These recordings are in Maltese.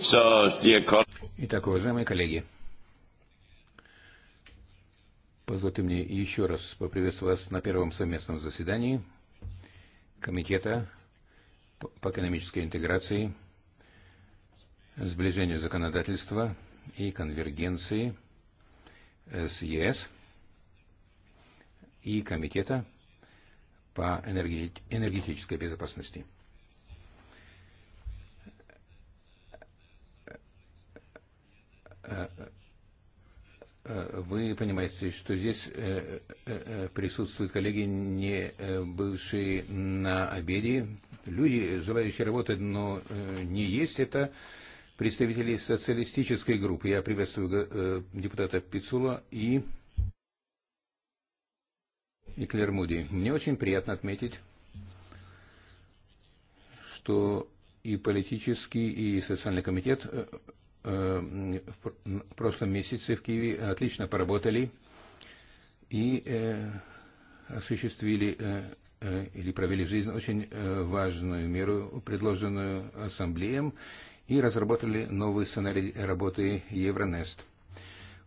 So, Итак, уважаемые коллеги, позвольте мне еще раз поприветствовать вас на первом совместном заседании Комитета по экономической интеграции, сближению законодательства и конвергенции с ЕС и Комитета по энергетической безопасности. Вы понимаете, что здесь э, э, э, присутствуют коллеги, не бывшие на обеде, люди, желающие работать, но не есть это представители социалистической группы. Я приветствую депутата Пицула и, и Клер Муди. Мне очень приятно отметить, что и политический, и социальный комитет в прошлом месяце в Киеве отлично поработали и э, осуществили э, э, или провели в жизнь очень важную меру, предложенную ассамблеем, и разработали новый сценарий работы Евронест.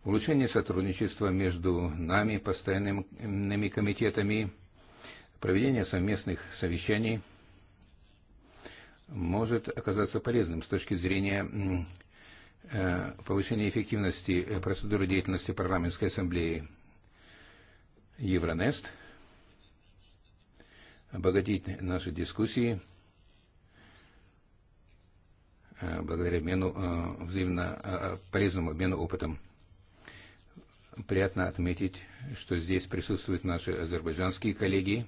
Улучшение сотрудничества между нами, постоянными комитетами, проведение совместных совещаний может оказаться полезным с точки зрения Э, повышение эффективности э, процедуры деятельности парламентской ассамблеи Евронест, обогатить наши дискуссии э, благодаря обмену, взаимно полезному обмену опытом. Приятно отметить, что здесь присутствуют наши азербайджанские коллеги.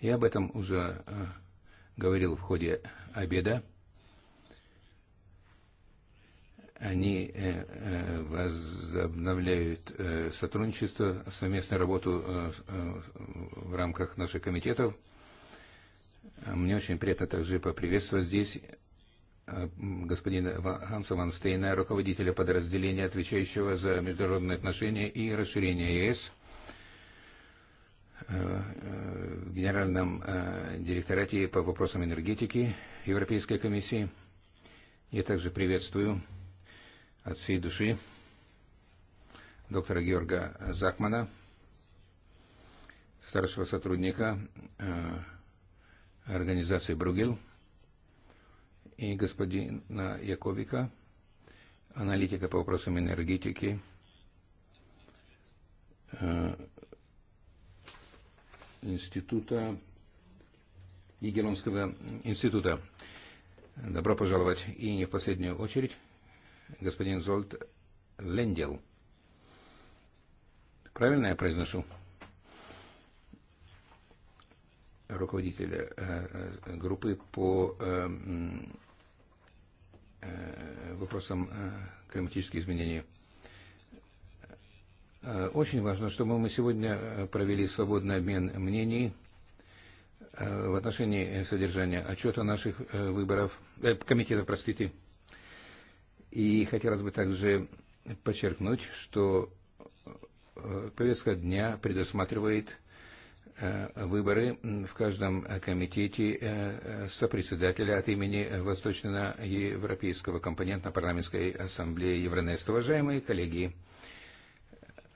Я об этом уже говорил в ходе обеда они eh, eh, возобновляют э, сотрудничество, совместную работу э, э, в рамках наших комитетов. Мне очень приятно также поприветствовать здесь господина Ханса Ванстейна, руководителя подразделения, отвечающего за международные отношения и расширение ЕС в Генеральном директорате по вопросам энергетики Европейской комиссии. Я также приветствую от всей души доктора Георга Закмана, старшего сотрудника организации «Бругел», и господина Яковика, аналитика по вопросам энергетики, института, Егелонского института. Добро пожаловать и не в последнюю очередь господин Золт Лендел. Правильно я произношу? руководителя э, э, группы по э, вопросам климатических изменений. Очень важно, чтобы мы сегодня провели свободный обмен мнений в отношении содержания отчета наших выборов, э, комитета, простите, И хотелось бы также подчеркнуть, что э, повестка дня предусматривает э, выборы в каждом комитете э, сопредседателя от имени Восточно-Европейского компонента Парламентской Ассамблеи Евронест. Уважаемые коллеги,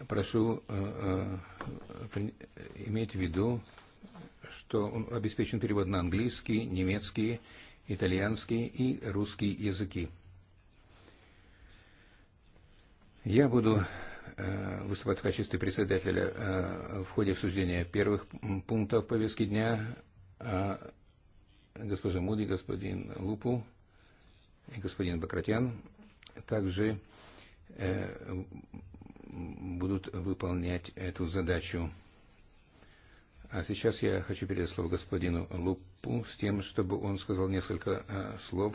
прошу иметь в виду, что обеспечен перевод на английский, немецкий, итальянский и русский языки. Я буду э, выступать в качестве председателя э, в ходе обсуждения первых пунктов повестки дня а госпожа Муди, господин Лупу и господин Бакратян также э, будут выполнять эту задачу. А сейчас я хочу передать слово господину Лупу с тем, чтобы он сказал несколько слов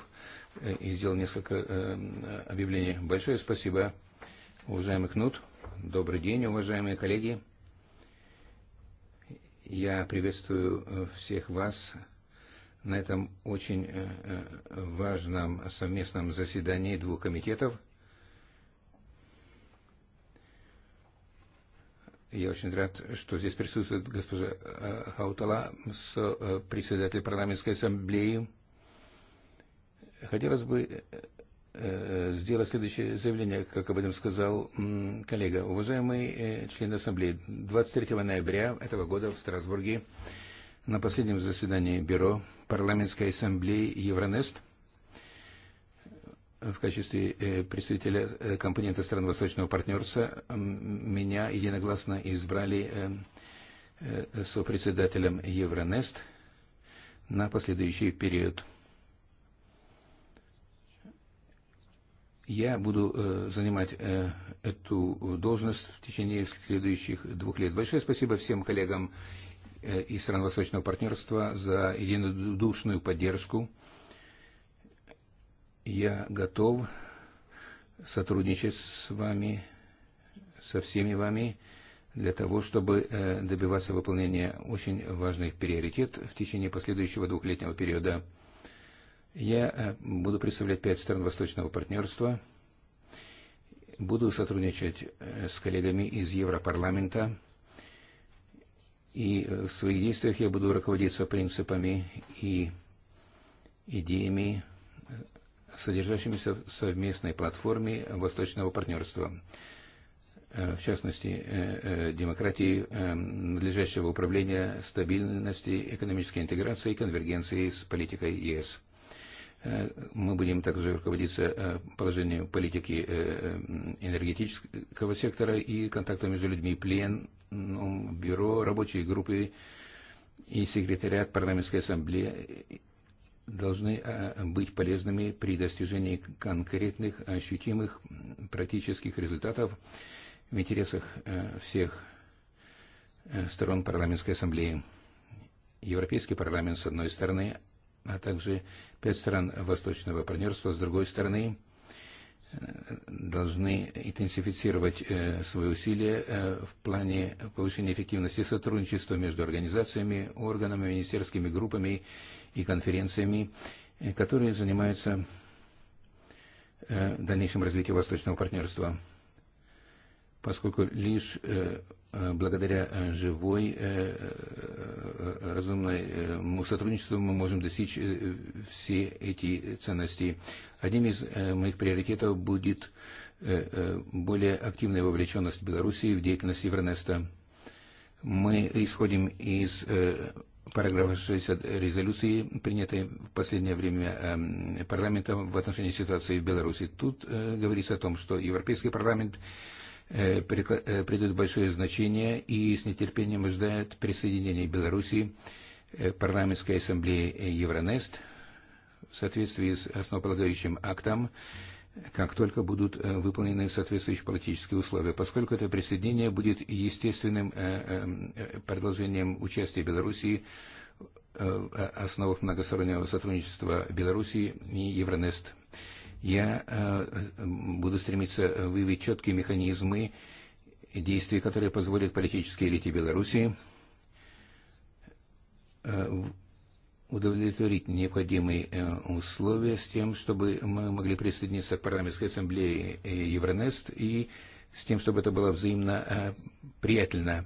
и сделал несколько объявлений. Большое спасибо Уважаемый Кнут, добрый день, уважаемые коллеги. Я приветствую э, всех вас на этом очень э, э, важном совместном заседании двух комитетов. Я очень рад, что здесь присутствует госпожа Хаутала, председатель парламентской ассамблеи. Хотелось бы Э, сделать следующее заявление, как об этом сказал коллега. Уважаемые э, члены Ассамблеи, 23 ноября этого года в Страсбурге на последнем заседании Бюро Парламентской Ассамблеи Евронест в качестве э, представителя компонента стран Восточного партнерства меня единогласно избрали сопредседателем Евронест на последующий период – Я буду э, занимать э, эту должность в течение следующих двух лет. Большое спасибо всем коллегам э, из стран Восточного партнерства за единодушную поддержку. Я готов сотрудничать с вами, со всеми вами, для того, чтобы э, добиваться выполнения очень важных приоритетов в течение последующего двухлетнего периода. Я э, буду представлять пять стран Восточного партнерства, буду сотрудничать э, с коллегами из Европарламента, и э, в своих действиях я буду руководиться принципами и идеями, содержащимися в совместной платформе Восточного партнерства, в частности, демократии, надлежащего управления, стабильности, экономической интеграции и конвергенции с политикой ЕС. Э, мы будем также руководиться э, положением политики э, энергетического сектора и контакта между людьми, пленум, бюро, рабочие группы и секретариат парламентской ассамблеи должны быть полезными при достижении конкретных, ощутимых практических результатов в интересах всех сторон парламентской ассамблеи. Европейский парламент, с одной стороны, а также пять стран Восточного партнерства, с другой стороны, э, должны интенсифицировать э, свои усилия э, в плане повышения эффективности сотрудничества между организациями, органами, министерскими группами и конференциями, которые занимаются дальнейшим развитием восточного партнерства поскольку лишь э, э, благодаря э, живой, разумному сотрудничеству мы можем достичь все эти ценности. Одним из моих приоритетов будет более активная вовлеченность Белоруссии в деятельность Евронеста. Мы исходим из параграфа 60 резолюции, принятой в последнее время парламентом в отношении ситуации в Беларуси. Тут говорится о том, что Европейский парламент Э, э, придает большое значение и с нетерпением ждает присоединения Беларуси э, парламентской Ассамблее Евронест в соответствии с основополагающим актом, как только будут выполнены соответствующие политические условия, поскольку это присоединение будет естественным продолжением участия Белоруссии в основах многостороннего сотрудничества Беларуси и Евронест. Я э, э, буду стремиться э, выявить четкие механизмы действий, которые позволят политической элите Беларуси удовлетворить необходимые условия с тем, чтобы мы могли присоединиться к парламентской ассамблее Евронест и с тем, чтобы это было взаимно приятельно.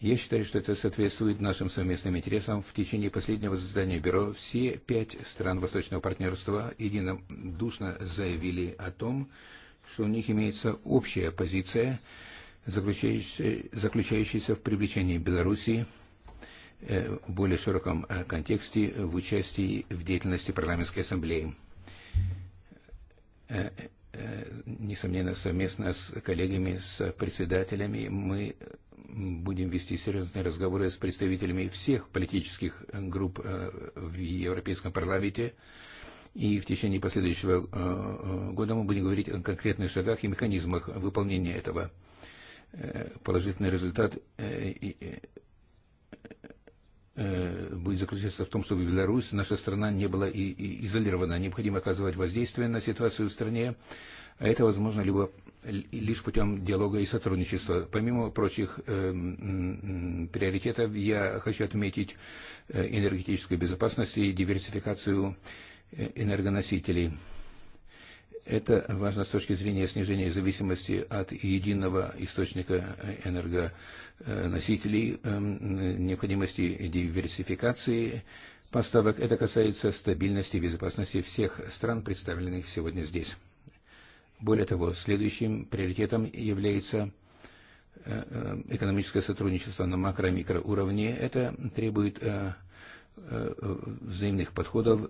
Я считаю, что это соответствует нашим совместным интересам. В течение последнего заседания Бюро все пять стран Восточного партнерства единодушно заявили о том, что у них имеется общая позиция, заключающаяся, заключающаяся в привлечении Белоруссии э, в более широком э, контексте в участии в деятельности парламентской ассамблеи. Э, несомненно, совместно с коллегами, с председателями мы будем вести серьезные разговоры с представителями всех политических э, групп э, в Европейском парламенте. И в течение последующего э, года мы будем говорить о конкретных шагах и механизмах выполнения этого. Положительный результат будет заключаться в том, чтобы Беларусь, наша страна, не была и, и изолирована. Необходимо оказывать воздействие на ситуацию в стране, а это возможно либо лишь путем диалога и сотрудничества. Помимо прочих приоритетов, я хочу отметить энергетическую безопасность и диверсификацию энергоносителей. Это важно с точки зрения снижения зависимости от единого источника энергоносителей, необходимости диверсификации поставок. Это касается стабильности и безопасности всех стран, представленных сегодня здесь. Более того, следующим приоритетом является э, э, экономическое сотрудничество на макро- и микроуровне. Это требует э, взаимных подходов,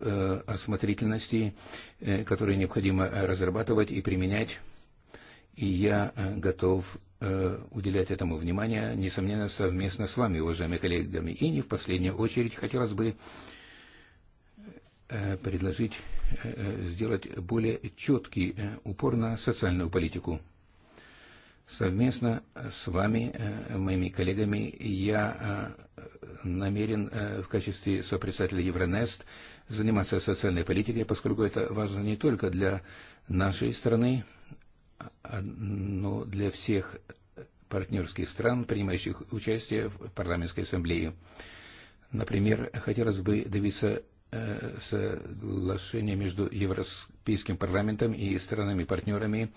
осмотрительности, которые необходимо разрабатывать и применять. И я готов уделять этому внимание, несомненно, совместно с вами, уважаемые коллегами. И не в последнюю очередь хотелось бы предложить сделать более четкий упор на социальную политику. Совместно с вами, э, моими коллегами, я э, намерен э, в качестве сопредседателя Евронест заниматься социальной политикой, поскольку это важно не только для нашей страны, но для всех партнерских стран, принимающих участие в парламентской ассамблее. Например, хотелось бы добиться Э, соглашение между Европейским парламентом и странами-партнерами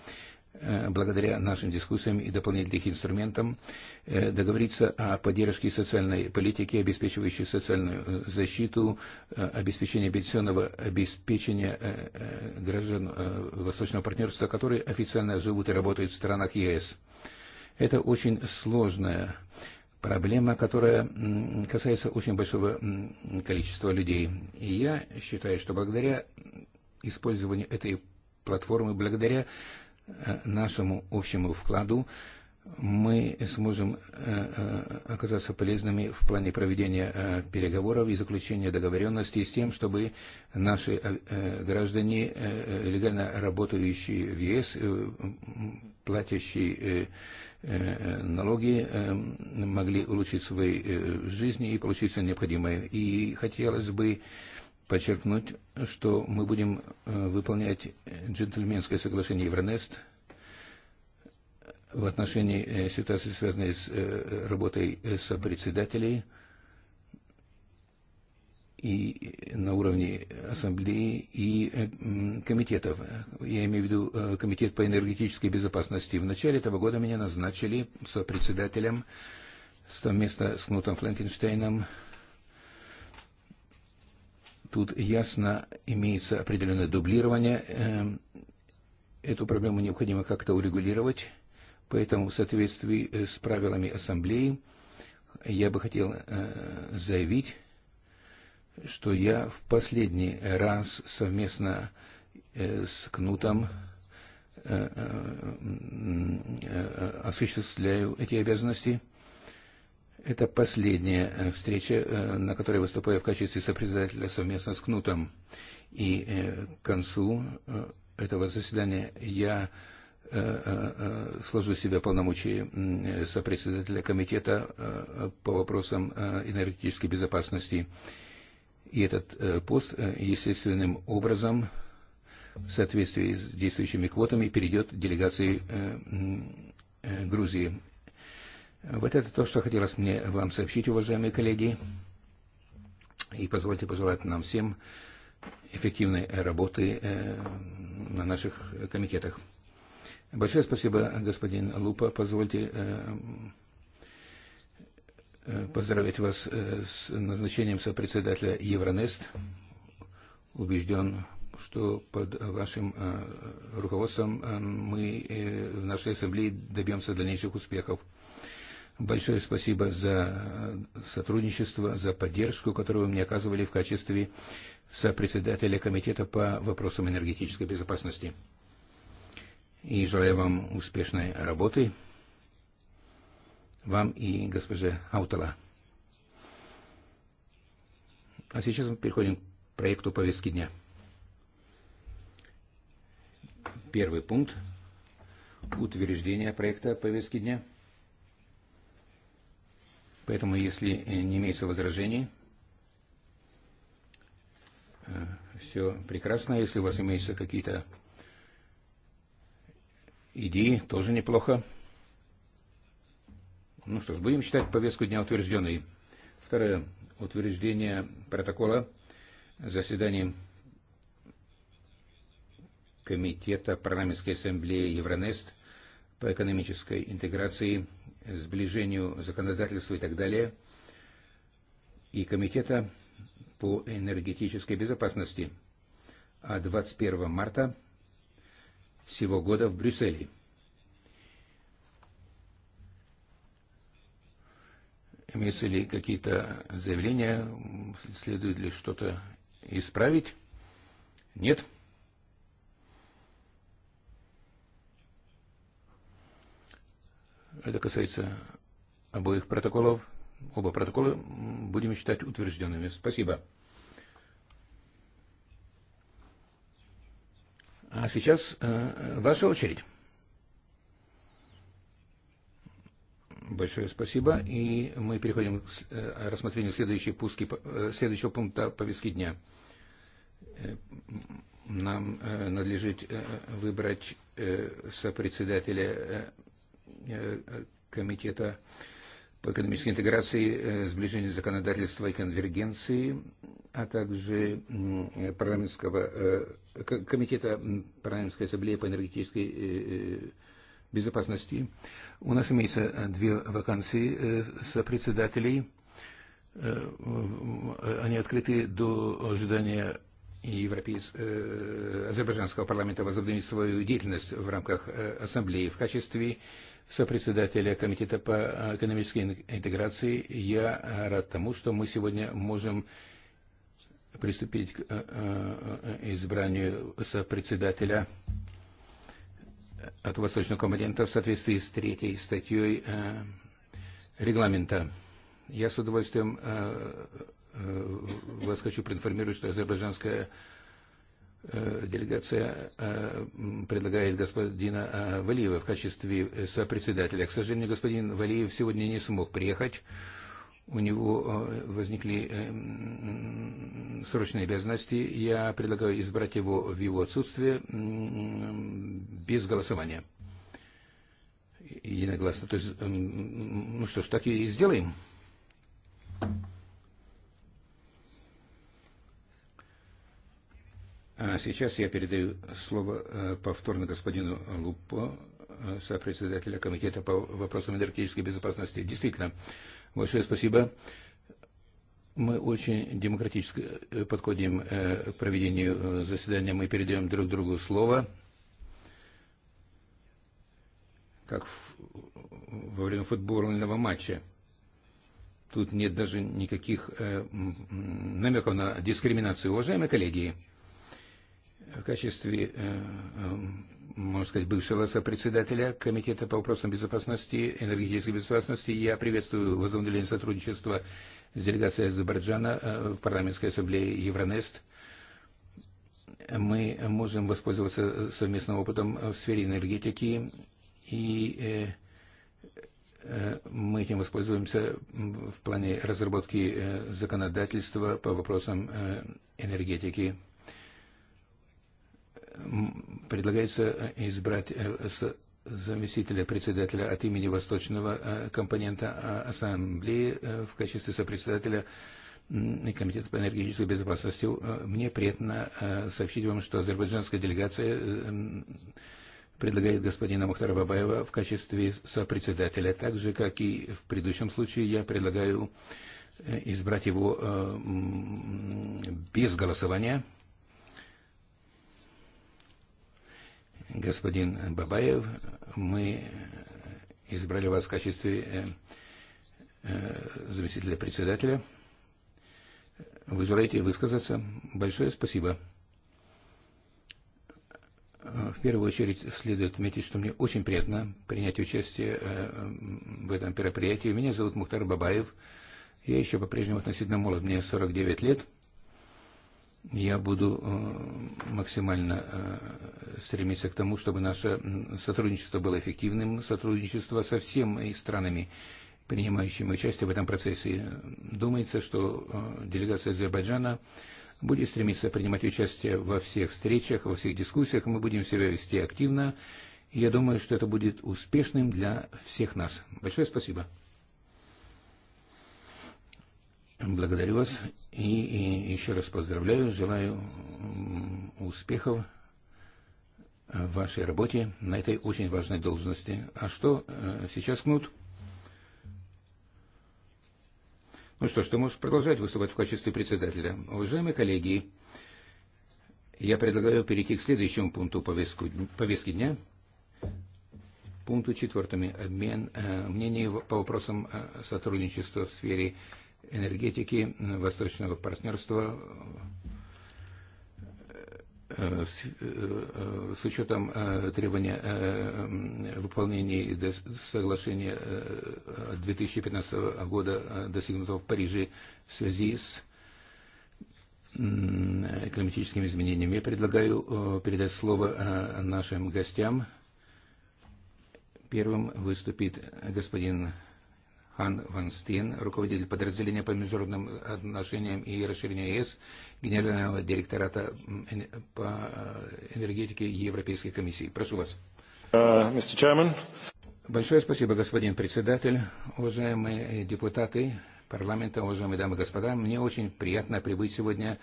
э, благодаря нашим дискуссиям и дополнительным инструментам э, договориться о поддержке социальной политики, обеспечивающей социальную защиту, обеспечение пенсионного обеспечения граждан Восточного партнерства, которые официально живут и работают в странах ЕС. Это очень сложная проблема, которая касается очень большого количества людей. И я считаю, что благодаря использованию этой платформы, благодаря э, нашему общему вкладу, мы сможем э, э, оказаться полезными в плане проведения переговоров и заключения договоренностей с тем, чтобы наши граждане, легально работающие в ЕС, платящие Э, э, налоги, э, могли улучшить свои жизни и получить все необходимое. И хотелось бы подчеркнуть, что мы будем выполнять джентльменское соглашение Евронест в отношении ситуации, связанной с работой сопредседателей председателей и на уровне ассамблеи и комитетов. Я имею в виду комитет по энергетической безопасности. В начале этого года меня назначили сопредседателем совместно с Кнутом Фленкенштейном. Тут ясно имеется определенное дублирование. Эту проблему необходимо как-то урегулировать, поэтому в соответствии с правилами ассамблеи я бы хотел заявить, что я в последний раз совместно э, с Кнутом э, э, осуществляю эти обязанности. Это последняя встреча, на которой выступаю в качестве сопредседателя совместно с Кнутом. И к концу этого заседания я сложу себя полномочия сопредседателя комитета по вопросам энергетической безопасности. И этот э, пост э, естественным образом в соответствии с действующими квотами перейдет делегации э, Грузии. Вот это то, что хотелось мне вам сообщить, уважаемые коллеги. И позвольте пожелать нам всем эффективной работы на наших комитетах. Большое спасибо, господин Лупа. Позвольте поздравить вас э, с назначением сопредседателя Евронест. Убежден, что под вашим э, руководством э, мы в нашей ассамблее добьемся дальнейших успехов. Большое спасибо за сотрудничество, за поддержку, которую вы мне оказывали в качестве сопредседателя Комитета по вопросам энергетической безопасности. И желаю вам успешной работы вам и госпоже Аутала. А сейчас мы переходим к проекту повестки дня. Первый пункт – утверждение проекта повестки дня. Поэтому, если не имеется возражений, э, все прекрасно. Если у вас имеются какие-то идеи, тоже неплохо. Ну что ж, будем считать повестку дня утвержденной. Второе. Утверждение протокола заседания Комитета Парламентской Ассамблеи Евронест по экономической интеграции, сближению законодательства и так далее, и Комитета по энергетической безопасности от 21 марта всего года в Брюсселе. Имеются ли какие-то заявления? Следует ли что-то исправить? Нет? Это касается обоих протоколов. Оба протокола будем считать утвержденными. Спасибо. А сейчас э, э ваша очередь. Большое спасибо. И мы переходим к э, рассмотрению следующей пуски, э, следующего пункта повестки дня. Э, нам надлежит выбрать сопредседателя комитета по экономической интеграции, сближению законодательства и конвергенции, а также парламентского, комитета парламентской ассамблеи по энергетической безопасности. У нас имеется э, две вакансии э, сопредседателей. Э, они открыты до ожидания Европейс... Азербайджанского парламента возобновить свою деятельность в рамках ассамблеи в качестве сопредседателя Комитета по экономической интеграции. Я рад тому, что мы сегодня можем приступить к избранию сопредседателя от Восточного компонента в соответствии с третьей статьей регламента. Я с удовольствием вас хочу проинформировать, что азербайджанская делегация предлагает господина Валиева в качестве сопредседателя. К сожалению, господин Валиев сегодня не смог приехать у него э, возникли э, срочные обязанности. Я предлагаю избрать его в его отсутствие без голосования. Единогласно. То есть, ну что ж, так и сделаем. А сейчас я передаю слово э, повторно господину Лупо, сопредседателя комитета по вопросам энергетической безопасности. Действительно, Большое спасибо. Мы очень демократически э, подходим э, к проведению э, заседания. Мы передаем друг другу слово. Как во время футбольного матча. Тут нет даже никаких намеков на дискриминацию. Уважаемые коллеги, в качестве можно сказать, бывшего сопредседателя Комитета по вопросам безопасности, энергетической безопасности. Я приветствую возобновление сотрудничества с делегацией Азербайджана э, в парламентской ассамблее Евронест. Мы можем воспользоваться э, совместным опытом в сфере энергетики и э, мы этим воспользуемся в плане разработки законодательства по вопросам энергетики предлагается э, избрать э, заместителя председателя от имени восточного э, компонента ассамблеи в качестве сопредседателя Комитета по энергетической безопасности. Мне приятно сообщить вам, что азербайджанская делегация предлагает господина Мухтара Бабаева в качестве сопредседателя. Так же, как и в предыдущем случае, я предлагаю избрать его без голосования. господин Бабаев, мы избрали вас в качестве э, э, заместителя председателя. Вы желаете высказаться? Большое спасибо. Э, в первую очередь следует отметить, что мне очень приятно принять участие в этом мероприятии. Меня зовут Мухтар Бабаев. Я еще по-прежнему относительно молод, мне 49 лет – Я буду э, максимально э, стремиться к тому, чтобы наше сотрудничество было эффективным, сотрудничество со всеми странами, принимающими участие в этом процессе. Думается, что э, делегация Азербайджана будет стремиться принимать участие во всех встречах, во всех дискуссиях. Мы будем себя вести активно. И я думаю, что это будет успешным для всех нас. Большое спасибо. Благодарю вас и, и еще раз поздравляю, желаю успехов э, в вашей работе на этой очень важной должности. А что э, сейчас, Кнут? Ну что ж, ты можешь продолжать выступать в качестве председателя. Уважаемые коллеги, я предлагаю перейти к следующему пункту повестку, повестки дня. Пункту четвертому. Обмен э, мнений по вопросам э, сотрудничества в сфере энергетики Восточного партнерства э, э, э, с учетом требования выполнения соглашения 2015 года, достигнутого в Париже в связи с климатическими изменениями. Я предлагаю передать слово нашим гостям. Первым выступит господин Ан Ван Стен, руководитель подразделения по международным отношениям и расширению ЕС, генерального директората по э, энергетике Европейской комиссии. Прошу вас. Uh, Большое спасибо, господин председатель, уважаемые депутаты парламента, уважаемые дамы и господа. Мне очень приятно прибыть сегодня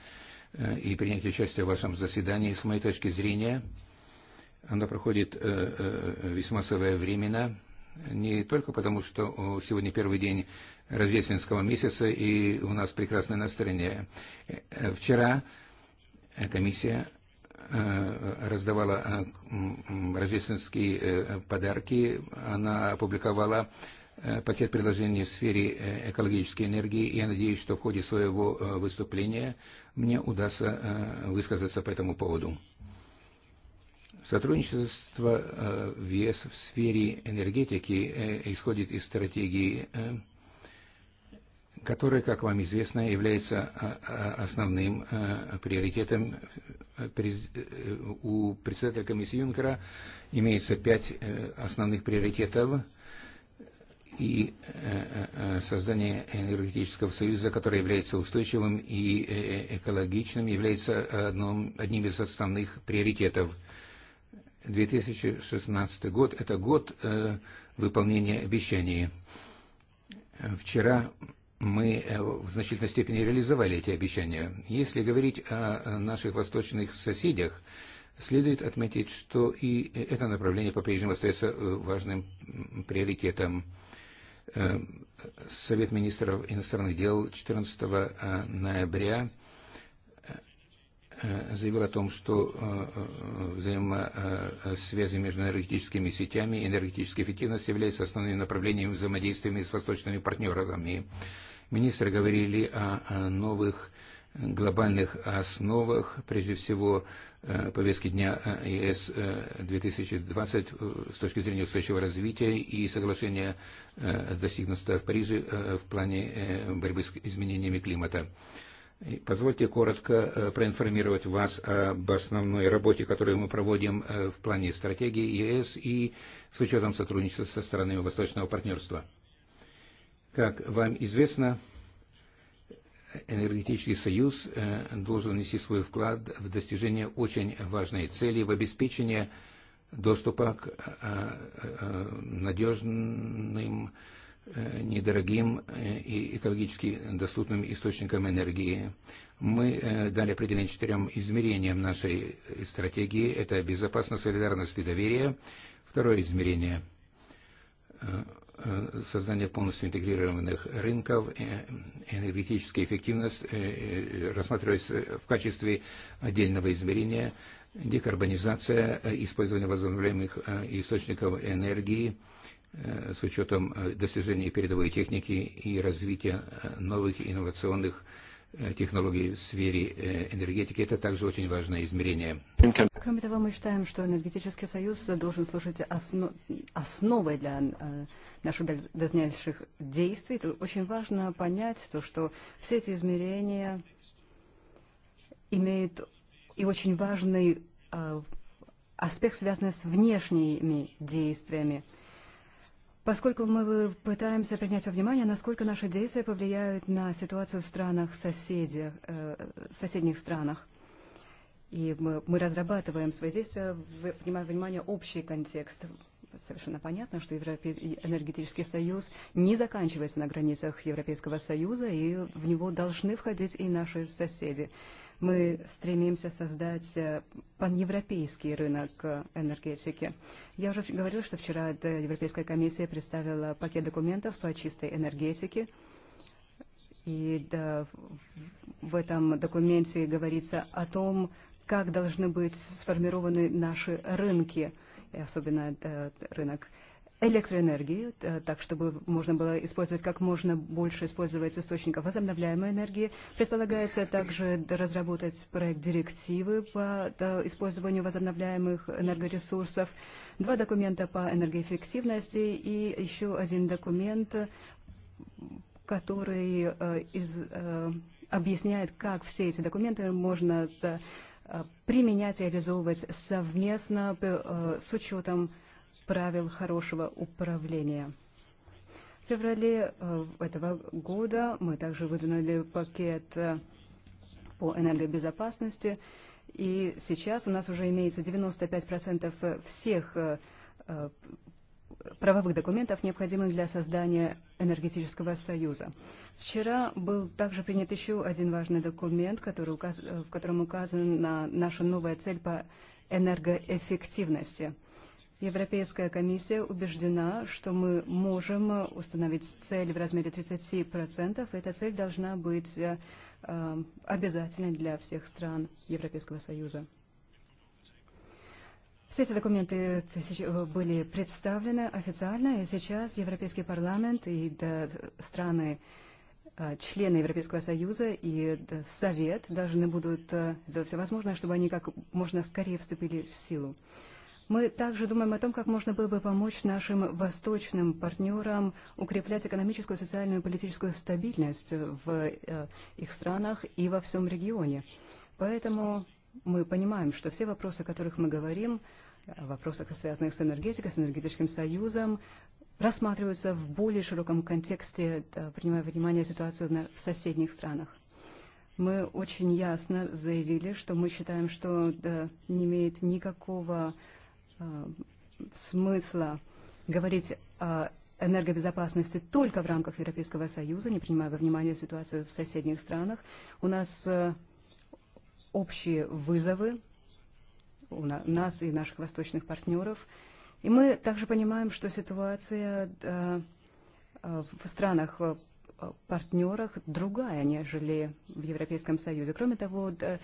э, и принять участие в вашем заседании. С моей точки зрения, оно проходит э, весьма своевременно не только потому, что э, сегодня первый день рождественского месяца и у нас прекрасное настроение. Э, вчера э, комиссия раздавала рождественские подарки, она опубликовала пакет предложений в сфере экологической энергии. Я надеюсь, что в ходе своего выступления мне удастся высказаться по этому поводу. Сотрудничество э, в ЕС в сфере энергетики э, исходит из стратегии, э, которая, как вам известно, является основным приоритетом у председателя комиссии Юнкера. Имеется пять основных приоритетов и создание энергетического союза, который является устойчивым и экологичным, является одним из основных приоритетов – 2016 год – это год э, выполнения обещаний. Вчера мы э, в значительной степени реализовали эти обещания. Если говорить о наших восточных соседях, следует отметить, что и это направление по-прежнему остается э, важным приоритетом. Совет министров иностранных дел 14 ноября – Э, заявил о том, что э, э, взаимосвязи между энергетическими сетями и энергетической эффективностью является основным направлением взаимодействия с восточными партнерами. Министры говорили о новых глобальных основах, прежде всего повестки дня ЕС 2020 с точки зрения устойчивого развития и соглашения достигнутого в Париже в плане борьбы с изменениями климата. Позвольте коротко э, проинформировать вас об основной работе, которую мы проводим э, в плане стратегии ЕС и с учетом сотрудничества со странами Восточного партнерства. Как вам известно, Энергетический союз э, должен внести свой вклад в достижение очень важной цели в обеспечение доступа к надежным недорогим и экологически доступным источником энергии. Мы э, дали определение четырем измерениям нашей стратегии. Это безопасность, солидарность и доверие. Второе измерение э, – э, создание полностью интегрированных рынков, энергетическая эффективность рассматривается в качестве отдельного измерения, декарбонизация, использование возобновляемых источников энергии – Э, с учетом э, достижений передовой техники и развития э, новых инновационных технологий в сфере энергетики. Это также очень важное измерение. Кроме того, мы считаем, что энергетический союз должен служить основ... основой для наших дальнейших действий. Тут очень важно понять то, что все эти измерения имеют и очень важный аспект, связанный с внешними действиями. Поскольку мы пытаемся принять во внимание, насколько наши действия повлияют на ситуацию в странах соседей э, соседних странах. И мы, мы разрабатываем свои действия, принимая внимание общий контекст. Совершенно понятно, что Европе... энергетический союз не заканчивается на границах Европейского союза, и в него должны входить и наши соседи. Мы стремимся создать э, паневропейский рынок э, энергетики. Я уже говорила, что вчера Европейская комиссия представила пакет документов по чистой энергетике. И да, в этом документе говорится о том, как должны быть сформированы наши рынки, особенно да, рынок энергетики электроэнергии, э, так чтобы можно было использовать как можно больше использовать источников возобновляемой энергии. Предполагается также разработать проект директивы по использованию возобновляемых энергоресурсов, два документа по энергоэффективности и еще один документ, который э, из, э, объясняет, как все эти документы можно применять, реализовывать совместно с учетом правил хорошего управления. В феврале э, этого года мы также выдвинули пакет э, по энергобезопасности, и сейчас у нас уже имеется 95% всех э, правовых документов, необходимых для создания энергетического союза. Вчера был также принят еще один важный документ, который указ, в котором указана наша новая цель по энергоэффективности – Европейская комиссия убеждена, что мы можем установить цель в размере 30%. Эта цель должна быть э, обязательной для всех стран Европейского Союза. Все эти документы э, были представлены официально, и сейчас Европейский парламент и страны э, члены Европейского Союза и Совет должны будут сделать все возможное, чтобы они как можно скорее вступили в силу. Мы также думаем о том, как можно было бы помочь нашим восточным партнерам укреплять экономическую, социальную и политическую стабильность в э, их странах и во всем регионе. Поэтому мы понимаем, что все вопросы, о которых мы говорим, э, вопросы, связанных с энергетикой, с энергетическим союзом, рассматриваются в более широком контексте, э, принимая во внимание ситуацию в соседних странах. Мы очень ясно заявили, что мы считаем, что да, не имеет никакого Э, смысла говорить о энергобезопасности только в рамках Европейского Союза, не принимая во внимание ситуацию в соседних странах. У нас э, общие вызовы у нас и наших восточных партнеров. И мы также понимаем, что ситуация э, в странах партнерах другая, нежели в Европейском Союзе. Кроме того, э,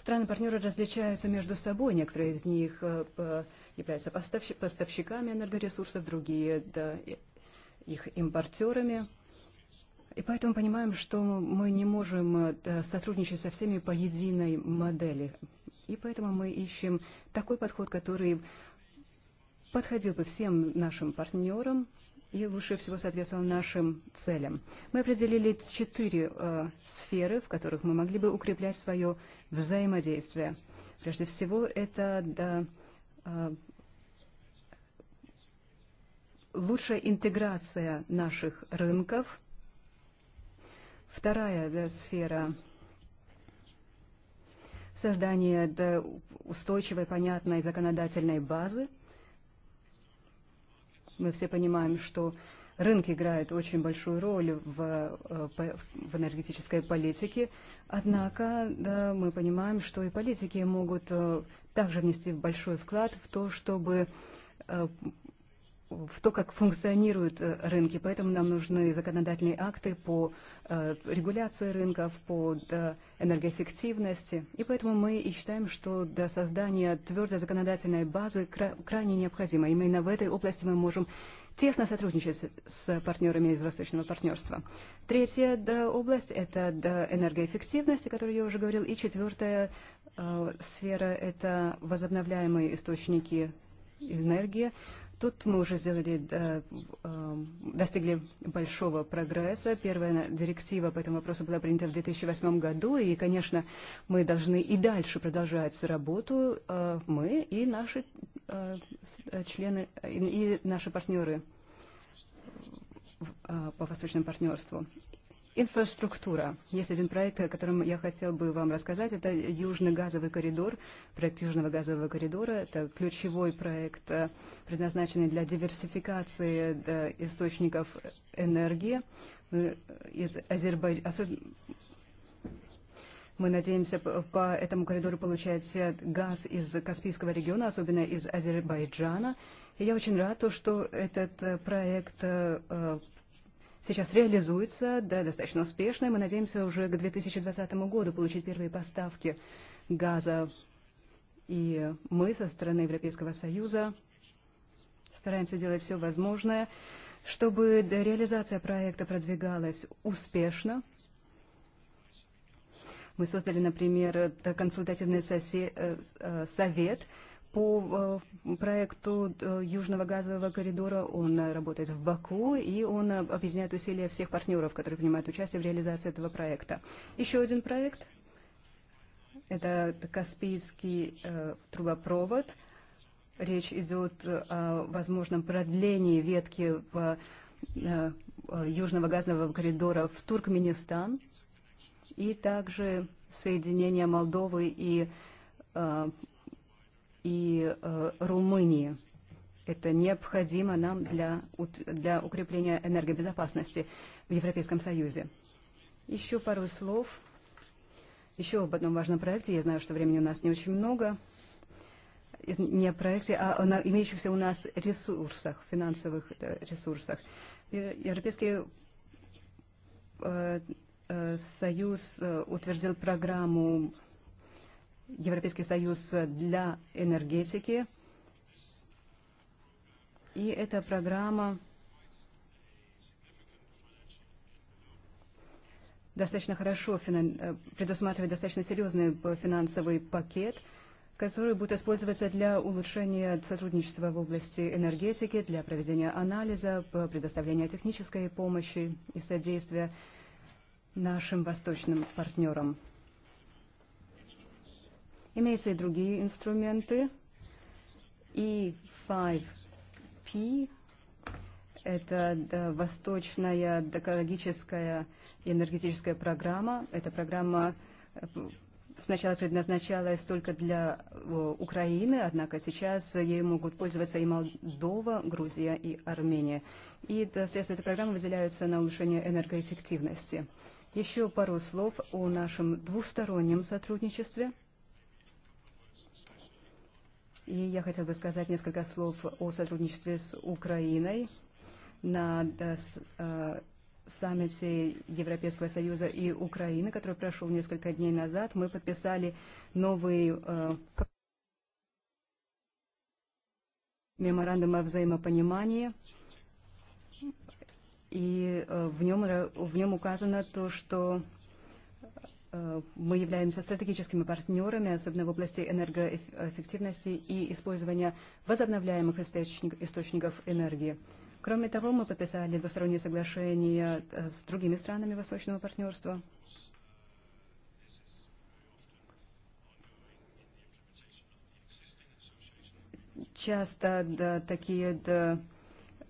страны-партнеры различаются между собой. Некоторые из них э, являются поставщиками энергоресурсов, другие да, их импортерами. И поэтому понимаем, что мы не можем э, сотрудничать со всеми по единой модели. И поэтому мы ищем такой подход, который подходил бы всем нашим партнерам, и лучше всего соответствовал нашим целям. Мы определили четыре э, сферы, в которых мы могли бы укреплять свое взаимодействие. Прежде всего, это да, э, лучшая интеграция наших рынков. Вторая да, сфера – создание да, устойчивой, понятной законодательной базы – Мы все понимаем, что рынок играет очень большую роль в, э, в энергетической политике, однако да, мы понимаем, что и политики могут э, также внести большой вклад в то, чтобы э, в то, как функционируют э, рынки. Поэтому нам нужны законодательные акты по э, регуляции рынков, по энергоэффективности. И поэтому мы и считаем, что до создания твердой законодательной базы крайне необходимо. Именно в этой области мы можем тесно сотрудничать с партнерами из Восточного партнерства. Третья да, область – это да, энергоэффективность, о которой я уже говорил. И четвертая э, сфера – это возобновляемые источники энергии, Тут мы уже сделали, э, э, достигли большого прогресса. Первая директива по этому вопросу была принята в 2008 году, и, конечно, мы должны и дальше продолжать работу, э, мы и наши члены, и наши партнеры по восточному партнерству. Инфраструктура. Есть один проект, о котором я хотел бы вам рассказать. Это Южный газовый коридор. Проект Южного газового коридора. Это ключевой проект, э, предназначенный для диверсификации источников энергии. Э, из Азербай... Особ... Мы надеемся по этому коридору получать э, газ из Каспийского региона, особенно из Азербайджана. И я очень рад, что этот проект сейчас реализуется, да, достаточно успешно, и мы надеемся уже к 2020 году получить первые поставки газа. И мы со стороны Европейского Союза стараемся делать все возможное, чтобы реализация проекта продвигалась успешно. Мы создали, например, консультативный э, э, совет, по э, проекту э, Южного газового коридора. Он э, работает в Баку, и он объединяет усилия всех партнеров, которые принимают участие в реализации этого проекта. Еще один проект – это Каспийский трубопровод. Речь идет о возможном продлении ветки э, Южного газового коридора в Туркменистан и также соединение Молдовы и и э, Румынии. Это необходимо нам для, для укрепления энергобезопасности в Европейском Союзе. Еще пару слов. Еще об одном важном проекте. Я знаю, что времени у нас не очень много. Не о проекте, а о имеющихся у нас ресурсах, финансовых э, ресурсах. Европейский э, Союз утвердил программу Европейский союз для энергетики. И эта программа достаточно хорошо э, предусматривает достаточно серьезный финансовый пакет, который будет использоваться для улучшения сотрудничества в области энергетики, для проведения анализа, предоставления технической помощи и содействия нашим восточным партнерам. Имеются и другие инструменты. И 5P – это восточная экологическая и энергетическая программа. Эта программа сначала предназначалась только для Украины, однако сейчас ею могут пользоваться и Молдова, Грузия и Армения. И средства этой программы выделяются на улучшение энергоэффективности. Еще пару слов о нашем двустороннем сотрудничестве – И я хотел бы сказать несколько слов о сотрудничестве с Украиной на э, э, саммите Европейского Союза и Украины, который прошел несколько дней назад. Мы подписали новый э, меморандум о взаимопонимании. И в нем, в нем указано то, что Э, мы являемся стратегическими партнерами, особенно в области энергоэффективности и использования возобновляемых источников энергии. Кроме того, мы подписали двусторонние соглашения э, с другими странами Восточного партнерства. Часто да, такие да,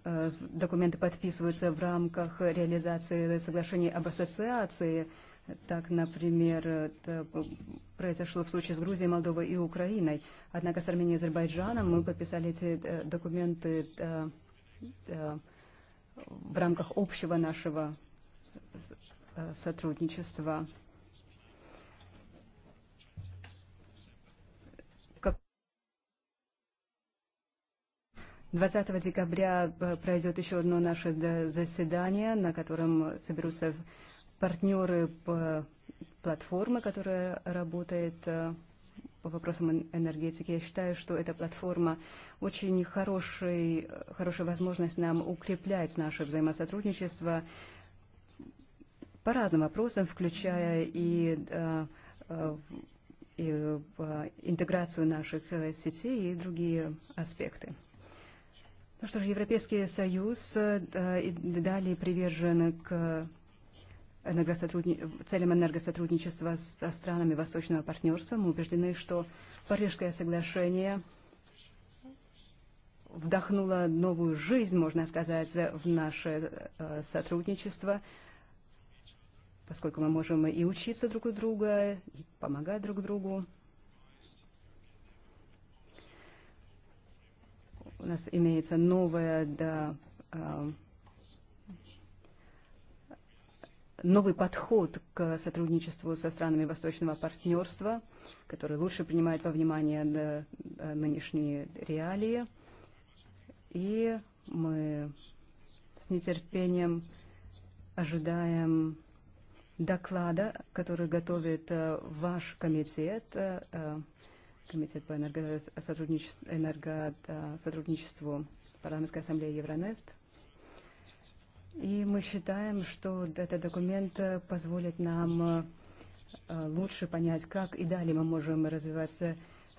э, документы подписываются в рамках реализации соглашений об ассоциации – Так, например, это произошло в случае с Грузией, Молдовой и Украиной. Однако с Арменией и Азербайджаном мы подписали эти э, документы э, э, в рамках общего нашего сотрудничества. Как 20 декабря пройдет еще одно наше заседание, на котором соберутся партнеры по платформы, которая работает э, по вопросам энергетики. Я считаю, что эта платформа очень хороший, хорошая возможность нам укреплять наше взаимосотрудничество по разным вопросам, включая и, э, э, и интеграцию наших сетей и другие аспекты. Ну что ж, Европейский Союз и далее привержен к энергосотрудни... целям энергосотрудничества со странами Восточного партнерства. Мы убеждены, что Парижское соглашение вдохнуло новую жизнь, можно сказать, в наше э, сотрудничество, поскольку мы можем и учиться друг у друга, и помогать друг другу. У нас имеется новая да, э, новый подход к сотрудничеству со странами Восточного партнерства, который лучше принимает во внимание нынешние реалии. И мы с нетерпением ожидаем доклада, который готовит э, ваш комитет, э, э, комитет по энергосотрудничеству, энергосотрудничеству Парламентской ассамблеи Евронест. И мы считаем, что этот документ э, позволит нам э, э, лучше понять, как и далее мы можем развивать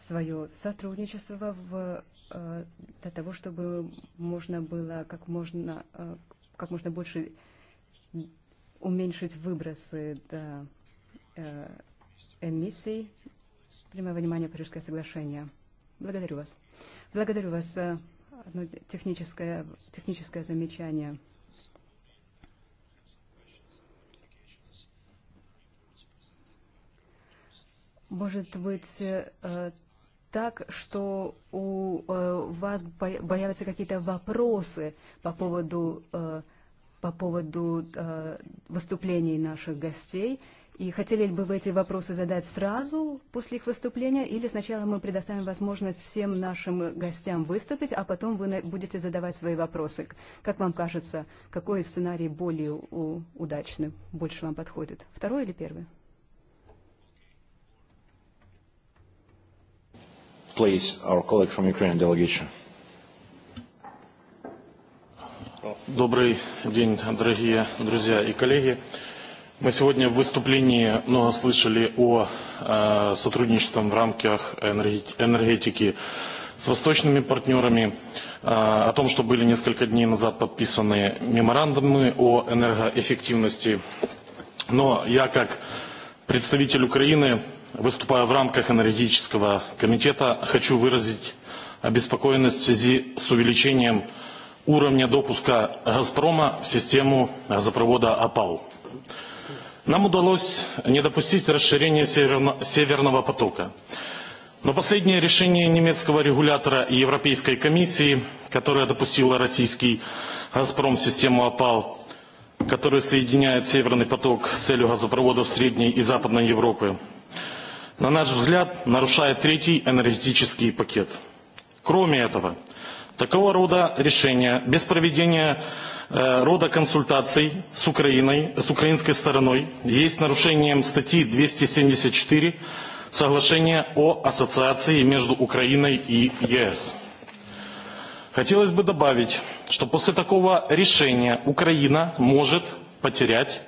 свое сотрудничество в, для того, чтобы можно было как можно, как можно больше уменьшить выбросы до эмиссий. Прямое внимание Парижское соглашение. Благодарю вас. Благодарю вас. Одно техническое, техническое замечание. Может быть, э, так, что у э, вас появятся какие-то вопросы по поводу, э, по поводу выступлений наших гостей. И хотели бы вы эти вопросы задать сразу после их выступления, или сначала мы предоставим возможность всем нашим гостям выступить, а потом вы будете задавать свои вопросы. Как вам кажется, какой сценарий более удачный, больше вам подходит? Второй или первый? please, our colleague from Ukrainian delegation. Добрый день, дорогие друзья и коллеги. Мы сегодня в выступлении много слышали о э, сотрудничестве в рамках энергетики с восточными партнерами, э, о том, что были несколько дней назад подписаны меморандумы о энергоэффективности. Но я как представитель Украины Выступая в рамках энергетического комитета, хочу выразить обеспокоенность в связи с увеличением уровня допуска «Газпрома» в систему газопровода «Апал». Нам удалось не допустить расширения «Северного потока». Но последнее решение немецкого регулятора и Европейской комиссии, которое допустило российский «Газпром» в систему «Апал», который соединяет «Северный поток» с целью газопроводов Средней и Западной Европы, на наш взгляд, нарушает третий энергетический пакет. Кроме этого, такого рода решения без проведения э, рода консультаций с Украиной, с украинской стороной, есть нарушением статьи 274 Соглашения о ассоциации между Украиной и ЕС. Хотелось бы добавить, что после такого решения Украина может потерять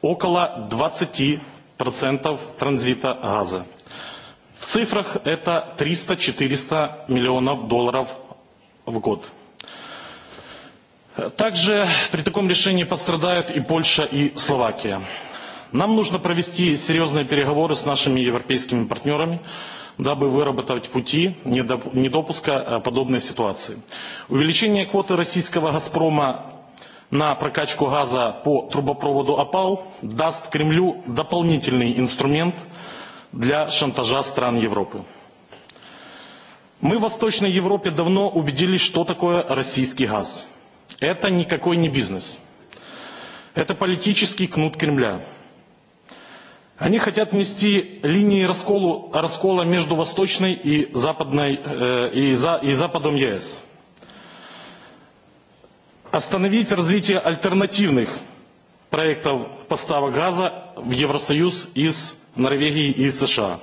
около 20 процентов транзита газа. В цифрах это 300-400 миллионов долларов в год. Также при таком решении пострадают и Польша, и Словакия. Нам нужно провести серьезные переговоры с нашими европейскими партнерами, дабы выработать пути недопуска э, подобной ситуации. Увеличение квоты российского «Газпрома» на прокачку газа по трубопроводу АПАЛ даст Кремлю дополнительный инструмент для шантажа стран Европы. Мы в Восточной Европе давно убедились, что такое российский газ. Это никакой не бизнес. Это политический кнут Кремля. Они хотят внести линии расколу, раскола между Восточной и, Западной, э, и, за, и Западом ЕС остановить развитие альтернативных проектов поставок газа в Евросоюз из Норвегии и США.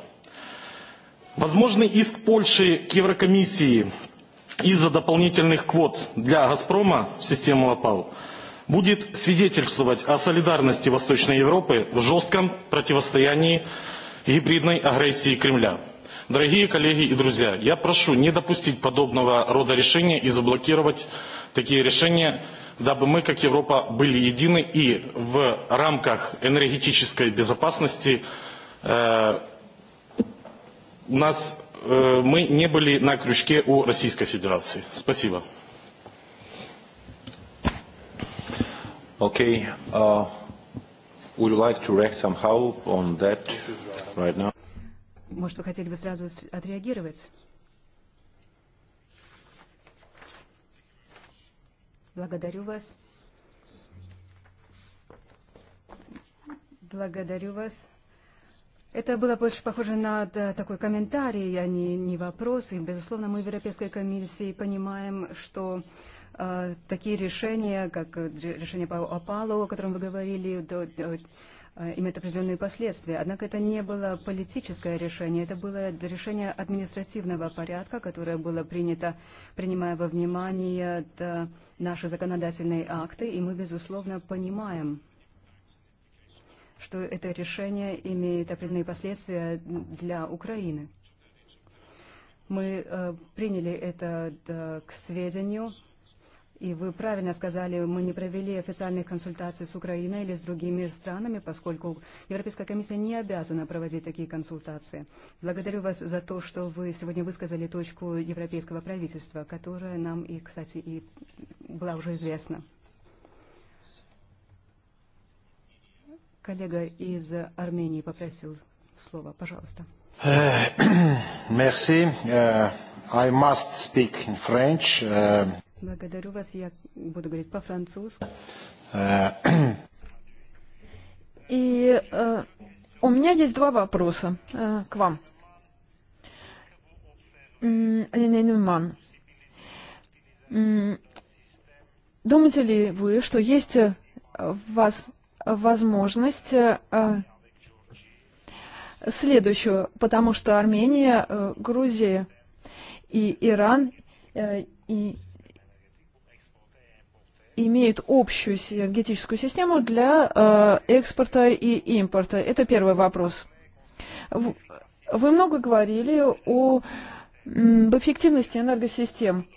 Возможный иск Польши к Еврокомиссии из-за дополнительных квот для «Газпрома» в систему «Опал» будет свидетельствовать о солидарности Восточной Европы в жестком противостоянии гибридной агрессии Кремля. Дорогие коллеги и друзья, я прошу не допустить подобного рода решения и заблокировать такие решения, дабы мы, как Европа, были едины и в рамках энергетической безопасности э, у нас э, мы не были на крючке у Российской Федерации. Спасибо. Okay. Uh, would you like to react somehow on that right now? Может, вы хотели бы сразу отреагировать? Благодарю вас. Благодарю вас. Это было больше похоже на такой комментарий, а не, не вопрос. И, безусловно, мы в Европейской комиссии понимаем, что э, такие решения, как решение по Опалу, о котором вы говорили, до, до, Э, имеет определенные последствия. Однако это не было политическое решение, это было решение административного порядка, которое было принято, принимая во внимание наши законодательные акты, и мы, безусловно, понимаем, что это решение имеет определенные последствия для Украины. Мы э, приняли это к сведению. И вы правильно сказали, мы не провели официальных консультаций с Украиной или с другими странами, поскольку Европейская комиссия не обязана проводить такие консультации. Благодарю вас за то, что вы сегодня высказали точку европейского правительства, которая нам и, кстати, и была уже известна. Коллега из Армении попросил слово, Пожалуйста. Э, Merci. Uh, I must speak in French. Uh... Благодарю вас. Я буду говорить по-французски. Э, и э, у меня есть два вопроса э, к вам. Ленинман, Нюман, думаете ли вы, что есть у вас возможность следующую, потому что Армения, Грузия и Иран э, и имеют общую энергетическую систему для э, экспорта и импорта? Это первый вопрос. Вы много говорили о об эффективности энергосистем.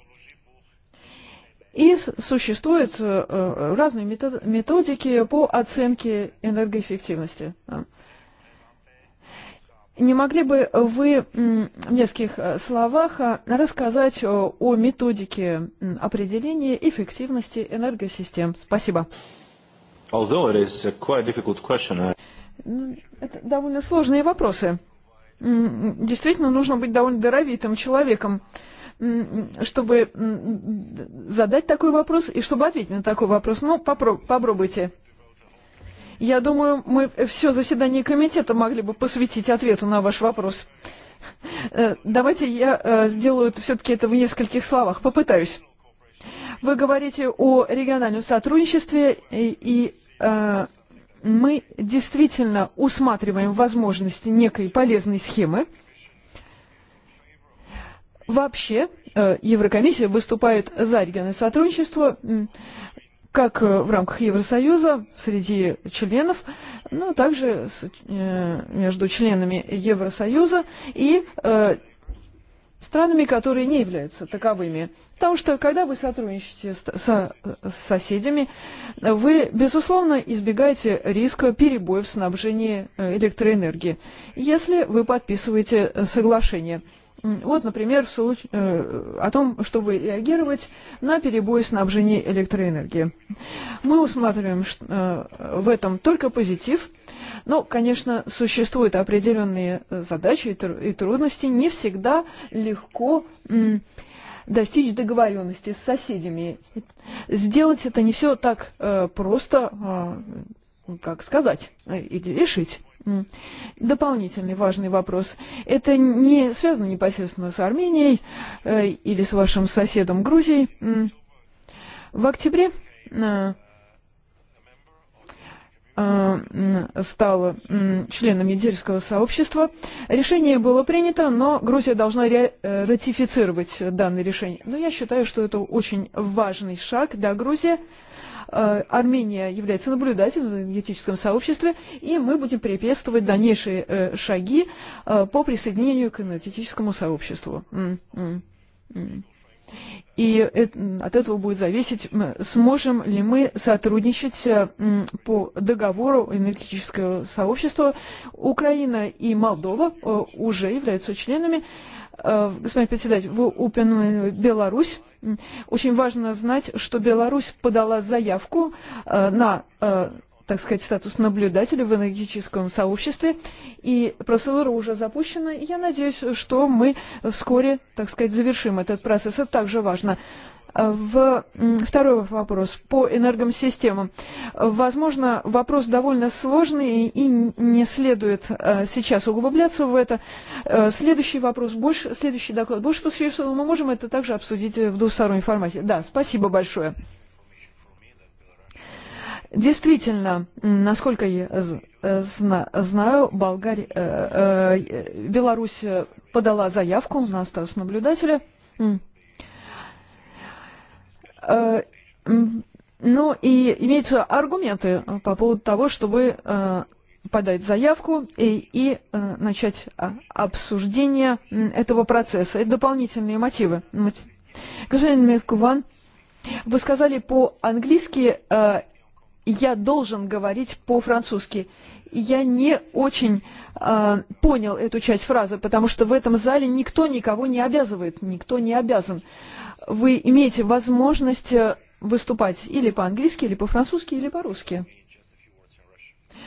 И существуют э, э, разные методики по оценке энергоэффективности. Не могли бы вы в нескольких э, словах э, рассказать о методике определения эффективности энергосистем? Спасибо. Although it is a quite difficult question, I... Это довольно сложные вопросы. Действительно, нужно быть довольно даровитым человеком, чтобы задать такой вопрос и чтобы ответить на такой вопрос. Ну, попробуйте. Я думаю, мы все заседание комитета могли бы посвятить ответу на ваш вопрос. Э, давайте я э, сделаю все-таки это в нескольких словах, попытаюсь. Вы говорите о региональном сотрудничестве, и, и э, мы действительно усматриваем возможности некой полезной схемы. Вообще, Еврокомиссия выступает за региональное сотрудничество как э, в рамках Евросоюза среди членов, но также с, э, между членами Евросоюза и э, странами, которые не являются таковыми. Потому что, когда вы сотрудничаете с, со, с соседями, вы, безусловно, избегаете риска перебоев в снабжении э, электроэнергии, если вы подписываете э, соглашение. Вот, например, в случае, э, о том, чтобы реагировать на перебои снабжения электроэнергии. Мы усматриваем э, в этом только позитив. Но, конечно, существуют определенные э, задачи и, тр и трудности. Не всегда легко э, достичь договоренности с соседями. Сделать это не все так э, просто, э, как сказать, э, или решить. Дополнительный важный вопрос. Это не связано непосредственно с Арменией э, или с вашим соседом Грузией. В октябре э, э стала членом Египетского сообщества. Решение было принято, но Грузия должна э, ратифицировать данное решение. Но я считаю, что это очень важный шаг для Грузии, Э, Армения является наблюдателем в энергетическом сообществе, и мы будем препятствовать дальнейшие э, шаги э, по присоединению к энергетическому сообществу. И от этого будет зависеть, сможем ли мы сотрудничать по договору энергетического сообщества. Украина и Молдова уже являются членами, Э, господин председатель, вы упомянули Беларусь. Очень важно знать, что Беларусь подала заявку э, на э, так сказать, статус наблюдателя в энергетическом сообществе. И процедура уже запущена, и я надеюсь, что мы вскоре, так сказать, завершим этот процесс. Это также важно. В... Второй вопрос по энергосистемам. Возможно, вопрос довольно сложный и не следует э, сейчас углубляться в это. Э, следующий вопрос, больше, следующий доклад больше посвящен, мы можем это также обсудить э, в двустороннем формате. Да, спасибо большое. Действительно, насколько я знаю, Болгария, Беларусь подала заявку на статус наблюдателя. Э, ну и имеются аргументы по поводу того, чтобы э, подать заявку и, и э, начать обсуждение этого процесса Это дополнительные мотивы. Господин Медкуван, вы сказали по-английски я должен говорить по-французски. Я не очень э, понял эту часть фразы, потому что в этом зале никто никого не обязывает, никто не обязан. Вы имеете возможность э, выступать или по-английски, или по-французски, или по-русски.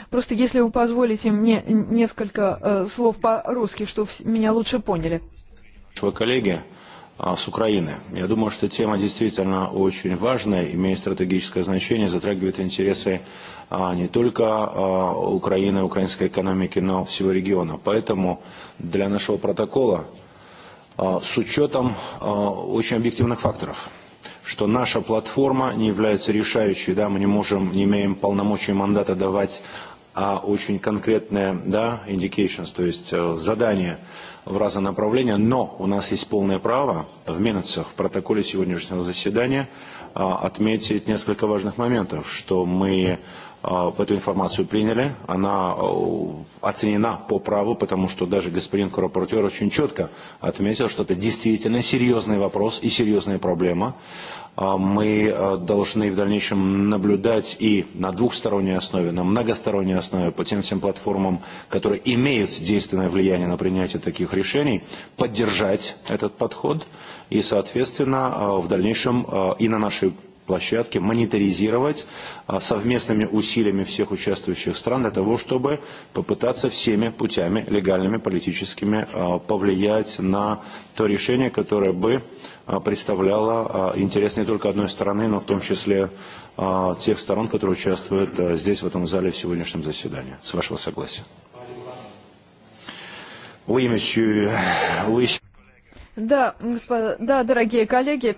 Просто если вы позволите мне несколько э, слов по-русски, чтобы меня лучше поняли. Коллеги, с Украины. Я думаю, что тема действительно очень важная, имеет стратегическое значение, затрагивает интересы не только Украины, украинской экономики, но всего региона. Поэтому для нашего протокола с учетом очень объективных факторов, что наша платформа не является решающей, да, мы не можем, не имеем полномочий мандата давать а очень конкретные да, indications, то есть э, задания в разные направления, но у нас есть полное право в Минусах, в протоколе сегодняшнего заседания отметить несколько важных моментов, что мы эту информацию приняли, она оценена по праву, потому что даже господин Курапортер очень четко отметил, что это действительно серьезный вопрос и серьезная проблема мы должны в дальнейшем наблюдать и на двухсторонней основе, на многосторонней основе по тем всем платформам, которые имеют действенное влияние на принятие таких решений, поддержать этот подход и, соответственно, в дальнейшем и на нашей площадке мониторизировать совместными усилиями всех участвующих стран для того, чтобы попытаться всеми путями легальными, политическими повлиять на то решение, которое бы представляла интерес не только одной стороны, но в том числе тех сторон, которые участвуют здесь, в этом зале, в сегодняшнем заседании. С вашего согласия. Oui, monsieur. Oui. Да, господа, да, дорогие коллеги.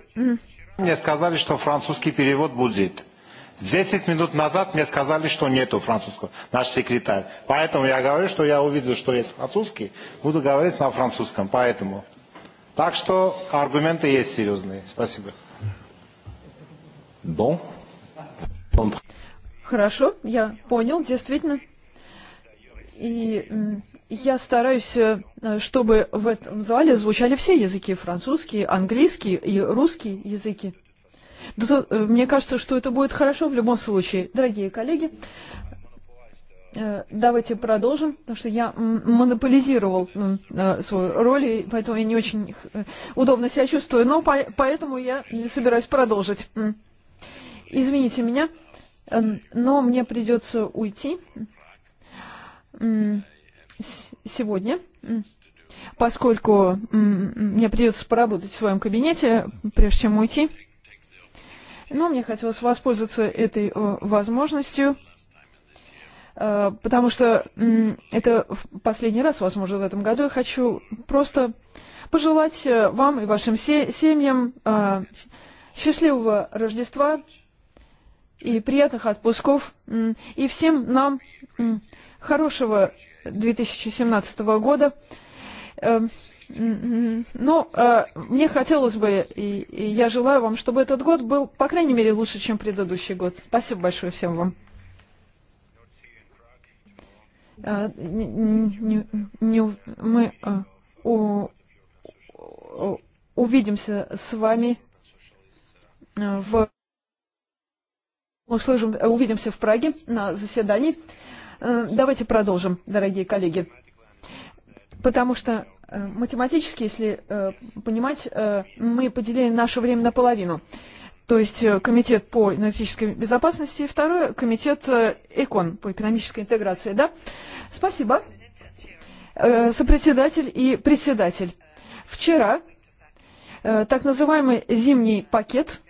Мне сказали, что французский перевод будет. Десять минут назад мне сказали, что нету французского, наш секретарь. Поэтому я говорю, что я увидел, что есть французский, буду говорить на французском. Поэтому... Так что аргументы есть серьезные. Спасибо. Bon. Хорошо, я понял, действительно. И я стараюсь, э, чтобы в этом зале звучали все языки, французский, английский и русский языки. Э, мне кажется, что это будет хорошо в любом случае. Дорогие коллеги, Э, давайте продолжим, потому что я монополизировал э, свою роль, и поэтому я не очень э, удобно себя чувствую, но поэтому я собираюсь продолжить. Извините меня, но мне придется уйти сегодня, поскольку мне придется поработать в своем кабинете, прежде чем уйти. Но мне хотелось воспользоваться этой возможностью. Э, потому что это в последний раз, возможно, в этом году. Я хочу просто пожелать э, вам и вашим семьям э, счастливого Рождества и приятных отпусков. И всем нам хорошего 2017 года. Ну, мне хотелось бы, и я желаю вам, чтобы этот год был, по крайней мере, лучше, чем предыдущий год. Спасибо большое всем вам мы увидимся с вами в услышим, увидимся в Праге на заседании. Давайте продолжим, дорогие коллеги. Потому что математически, если понимать, мы поделили наше время наполовину. половину то есть э, комитет по энергетической безопасности, и второй комитет э, ЭКОН по экономической интеграции, да? Спасибо, э, сопредседатель и председатель. Вчера так называемый зимний пакет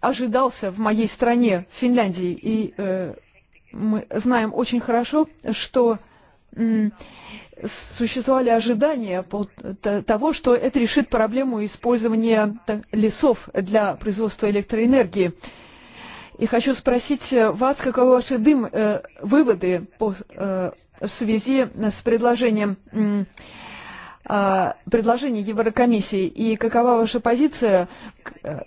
ожидался в моей стране, Финляндии, и мы знаем очень хорошо, что существовали ожидания того, что это решит проблему использования лесов для производства электроэнергии. И хочу спросить вас, каковы ваши дым, э, выводы по, э, в связи э, с предложением э, предложение Еврокомиссии и какова ваша позиция э,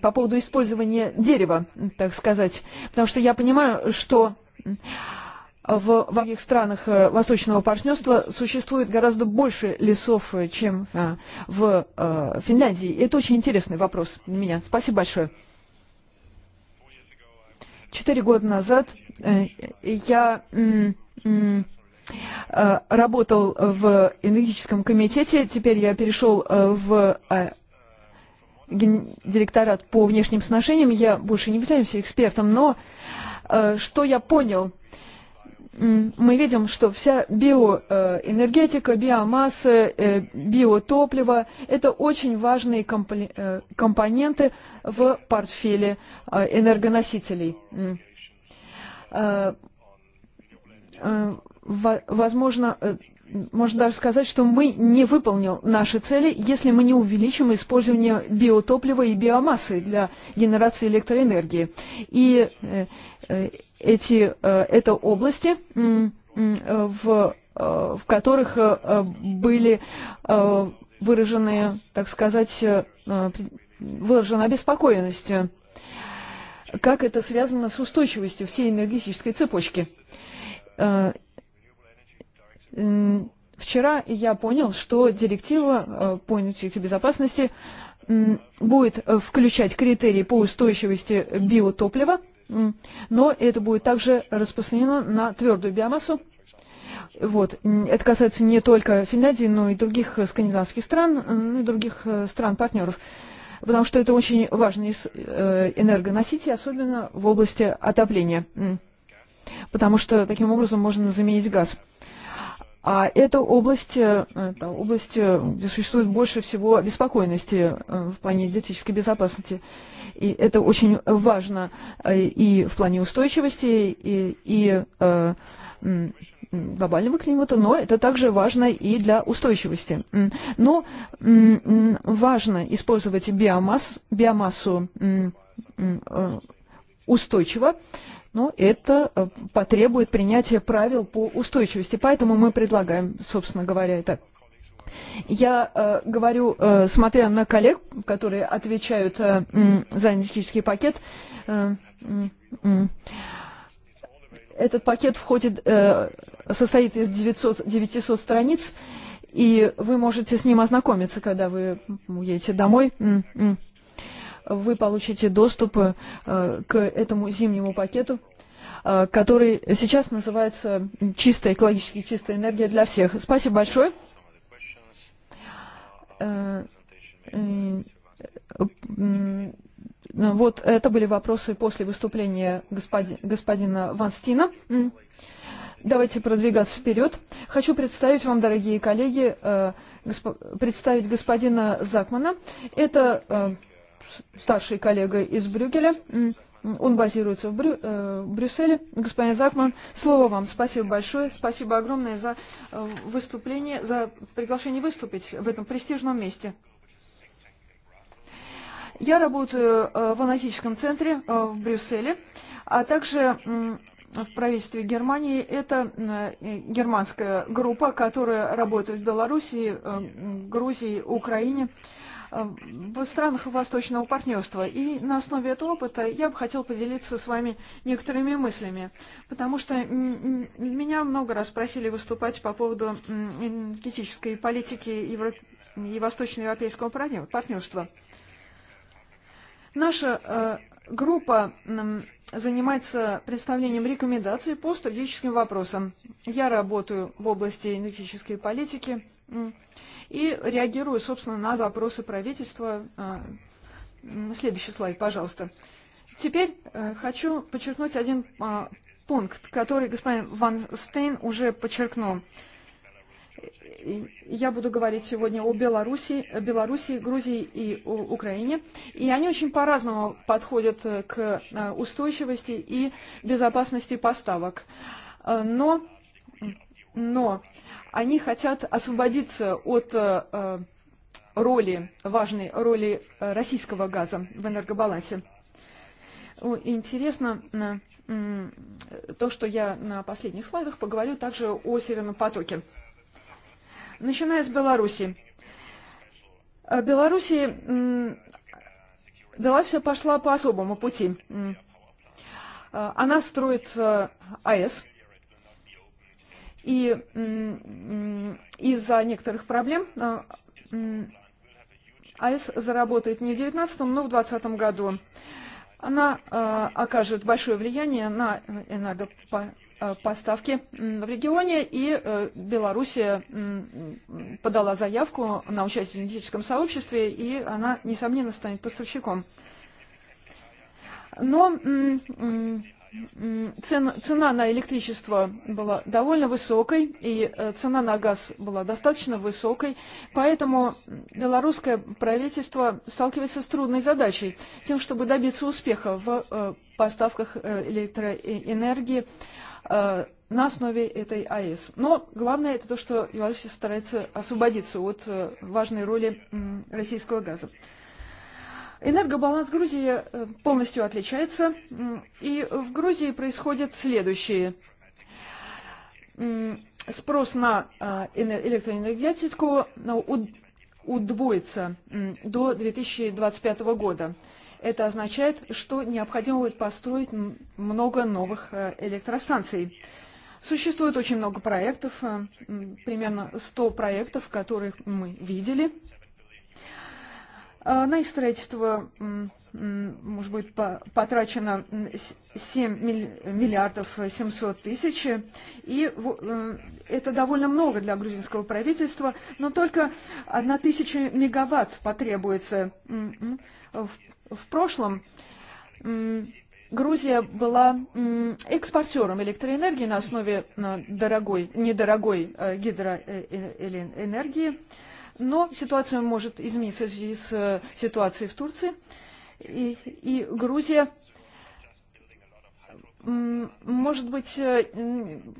по поводу использования дерева, так сказать? Потому что я понимаю, что в, во многих странах э, Восточного партнерства существует гораздо больше лесов, э, чем э, в Финляндии. Это очень интересный вопрос для меня. Спасибо большое. Четыре года назад я работал в энергетическом комитете, теперь я перешел в директорат по внешним сношениям, я больше не являюсь экспертом, но что я понял – мы видим, что вся биоэнергетика, э, биомасса, э, биотопливо – это очень важные э, компоненты в портфеле энергоносителей. Возможно, можно даже сказать, что мы не выполним наши цели, если мы не увеличим использование биотоплива и биомассы для генерации электроэнергии. И эти, э, это области, э, в, э, в которых были выражены, так сказать, выражена обеспокоенность. Как это связано с устойчивостью всей энергетической цепочки? Вчера я понял, что директива по энергетической безопасности будет включать критерии по устойчивости биотоплива, но это будет также распространено на твердую биомассу. Вот. Это касается не только Финляндии, но и других э, скандинавских стран, э, ну и других э, стран-партнеров. Потому что это очень важный энергоноситель, особенно в области отопления. Потому что таким образом можно заменить газ. А это область, это область, где существует больше всего беспокойности в плане энергетической безопасности. И это очень важно э, и в плане устойчивости, и, и э, глобального климата, но это также важно и для устойчивости. Но важно использовать биомасс, биомассу э, устойчиво, но это потребует принятия правил по устойчивости. Поэтому мы предлагаем, собственно говоря, это Я э, говорю, э, смотря на коллег, которые отвечают э, э, за энергетический пакет, э, э, э, этот пакет входит, э, состоит из 900, 900 страниц, и вы можете с ним ознакомиться, когда вы уедете домой. Вы получите доступ э, к этому зимнему пакету э, который сейчас называется «Чистая экологически чистая энергия для всех». Спасибо большое. Э, э, э, вот это были вопросы после выступления господи, господина Ванстина. Давайте продвигаться вперед. Хочу представить вам, дорогие коллеги, представить господина Закмана. Это старший коллега из Брюгеля. Он базируется в Брю, э, Брюсселе. Господин Закман, слово вам. Спасибо большое. Спасибо огромное за э, выступление, за приглашение выступить в этом престижном месте. Я работаю э, в аналитическом центре в Брюсселе, а также в правительстве Германии. Это германская группа, которая работает в Белоруссии, Грузии, Украине в странах Восточного партнерства. И на основе этого опыта я бы хотел поделиться с вами некоторыми мыслями, потому что меня много раз просили выступать по поводу энергетической политики Евро... и восточноевропейского партнерства. Наша э, группа занимается представлением рекомендаций по стратегическим вопросам. Я работаю в области энергетической политики и реагирую, собственно, на запросы правительства. Следующий слайд, пожалуйста. Теперь э, хочу подчеркнуть один пункт, который господин Ван Стейн уже подчеркнул. Я буду говорить сегодня о Беларуси, Белоруссии, Грузии и Украине. И они очень по-разному подходят э, к э, устойчивости и безопасности поставок. Но но они хотят освободиться от э, роли, важной роли э, российского газа в энергобалансе. Интересно то, что я на последних слайдах поговорю также о Северном потоке. Начиная с Беларуси. Э, Беларуси, Беларусь пошла по особому пути. Она строит АЭС, И из-за некоторых проблем э, АЭС заработает не в 2019, но в 2020 году. Она э, окажет большое влияние на энергопоставки в регионе, и э, Белоруссия подала заявку на участие в энергетическом сообществе, и она, несомненно, станет поставщиком. Но цена на электричество была довольно высокой, и э, цена на газ была достаточно высокой, поэтому белорусское правительство сталкивается с трудной задачей, тем, чтобы добиться успеха в э, поставках э, электроэнергии на основе этой АЭС. Но главное это то, что Беларусь старается освободиться от важной роли российского газа. Энергобаланс Грузии э, полностью отличается, и в Грузии происходят следующие. Спрос на электроэнергетику удвоится до 2025 года. Это означает, что необходимо будет построить много новых э, электростанций. Существует очень много проектов, э, примерно 100 проектов, которых мы видели – На их строительство, может быть, потрачено 7 миллиардов 700 тысяч, и э, это довольно много для грузинского правительства, но только 1 тысяча мегаватт потребуется. В прошлом Грузия была экспортером электроэнергии на основе дорогой, недорогой гидроэнергии. Э, э, э Но ситуация может измениться в связи с э, ситуацией в Турции. И, и Грузия, может быть, э,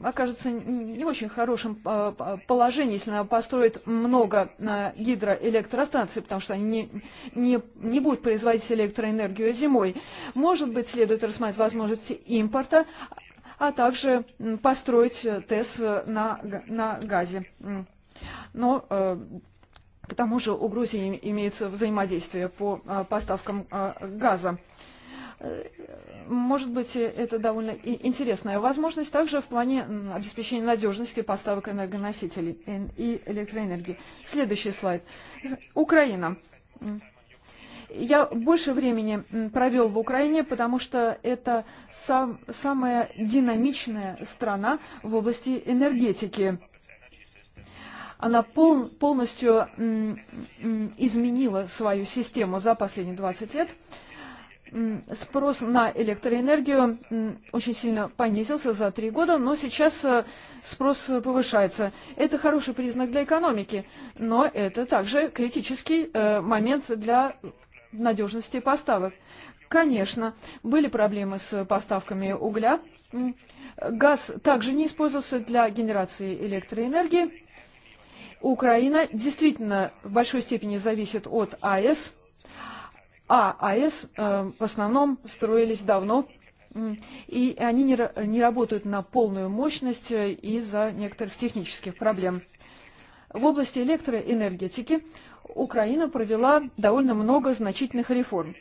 окажется не в очень хорошем э, положении, если она построит много гидроэлектростанций, потому что они не, не, не будут производить электроэнергию зимой. Может быть, следует рассматривать возможности импорта, а также построить ТЭС на, на газе. Но э, К тому же у Грузии имеется взаимодействие по э, поставкам э, газа. Э, может быть, это довольно интересная возможность также в плане обеспечения надежности поставок энергоносителей и электроэнергии. Следующий слайд. Украина. Я больше времени провел в Украине, потому что это сам, самая динамичная страна в области энергетики она пол, полностью изменила свою систему за последние 20 лет. Спрос на электроэнергию очень сильно понизился за три года, но сейчас э, спрос повышается. Это хороший признак для экономики, но это также критический э, момент для надежности поставок. Конечно, были проблемы с поставками угля. Газ также не использовался для генерации электроэнергии. Украина действительно в большой степени зависит от АЭС, а АЭС э, в основном строились давно, и они не, не работают на полную мощность э, из-за некоторых технических проблем. В области электроэнергетики Украина провела довольно много значительных реформ,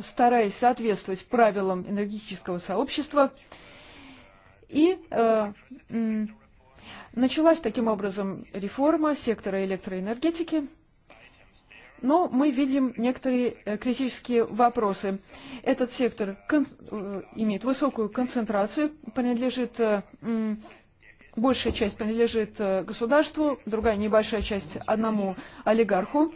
стараясь соответствовать правилам энергетического сообщества и э, Началась таким образом реформа сектора электроэнергетики, но мы видим некоторые э, критические вопросы. Этот сектор э, имеет высокую концентрацию, принадлежит э, большая часть принадлежит государству, другая небольшая часть одному олигарху.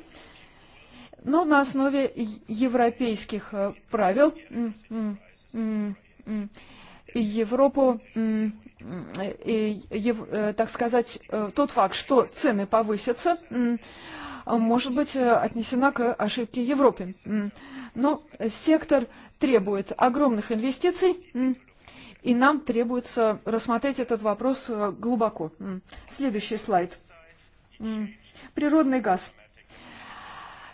Но на основе европейских правил Европу Э, так сказать, э, тот факт, что цены повысятся, может быть э, отнесена к ошибке Европе. Но сектор требует огромных инвестиций, и нам требуется рассмотреть этот вопрос глубоко. Следующий слайд. Природный газ.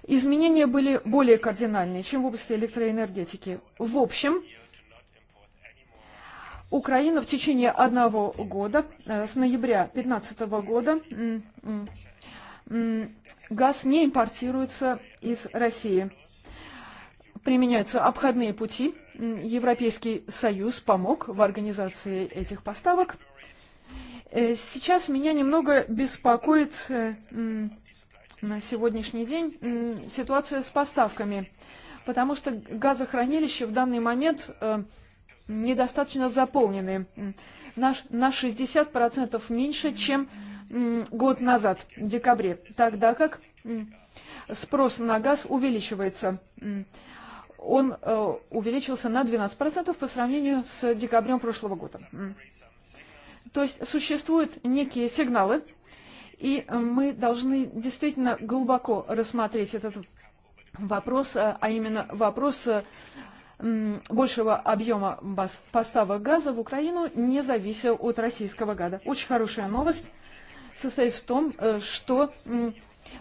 Изменения были более кардинальные, чем в области электроэнергетики. В общем, Украина в течение одного года, э, с ноября 2015 года, газ не импортируется из России. Применяются обходные пути. Европейский Союз помог в организации этих поставок. Э, сейчас меня немного беспокоит э, на сегодняшний день ситуация с поставками, потому что газохранилище в данный момент недостаточно заполнены. На 60% меньше, чем год назад, в декабре, тогда как спрос на газ увеличивается. Он э, увеличился на 12% по сравнению с декабрем прошлого года. То есть существуют некие сигналы, и э, мы должны действительно глубоко рассмотреть этот вопрос, а именно вопрос э, большего объема поставок газа в Украину не зависел от российского газа. Очень хорошая новость состоит в том, э, что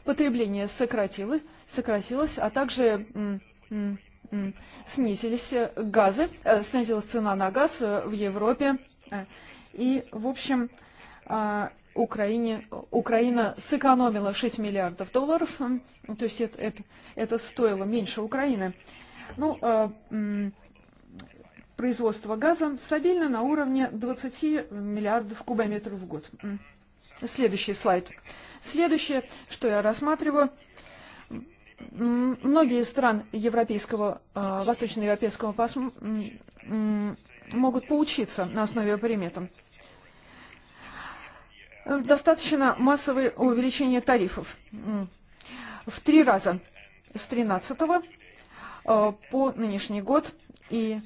потребление сократилось, сократилось а также снизились э, газы, э, снизилась цена на газ в Европе. И, в общем, Украине, Украина сэкономила 6 миллиардов долларов, то есть это, это, это стоило меньше Украины. Ну, э, производство газа стабильно на уровне 20 миллиардов кубометров в год. Следующий слайд. Следующее, что я рассматриваю, многие стран европейского, э, восточноевропейского э, могут поучиться на основе примета. Достаточно массовое увеличение тарифов в три раза с 13 Э, по нынешний год. И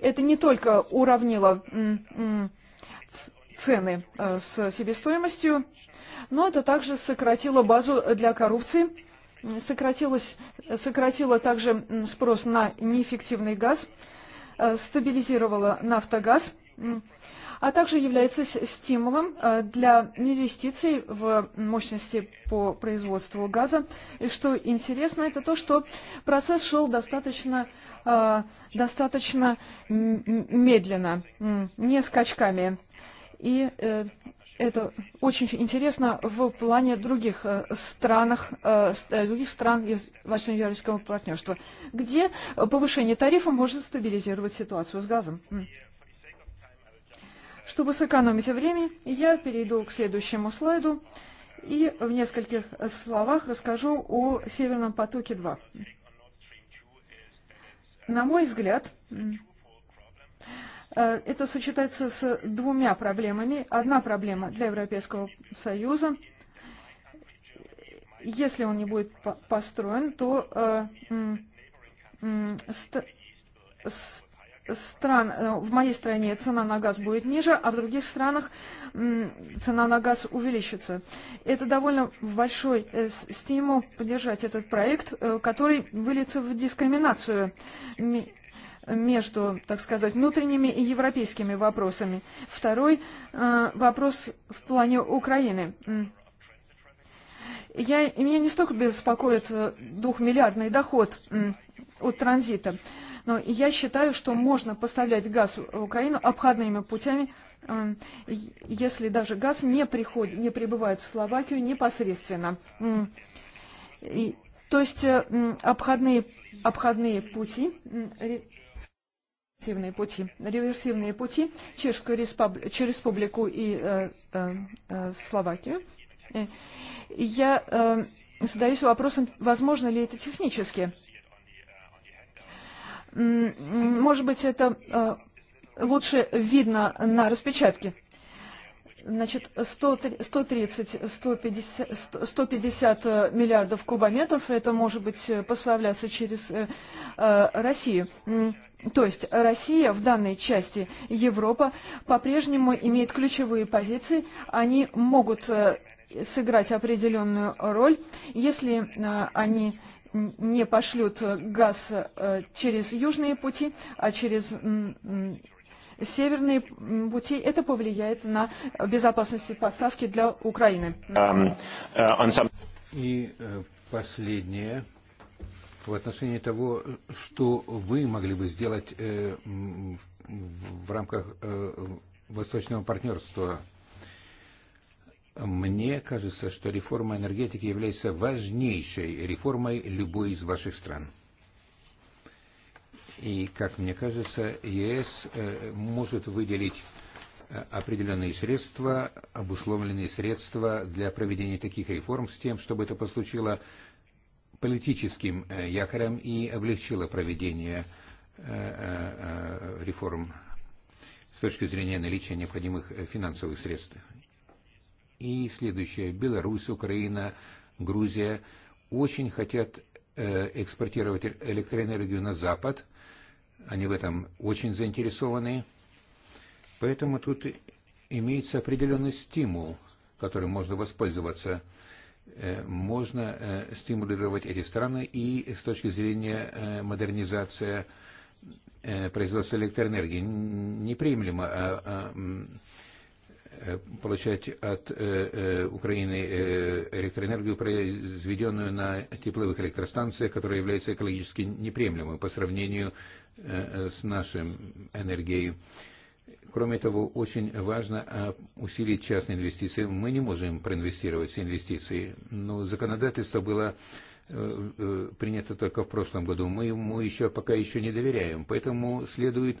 это не только уравнило цены э, с себестоимостью, но это также сократило базу для коррупции, сократилось, сократило также спрос на неэффективный газ, э, стабилизировало нафтогаз а также является стимулом э, для инвестиций в мощности по производству газа. И что интересно, это то, что процесс шел достаточно, э, достаточно медленно, не скачками. И э, это очень интересно в плане других странах, других стран Восточноевропейского партнерства, где повышение тарифа может стабилизировать ситуацию с газом. Чтобы сэкономить время, я перейду к следующему слайду и в нескольких словах расскажу о Северном потоке-2. На мой взгляд, э, это сочетается с двумя проблемами. Одна проблема для Европейского Союза. Если он не будет построен, то э, стран, э, в моей стране цена на газ будет ниже, а в других странах цена на газ увеличится. Это довольно большой э, стимул поддержать этот проект, э, который выльется в дискриминацию между, так сказать, внутренними и европейскими вопросами. Второй вопрос в плане Украины. Я, меня не столько беспокоит двухмиллиардный доход от транзита. Но я считаю, что можно поставлять газ в Украину обходными путями, если даже газ не, приходит, не прибывает в Словакию непосредственно. И, то есть э, обходные, обходные пути реверсивные пути, реверсивные пути Чешскую республи республику и э, э, э Словакию. Я э, задаюсь вопросом, возможно ли это технически. Может быть, это э, лучше видно на распечатке. Значит, 130, 150, э, миллиардов кубометров, это может быть э, пославляться через Россию. То есть Россия в данной части Европа по-прежнему имеет ключевые позиции, они могут сыграть определенную роль, если они не пошлют газ э, через южные пути, а через северные пути, это повлияет на безопасность поставки для Украины. Э, и э, последнее. В отношении того, что вы могли бы сделать в рамках восточного партнерства Мне кажется, что реформа энергетики является важнейшей реформой любой из ваших стран. И, как мне кажется, ЕС э, может выделить э, определенные средства, обусловленные средства для проведения таких реформ с тем, чтобы это послучило политическим э, якорем и облегчило проведение реформ с точки зрения наличия необходимых финансовых средств и следующее. Беларусь, Украина, Грузия очень хотят э, экспортировать электроэнергию на Запад. Они в этом очень заинтересованы. Поэтому тут имеется определенный стимул, которым можно воспользоваться. Э, можно э, стимулировать эти страны и с точки зрения модернизации производства электроэнергии. Неприемлемо получать от Украины электроэнергию, произведенную на тепловых электростанциях, которая является экологически неприемлемой по сравнению э, с нашим энергией. Кроме того, очень важно усилить частные инвестиции. Мы не можем проинвестировать все инвестиции, но законодательство было э, э, принято только в прошлом году. Мы ему еще пока еще не доверяем, поэтому следует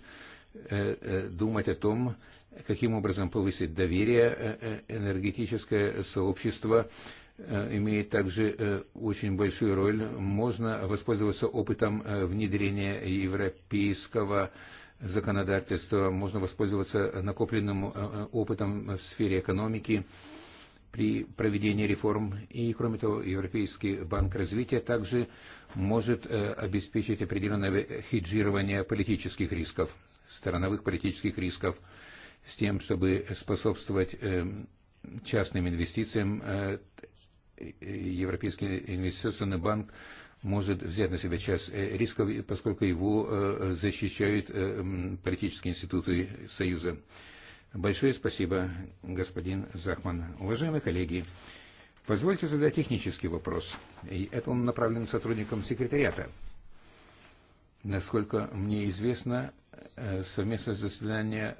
думать о том, что каким образом повысить доверие э, э, энергетическое сообщество э, имеет также очень большую роль. Можно воспользоваться опытом внедрения европейского законодательства, можно воспользоваться накопленным опытом в сфере экономики при проведении реформ. И, кроме того, Европейский банк развития также может обеспечить определенное хеджирование политических рисков, стороновых политических рисков – с тем, чтобы способствовать частным инвестициям. Э, Европейский инвестиционный банк может взять на себя час э, рисков, поскольку его э, защищают политические институты Союза. Большое спасибо, господин Захман. Уважаемые коллеги, позвольте задать технический вопрос. И это он направлен сотрудникам секретариата. Насколько мне известно, совместное заседание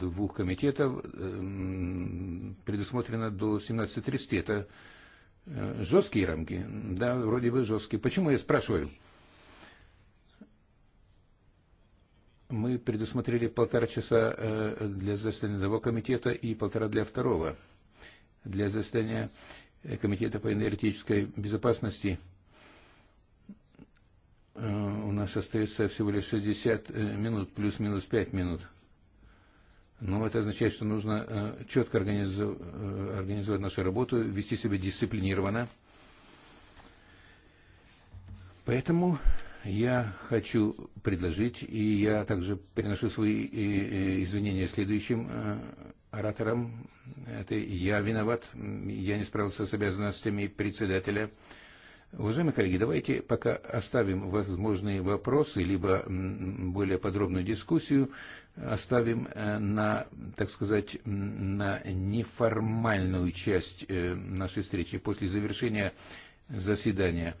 двух комитетов предусмотрено до 17.30. Это э, жесткие рамки. Да, вроде бы жесткие. Почему я спрашиваю? Мы предусмотрели полтора часа э, для заседания одного комитета и полтора для второго. Для заседания э, комитета по энергетической безопасности у нас остается всего лишь 60 минут, плюс-минус 5 минут. Но это означает, что нужно э, четко э, организовать нашу работу, вести себя дисциплинированно. Поэтому я хочу предложить, и я также переношу свои э, извинения следующим ораторам. Это я виноват, я не справился с обязанностями председателя. Уважаемые коллеги, давайте пока оставим возможные вопросы, либо более подробную дискуссию оставим э, на, так сказать, на неформальную часть э, нашей встречи после завершения заседания.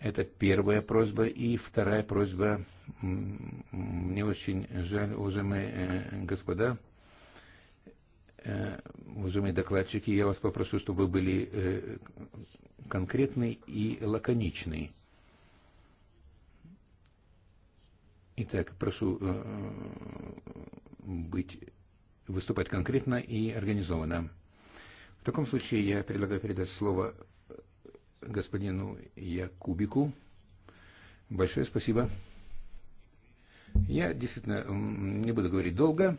Это первая просьба. И вторая просьба. Мне очень жаль, уважаемые э, господа, уважаемые докладчики, я вас попрошу, чтобы вы были конкретный и лаконичный. Итак, прошу э, быть, выступать конкретно и организованно. В таком случае я предлагаю передать слово господину Якубику. Большое спасибо. Я действительно не буду говорить долго.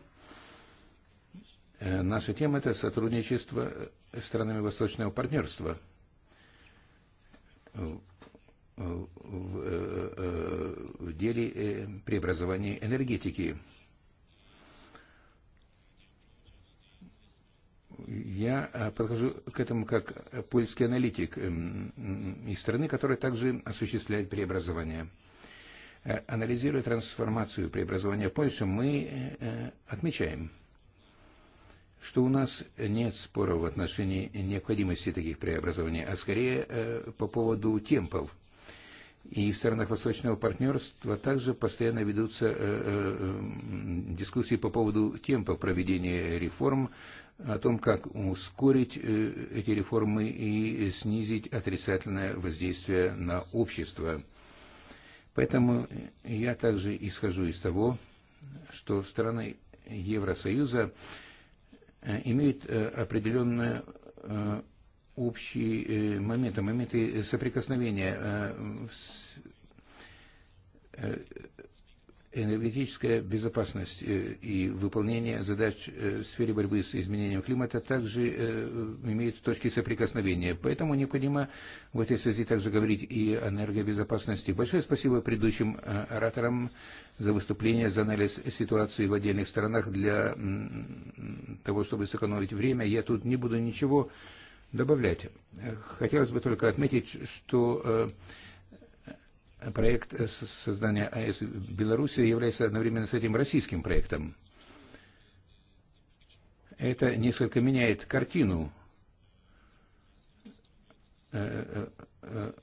Э, наша тема – это сотрудничество с странами Восточного партнерства – в деле преобразования энергетики. Я подхожу к этому как польский аналитик из страны, которая также осуществляет преобразование. Анализируя трансформацию преобразования Польши, мы отмечаем – что у нас нет споров в отношении необходимости таких преобразований, а скорее э, по поводу темпов. И в странах Восточного партнерства также постоянно ведутся э, э, дискуссии по поводу темпов проведения реформ, о том, как ускорить э, эти реформы и снизить отрицательное воздействие на общество. Поэтому я также исхожу из того, что страны Евросоюза э, Э, имеют э, определенные э, общие моменты, моменты соприкосновения энергетическая безопасность э, и выполнение задач э, в сфере борьбы с изменением климата также э, имеют точки соприкосновения. Поэтому необходимо в этой связи также говорить и о энергобезопасности. Большое спасибо предыдущим ораторам за выступление, за анализ ситуации в отдельных странах для того, чтобы сэкономить время. Я тут не буду ничего добавлять. Хотелось бы только отметить, что проект э, создания АЭС в Беларуси является одновременно с этим российским проектом. Это несколько меняет картину э, э,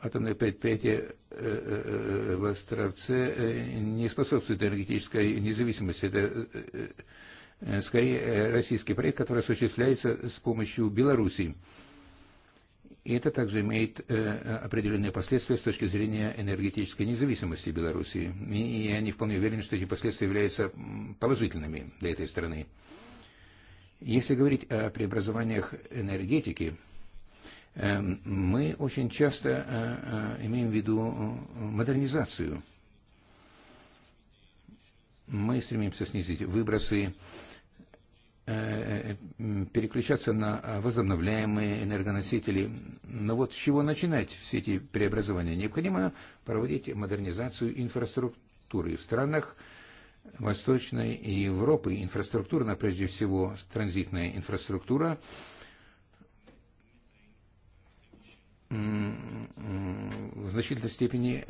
атомное предприятие в Островце не способствует энергетической независимости. Это скорее российский проект, который осуществляется с помощью Беларуси. И это также имеет э, определенные последствия с точки зрения энергетической независимости Беларуси. И я не вполне уверен, что эти последствия являются положительными для этой страны. Если говорить о преобразованиях энергетики, э, мы очень часто э, э имеем в виду э, модернизацию. Мы стремимся снизить выбросы, Э, э, переключаться на возобновляемые энергоносители. Но вот с чего начинать все эти преобразования? Необходимо проводить модернизацию инфраструктуры. В странах Восточной Европы инфраструктура, прежде всего транзитная инфраструктура, в значительной степени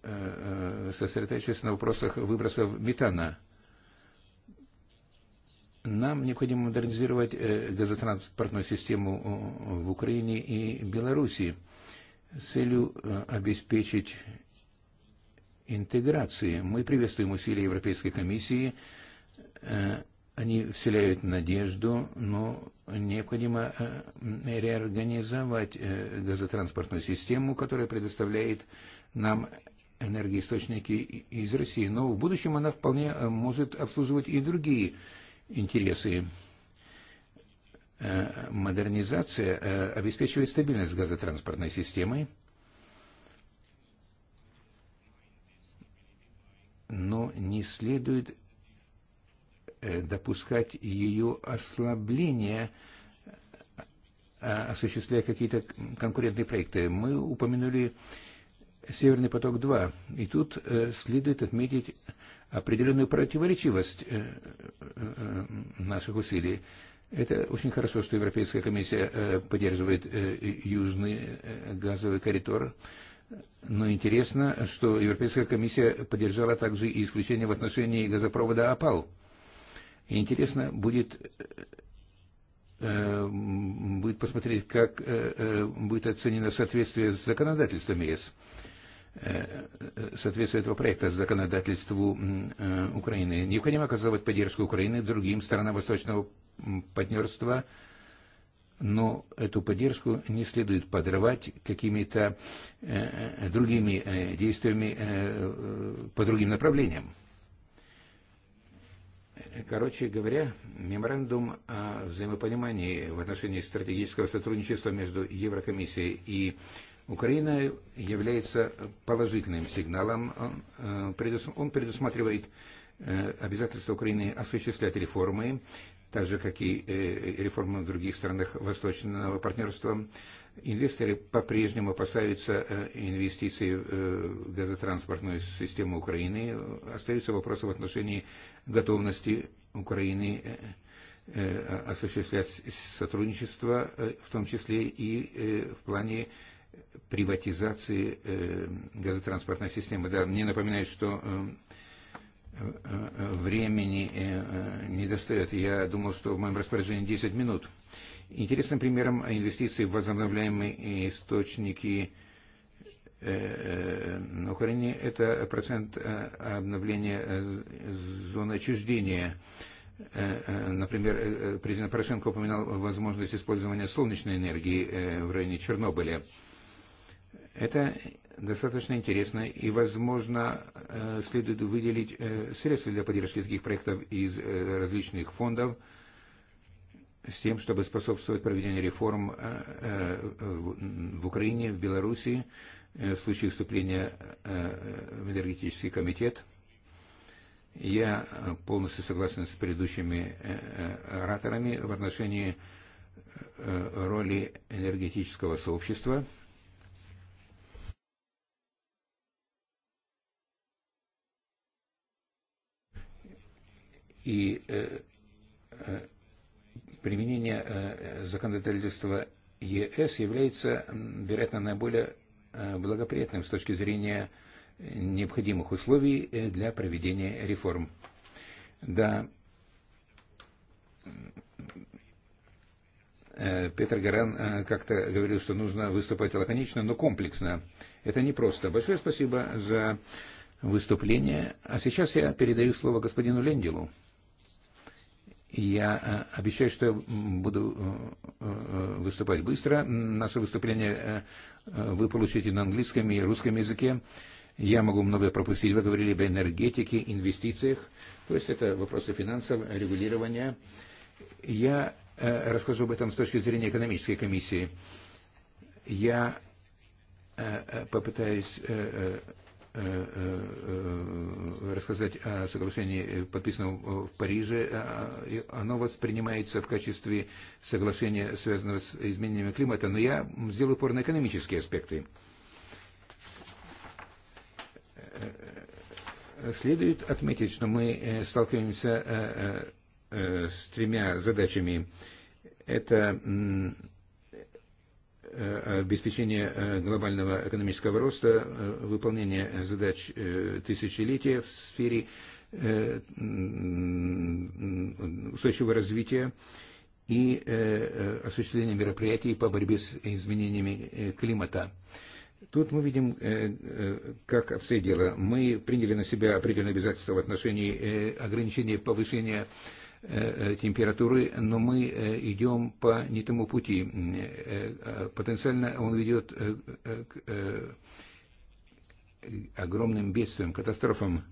э, сосредоточиться на вопросах выбросов метана Нам необходимо модернизировать э, газотранспортную систему э, в Украине и Белоруссии с целью э, обеспечить интеграции. Мы приветствуем усилия Европейской комиссии. Они вселяют надежду, но необходимо реорганизовать газотранспортную систему, которая предоставляет нам энергоисточники из России. Но в будущем она вполне может обслуживать и другие интересы. Э, модернизация э, обеспечивает стабильность газотранспортной системы, но не следует э, допускать ее ослабление, осуществляя какие-то конкурентные проекты. Мы упомянули Северный поток-2, и тут следует отметить определенную противоречивость э, э, э, наших усилий. Это очень хорошо, что Европейская комиссия поддерживает южный газовый коридор. Но интересно, что Европейская комиссия поддержала также и исключение в отношении газопровода «Опал». Интересно будет, будет посмотреть, как будет оценено соответствие с законодательством ЕС соответствует этого проекта законодательству э, Украины. Необходимо оказывать поддержку Украины другим сторонам восточного партнерства, но эту поддержку не следует подрывать какими-то э, э, другими действиями по другим направлениям. Короче говоря, меморандум о взаимопонимании в отношении стратегического сотрудничества между Еврокомиссией и Украина является положительным сигналом. Э, э, он, предусматривает э, обязательства Украины осуществлять реформы, так же, как и реформы в других странах Восточного партнерства. Инвесторы по-прежнему опасаются инвестиций в газотранспортную систему Украины. Остаются вопросы в отношении готовности Украины осуществлять сотрудничество, в том числе и в плане приватизации э, газотранспортной системы. Да, мне напоминает, что э, э, времени не достает. Я думал, что в моем распоряжении 10 минут. Интересным примером инвестиций в возобновляемые источники на Украине – это процент обновления зоны отчуждения. Например, президент Порошенко упоминал возможность использования солнечной энергии в районе Чернобыля. Это достаточно интересно, и, возможно, э, следует выделить э, средства для поддержки таких проектов из э, различных фондов с тем, чтобы способствовать проведению реформ в Украине, в Белоруссии, в случае вступления в энергетический комитет. Я полностью согласен с предыдущими ораторами в отношении роли энергетического сообщества – и e, e, применение e, законодательства ЕС является, вероятно, наиболее э, благоприятным с точки зрения необходимых условий э, для проведения реформ. Да, э, Петр Гаран как-то говорил, что нужно выступать лаконично, но комплексно. Это непросто. Большое спасибо за выступление. А сейчас я передаю слово господину Лендилу. Я э, обещаю, что буду э, э, выступать быстро. Наше выступление вы получите на английском и русском языке. Я могу многое пропустить. Вы говорили об энергетике, инвестициях. То есть это вопросы финансов, регулирования. Я расскажу об этом с точки зрения экономической комиссии. Я попытаюсь Э, э, э, рассказать о соглашении, подписанном в Париже. Оно воспринимается в качестве соглашения, связанного с изменениями климата, но я сделаю упор на экономические аспекты. Следует отметить, что мы сталкиваемся с тремя задачами. Это Э, обеспечение э, глобального экономического роста, э, выполнение задач тысячелетия в сфере устойчивого развития и осуществление мероприятий по борьбе с изменениями климата. Тут мы видим, как обстоит дело. Мы приняли на себя определенные обязательства в отношении ограничения повышения Э, э, температуры, но мы э, идем по не тому пути. Потенциально он ведет к огромным бедствиям, катастрофам.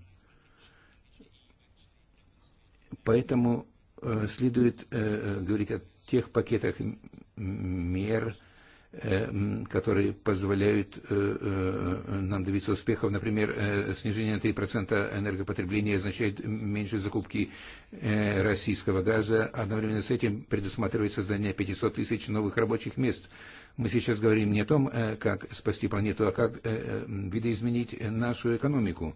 Поэтому следует говорить о тех пакетах мер, Э, которые позволяют э, э, нам добиться успехов. Например, снижение на 3% энергопотребления означает меньше закупки российского газа. Одновременно с этим предусматривает создание 500 тысяч новых рабочих мест. Мы сейчас говорим не о том, как спасти планету, а как видоизменить нашу экономику.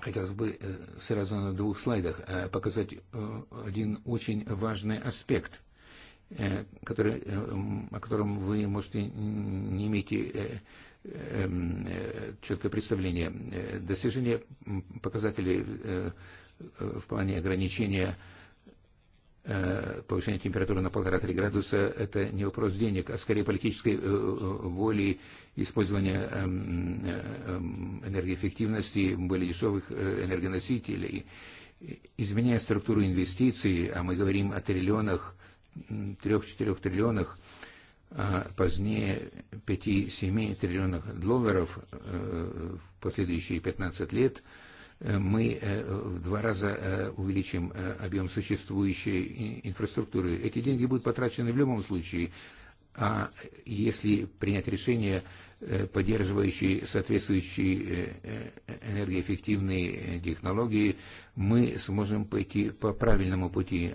Хотелось бы сразу на двух слайдах показать один очень важный аспект – Э, который, э, о котором вы можете не иметь э, четкое представление. Достижение показателей в плане ограничения повышения температуры на полтора-три градуса – это не вопрос денег, а скорее политической воли использования энергоэффективности, более дешевых энергоносителей. Изменяя структуру инвестиций, а мы говорим о триллионах 3-4 триллионах, а позднее 5-7 триллионах долларов э, в последующие 15 лет, э, мы э, в два раза увеличим объем существующей инфраструктуры. Эти деньги будут потрачены в любом случае, а если принять решение, поддерживающие соответствующие энергоэффективные технологии, мы сможем пойти по правильному пути,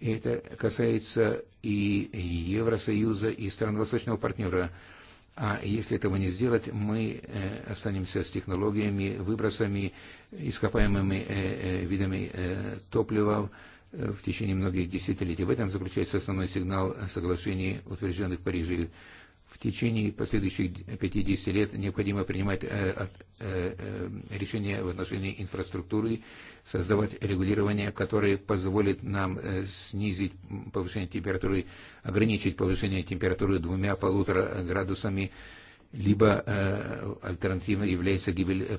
И это касается и Евросоюза, и стран Восточного партнера. А если этого не сделать, мы э, останемся с технологиями, выбросами, ископаемыми э, э, видами топлива в течение многих десятилетий. В этом заключается основной сигнал соглашений, утвержденных в Париже В течение последующих 50 лет необходимо принимать э, э, э, решения в отношении инфраструктуры, создавать регулирование, которое позволит нам снизить повышение температуры, ограничить повышение температуры двумя-полутора градусами, либо э, альтернативой является гибель э,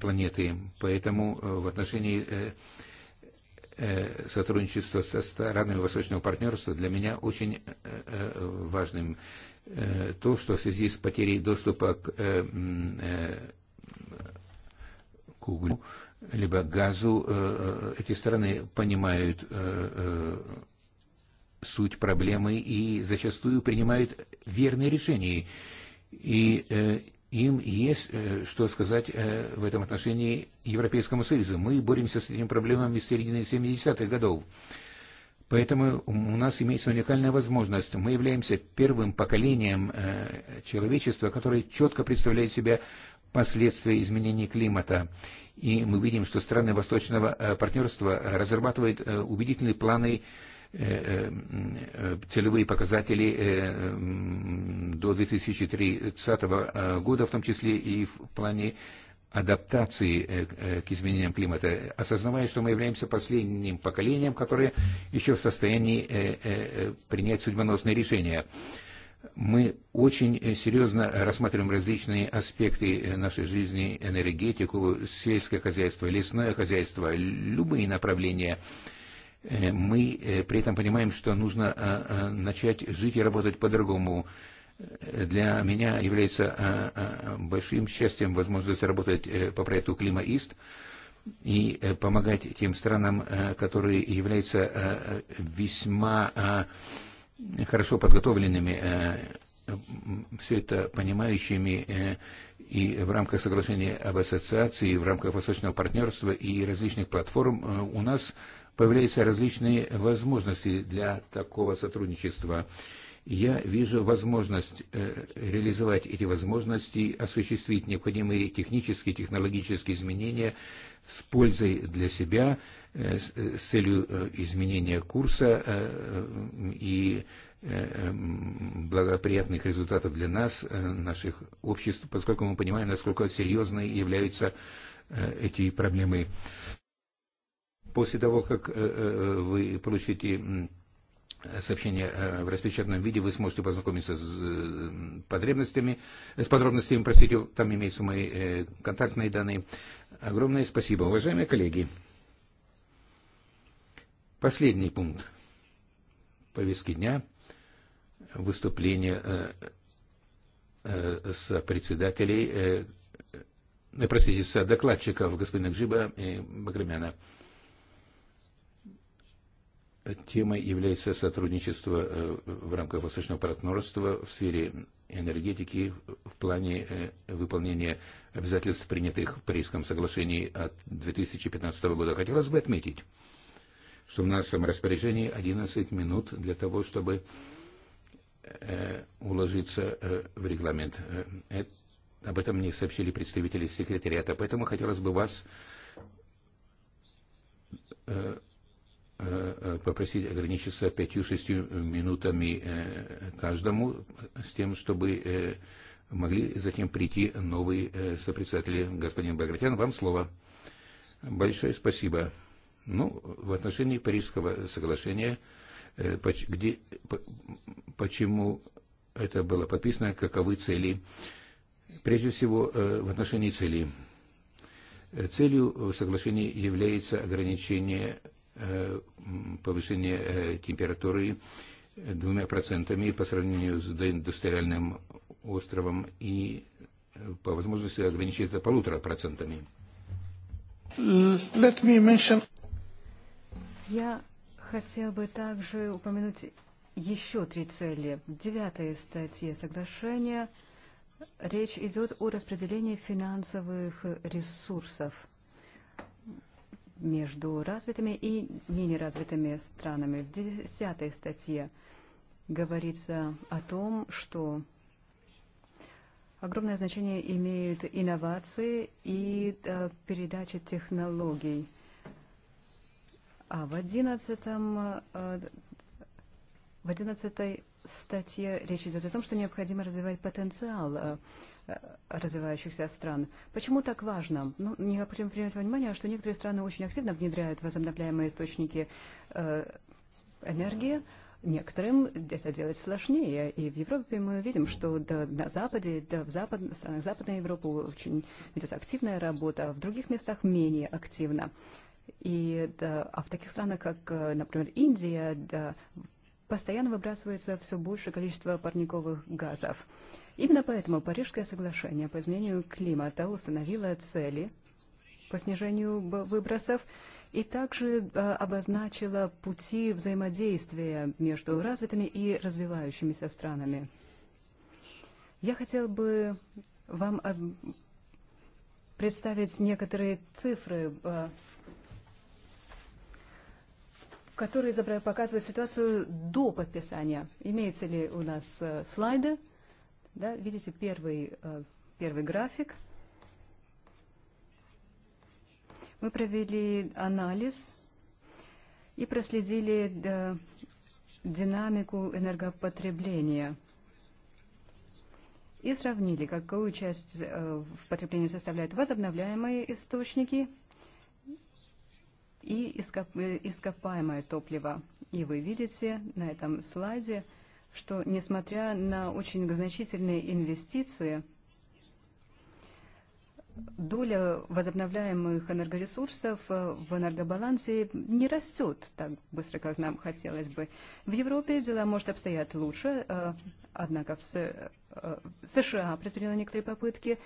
планеты. Поэтому э, в отношении э, сотрудничества со странами Восточного партнерства для меня очень важным Э, то, что в связи с потерей доступа к, э, э, к углю либо газу, эти страны понимают суть проблемы и зачастую принимают верные решения. И им есть что сказать в этом отношении Европейскому Союзу. Мы боремся с этими проблемами с середины 70-х годов. Поэтому у нас имеется уникальная возможность. Мы являемся первым поколением э, человечества, которое четко представляет себя последствия изменений климата. И мы видим, что страны Восточного э, партнерства э, разрабатывают убедительные планы целевые показатели до 2030 года, в том числе и в плане адаптации э, э, к изменениям климата, осознавая, что мы являемся последним поколением, которое еще в состоянии э, принять судьбоносные решения. Мы очень серьезно рассматриваем различные аспекты нашей жизни, энергетику, сельское хозяйство, лесное хозяйство, любые направления. Мы при этом понимаем, что нужно начать жить и работать по-другому. Для меня является э, э, большим счастьем возможность работать э, по проекту «Климаист» и помогать тем странам, которые являются весьма хорошо подготовленными, все это понимающими и в рамках соглашения об ассоциации, и в рамках восточного партнерства и различных платформ у нас появляются различные возможности для такого сотрудничества. Я вижу возможность э, реализовать эти возможности, осуществить необходимые технические, технологические изменения с пользой для себя, э, э, с целью изменения курса и благоприятных результатов для нас, наших обществ, поскольку мы понимаем, насколько серьезной являются эти проблемы. После того, как вы получите сообщение э, в распечатанном виде, вы сможете познакомиться с э, подробностями, с подробностями, простите, там имеются мои э, контактные данные. Огромное спасибо, уважаемые коллеги. Последний пункт повестки дня – выступление с председателей, простите, с докладчиков господина Гжиба и Багрымяна. Темой является сотрудничество э, в рамках Восточного партнерства в сфере энергетики в плане э, выполнения обязательств, принятых в Парижском соглашении от 2015 года. Хотелось бы отметить, что в нашем распоряжении 11 минут для того, чтобы э, уложиться в регламент. Об этом мне сообщили представители секретариата, поэтому хотелось бы вас Э, попросить ограничиться 5-6 минутами э, каждому, с тем, чтобы э, могли затем прийти новые сопредседатели. Господин Багратян, вам слово. Большое спасибо. Ну, в отношении Парижского соглашения, где, почему это было подписано, каковы цели. Прежде всего, в отношении целей. Целью соглашения является ограничение Э, повышение э, температуры двумя процентами по сравнению с доиндустриальным островом и э, по возможности ограничить это полутора процентами. Let me mention... Я хотел бы также упомянуть еще три цели. В девятой статье соглашения речь идет о распределении финансовых ресурсов – между развитыми и менее развитыми странами. В десятой статье говорится о том, что огромное значение имеют инновации и передача технологий. А в одиннадцатом в 11 статье речь идет о том, что необходимо развивать потенциал Э, развивающихся стран. Почему так важно? Ну, необходимо принять внимание, что некоторые страны очень активно внедряют возобновляемые источники э, энергии. Некоторым это делать сложнее. И в Европе мы видим, что да, на Западе, да, в запад, странах Западной Европы очень идет активная работа, а в других местах менее активно. И, да, а в таких странах, как, э, например, Индия, да, постоянно выбрасывается все большее количество парниковых газов. Именно поэтому Парижское соглашение по изменению климата установило цели по снижению выбросов и также обозначило пути взаимодействия между развитыми и развивающимися странами. Я хотел бы вам представить некоторые цифры, которые показывают ситуацию до подписания. Имеются ли у нас слайды? Да, видите первый, э, первый график. Мы провели анализ и проследили динамику энергопотребления и сравнили, какую часть э, в потреблении составляют возобновляемые источники и э, ископаемое топливо. И вы видите на этом слайде – что несмотря на очень значительные инвестиции, доля возобновляемых энергоресурсов в энергобалансе не растет так быстро, как нам хотелось бы. В Европе дела, может, обстоят лучше, э, однако э, в США предприняли некоторые попытки,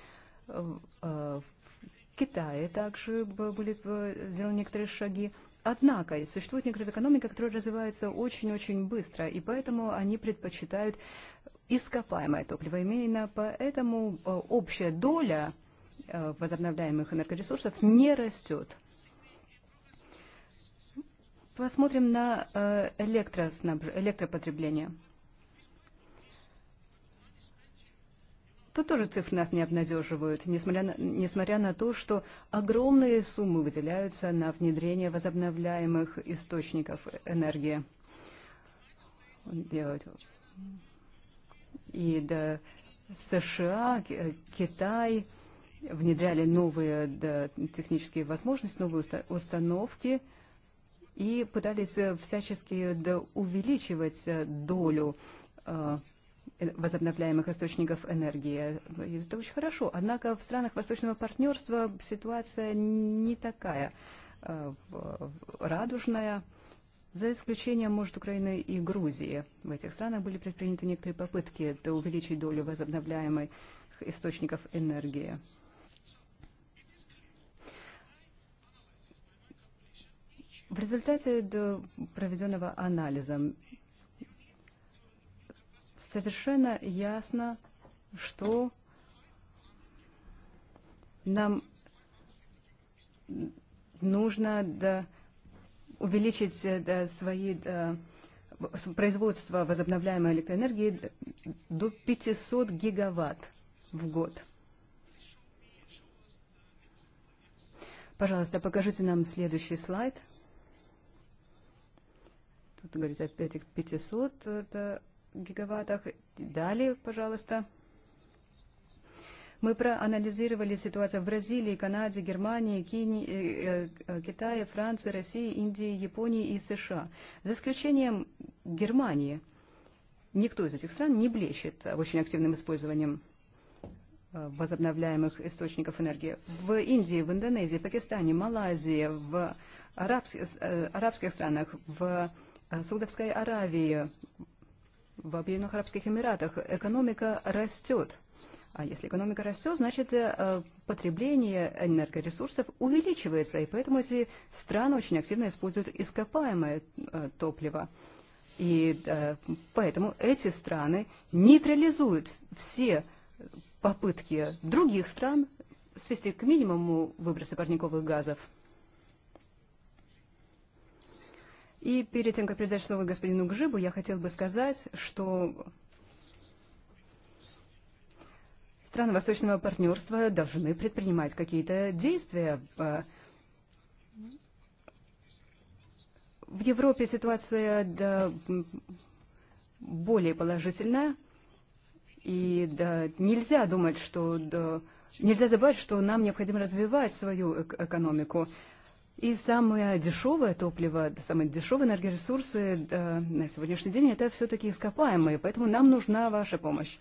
э, в Китае также были сделаны некоторые шаги. Однако существует некоторая экономика, которые развиваются очень-очень быстро, и поэтому они предпочитают ископаемое топливо. Именно поэтому э, общая доля э, возобновляемых энергоресурсов не растет. Посмотрим на э, электропотребление. то тоже цифры нас не обнадеживают, несмотря на, несмотря на то, что огромные суммы выделяются на внедрение возобновляемых источников энергии. И да, США, Китай внедряли новые да, технические возможности, новые установки и пытались всячески да, увеличивать э, долю э, возобновляемых источников энергии. Это очень хорошо. Однако в странах восточного партнерства ситуация не такая э, радужная. За исключением, может, Украины и Грузии. В этих странах были предприняты некоторые попытки увеличить долю возобновляемых источников энергии. В результате проведенного анализа совершенно ясно, что нам нужно да, увеличить э, да, свои да, производство возобновляемой электроэнергии до 500 гигаватт в год. Пожалуйста, покажите нам следующий слайд. Тут говорится опять 500. Это гигаваттах. Далее, пожалуйста. Мы проанализировали ситуацию в Бразилии, Канаде, Германии, Кини, э, э, Китае, Франции, России, Индии, Японии и США. За исключением Германии. Никто из этих стран не блещет очень активным использованием э, возобновляемых источников энергии. В Индии, в Индонезии, Пакистане, Малайзии, в арабских, арабских странах, в Саудовской Аравии, в Объединенных Арабских Эмиратах экономика растет. А если экономика растет, значит э, потребление энергоресурсов увеличивается, и поэтому эти страны очень активно используют ископаемое э, топливо. И э, поэтому эти страны нейтрализуют все попытки других стран свести к минимуму выбросы парниковых газов. И перед тем, как передать слово господину Гжибу, я хотел бы сказать, что страны Восточного партнерства должны предпринимать какие-то действия. В Европе ситуация да, более положительная, и да, нельзя думать, что да, нельзя забывать, что нам необходимо развивать свою экономику. И самое дешевое топливо, самые дешевые энергоресурсы э, на сегодняшний день это все-таки ископаемые, поэтому нам нужна ваша помощь.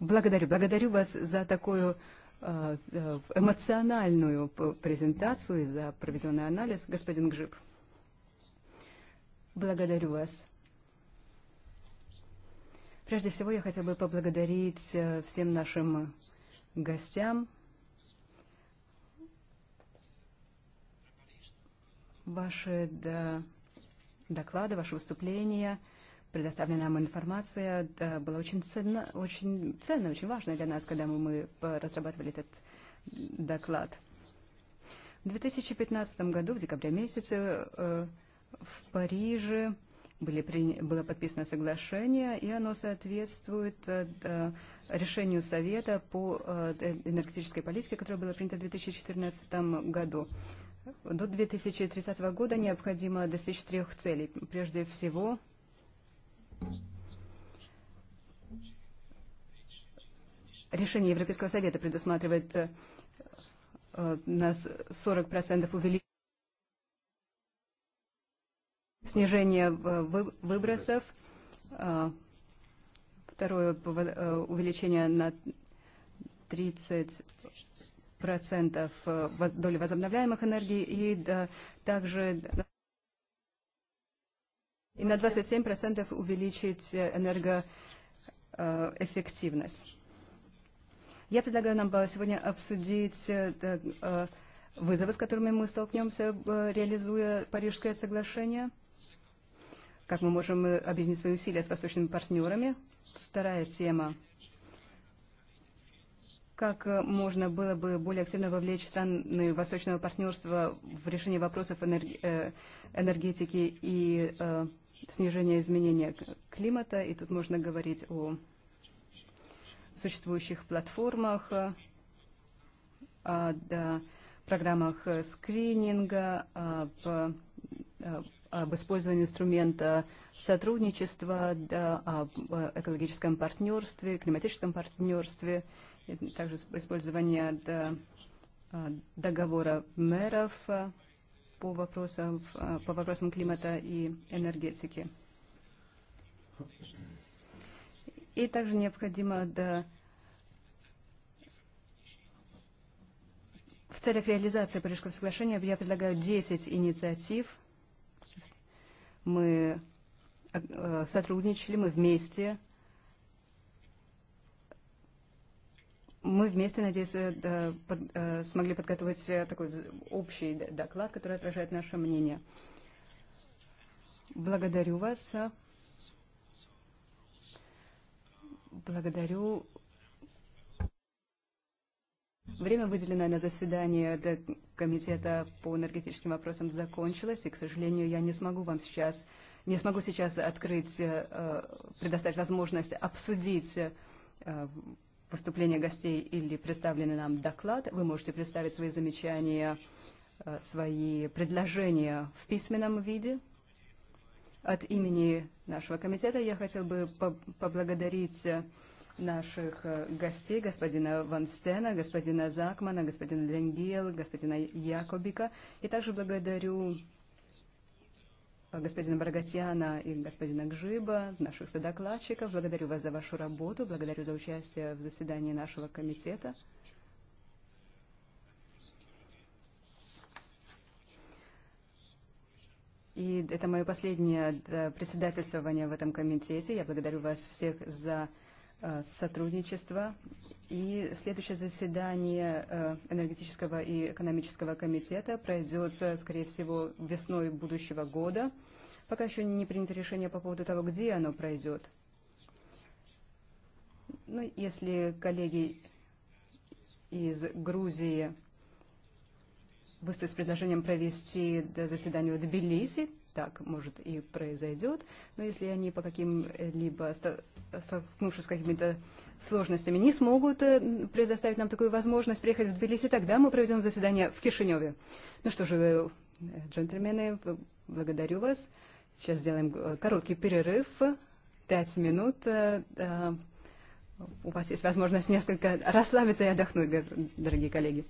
Благодарю, благодарю вас за такую э, э эмоциональную презентацию и за проведенный анализ, господин Гжип. Благодарю вас. Прежде всего я хотела бы поблагодарить э, всем нашим гостям. ваши доклады, ваши выступления, предоставленная нам информация да, была очень ценна, очень ценна, очень важна для нас, когда мы разрабатывали этот доклад. В 2015 году, в декабре месяце, э, в Париже были, было подписано соглашение, и оно соответствует э, решению Совета по э, энергетической политике, которое было принято в 2014 году. До 2030 года необходимо достичь трех целей. Прежде всего, решение Европейского совета предусматривает э, на 40% увеличение снижение э, выбросов, э, второе увеличение на 30 процентов э, доли возобновляемых энергий и да, также и на 27 процентов увеличить э, энергоэффективность. Я предлагаю нам э, сегодня обсудить вызовы, с которыми мы столкнемся, реализуя Парижское соглашение, как мы можем объединить свои усилия с восточными партнерами. Вторая тема как э, можно было бы более активно вовлечь страны Восточного партнерства в решение вопросов э, энергетики и э, снижения изменения климата. И тут можно говорить о существующих платформах, о программах скрининга, об, об использовании инструмента сотрудничества, да, об экологическом партнерстве, климатическом партнерстве – также использование договора мэров по вопросам, по вопросам климата и энергетики. И также необходимо до В целях реализации Парижского соглашения я предлагаю 10 инициатив. Мы сотрудничали, мы вместе Мы вместе, надеюсь, э, под, э, смогли подготовить э, такой общий доклад, который отражает наше мнение. Благодарю вас. Благодарю. Время, выделенное на заседание Комитета по энергетическим вопросам, закончилось, и, к сожалению, я не смогу вам сейчас, не смогу сейчас открыть, предоставить возможность обсудить выступления гостей или представленный нам доклад. Вы можете представить свои замечания, э, свои предложения в письменном виде. От имени нашего комитета я хотел бы поблагодарить э, наших э, гостей, господина Ван Стена, господина Закмана, господина Ленгел, господина Якобика. И также благодарю господина Барагатьяна и господина Гжиба, наших содокладчиков. Благодарю вас за вашу работу, благодарю за участие в заседании нашего комитета. И это мое последнее председательствование в этом комитете. Я благодарю вас всех за Э, сотрудничества. И следующее заседание э, энергетического и экономического комитета пройдет, э, скорее всего, весной будущего года. Пока еще не принято решение по поводу того, где оно пройдет. Ну, если коллеги из Грузии выступят с предложением провести заседание в Тбилиси, так может и произойдет, но если они по каким-либо, столкнувшись с какими-то сложностями, не смогут э, предоставить нам такую возможность приехать в Тбилиси, тогда мы проведем заседание в Кишиневе. Ну что же, джентльмены, благодарю вас. Сейчас сделаем э, короткий перерыв, пять минут. Э, У вас есть возможность несколько расслабиться и отдохнуть, дорогие коллеги.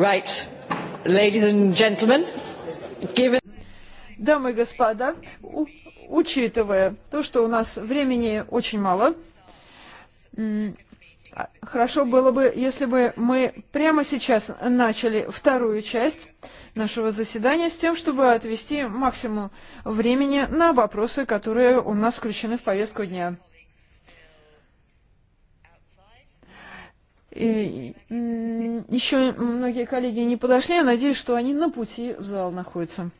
Right, ladies and gentlemen, given... Дамы и господа, учитывая то, что у нас времени очень мало, хорошо было бы, если бы мы прямо сейчас начали вторую часть нашего заседания с тем, чтобы отвести максимум времени на вопросы, которые у нас включены в повестку дня. И, еще многие коллеги не подошли, я надеюсь, что они на пути в зал находятся.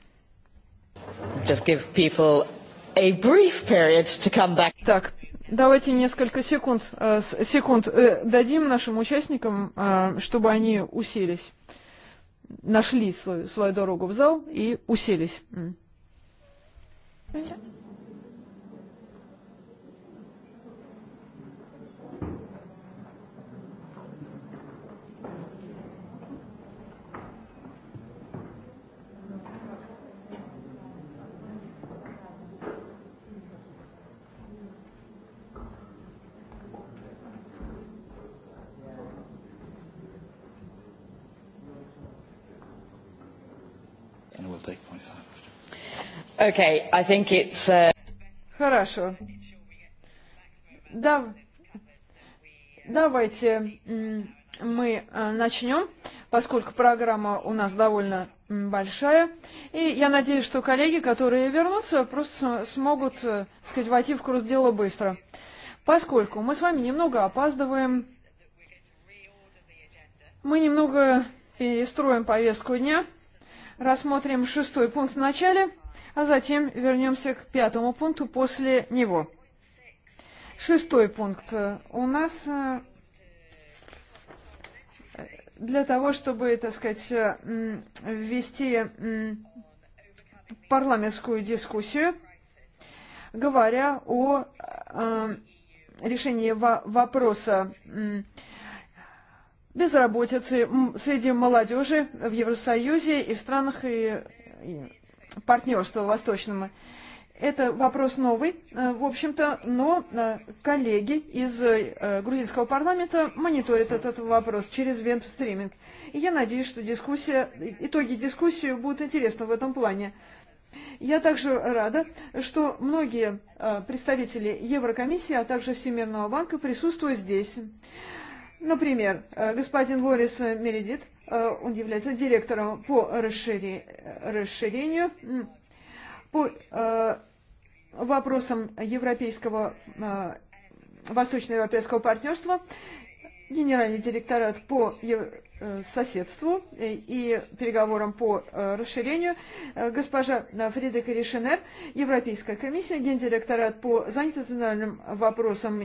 Just give people a brief period to come back. Так, давайте несколько секунд, э, секунд э, дадим нашим участникам, э, чтобы они уселись, нашли свою, свою дорогу в зал и уселись. Okay, I think it's... Uh... Хорошо. Да, давайте мы э, начнем, поскольку программа у нас довольно большая. И я надеюсь, что коллеги, которые вернутся, просто смогут, так э, сказать, войти в курс дела быстро. Поскольку мы с вами немного опаздываем, мы немного перестроим повестку дня, рассмотрим шестой пункт в начале – а затем вернемся к пятому пункту после него. Шестой пункт. У нас э, для того, чтобы, так сказать, э, ввести парламентскую дискуссию, говоря о э, решении вопроса безработицы среди молодежи в Евросоюзе и в странах и партнерства восточному. Это вопрос новый, э, в общем-то, но э, коллеги из э, грузинского парламента мониторят этот вопрос через веб-стриминг. И я надеюсь, что дискуссия, итоги дискуссии будут интересны в этом плане. Я также рада, что многие представители Еврокомиссии, а также Всемирного банка присутствуют здесь. Например, господин Лорис Мередит – Э, он является директором по расширению, по э, вопросам европейского, э, восточноевропейского партнерства, генеральный директорат по Э, соседству э, и переговорам по э, расширению. Госпожа Фрида Ришинер, Европейская комиссия, гендиректорат по занятонациональным вопросам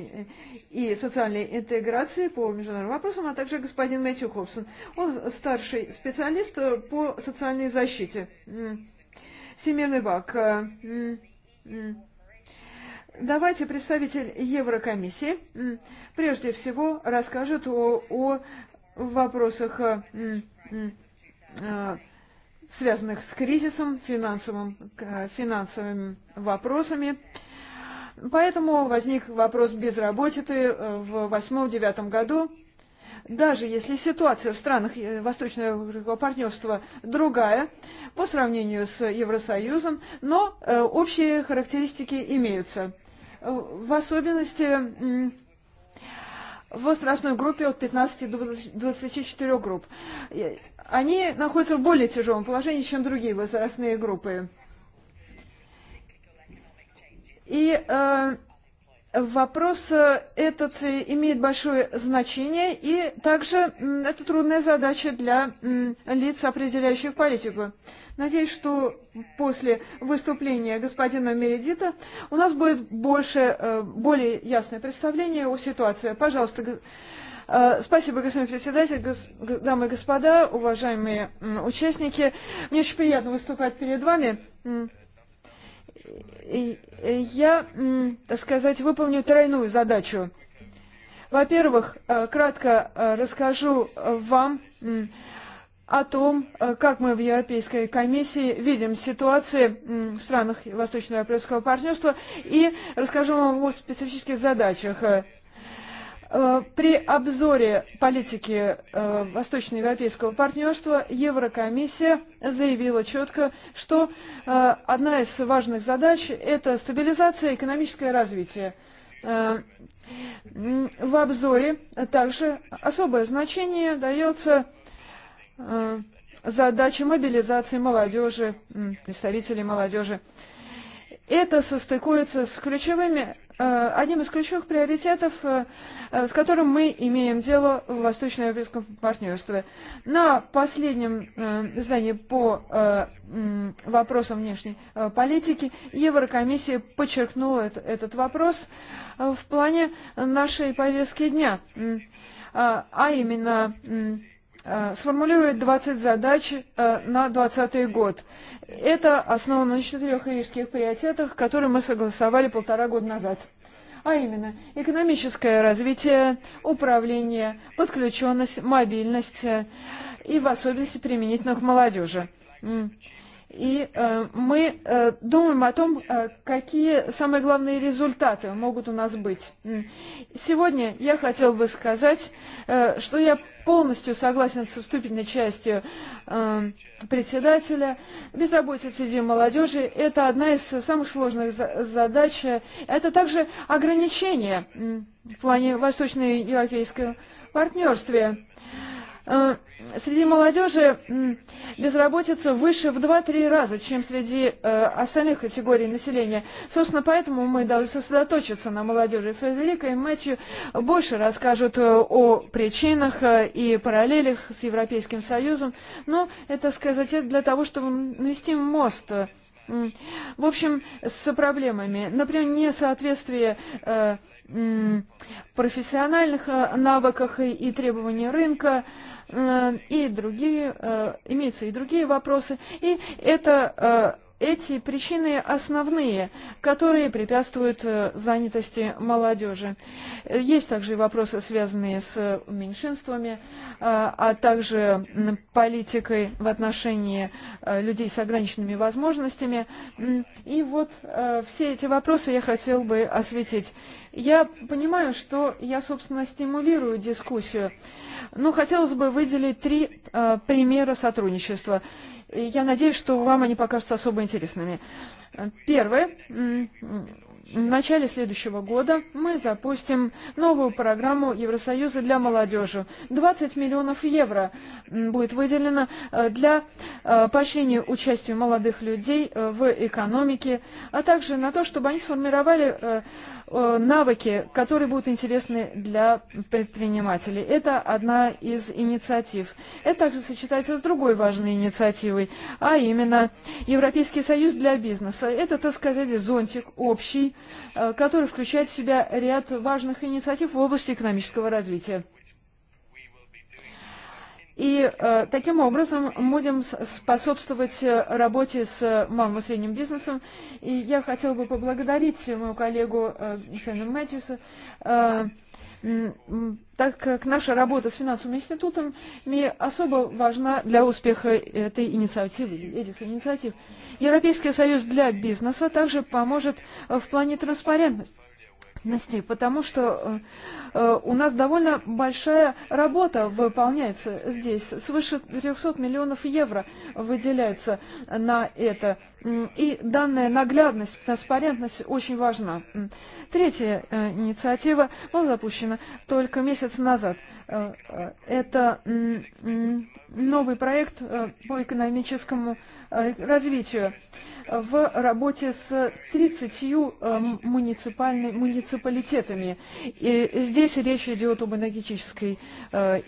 и социальной интеграции по международным вопросам, а также господин Мэтью Хобсон. Он старший специалист по социальной защите. Семейный Бак. Давайте представитель Еврокомиссии прежде всего расскажет о, о в вопросах, э, э, связанных с кризисом, финансовым, э, финансовыми вопросами. Поэтому возник вопрос безработицы в 2008-2009 году. Даже если ситуация в странах Восточного партнерства другая по сравнению с Евросоюзом, но общие характеристики имеются. В особенности в возрастной группе от 15 до 24 групп. Они находятся в более тяжелом положении, чем другие возрастные группы. И э, Вопрос э, этот э, имеет большое значение и также это трудная задача для лиц, определяющих политику. Надеюсь, что после выступления господина Мередита у нас будет больше, э, более ясное представление о ситуации. Пожалуйста, Спасибо, господин председатель, гос дамы и господа, уважаемые участники. Мне очень приятно выступать перед вами я, так сказать, выполню тройную задачу. Во-первых, э, кратко э, расскажу э, вам о том, как мы в Европейской комиссии видим ситуации в странах восточно Европейского партнерства и расскажу вам о специфических задачах Э, при обзоре политики э, восточноевропейского партнерства Еврокомиссия заявила четко, что э, одна из важных задач – это стабилизация и экономическое развитие. В обзоре также особое значение дается задаче мобилизации молодежи, представителей молодежи. Это состыкуется с ключевыми Э, одним из ключевых приоритетов, э, э, с которым мы имеем дело в Восточно-Европейском партнерстве. На последнем издании по вопросам внешней политики Еврокомиссия подчеркнула этот вопрос в плане нашей повестки дня, а именно Э, сформулирует 20 задач э, на 2020 год. Это основано на четырех рижских приоритетах, которые мы согласовали полтора года назад. А именно, экономическое развитие, управление, подключенность, мобильность э, и в особенности применительно к молодежи. И э, мы э, думаем о том, э, какие самые главные результаты могут у нас быть. Сегодня я хотел бы сказать, э, что я полностью согласен со вступительной частью э, председателя. Безработица среди молодежи – это одна из самых сложных за задач. Это также ограничение э, в плане восточноевропейского партнерства. Э, среди молодежи безработица выше в 2-3 раза, чем среди э, остальных категорий населения. Собственно, поэтому мы должны сосредоточиться на молодежи. Федерика и Мэтью больше расскажут э, о причинах и параллелях с Европейским Союзом. Но это сказать для того, чтобы навести мост в общем, с проблемами. Например, несоответствие профессиональных навыков и требований рынка, Э, и другие, э, имеются и другие вопросы. И это э, эти причины основные, которые препятствуют занятости молодежи. Есть также и вопросы, связанные с меньшинствами, а также политикой в отношении людей с ограниченными возможностями. И вот все эти вопросы я хотел бы осветить. Я понимаю, что я, собственно, стимулирую дискуссию. Ну, хотелось бы выделить три э, примера сотрудничества. Я надеюсь, что вам они покажутся особо интересными. Первое. В начале следующего года мы запустим новую программу Евросоюза для молодежи. 20 миллионов евро будет выделено э, для э, поощрения участия молодых людей э, в экономике, а также на то, чтобы они сформировали Э, навыки, которые будут интересны для предпринимателей. Это одна из инициатив. Это также сочетается с другой важной инициативой, а именно Европейский союз для бизнеса. Это, так сказать, зонтик общий, э, который включает в себя ряд важных инициатив в области экономического развития. И э, таким образом будем способствовать э, работе с э, малым и средним бизнесом. И я хотела бы поблагодарить мою коллегу э, Фенна Мэтьюса. Э, так как наша работа с финансовым институтом мне особо важна для успеха этой инициативы, этих инициатив. Европейский союз для бизнеса также поможет э, в плане транспарентности, потому что э, Э, у нас довольно большая работа выполняется здесь. Свыше 300 миллионов евро выделяется на это. И данная наглядность, транспарентность очень важна. Третья э, инициатива была запущена только месяц назад. Э, это новый проект по экономическому развитию в работе с 30 муниципальными муниципалитетами. И здесь Здесь речь идет об энергетической э,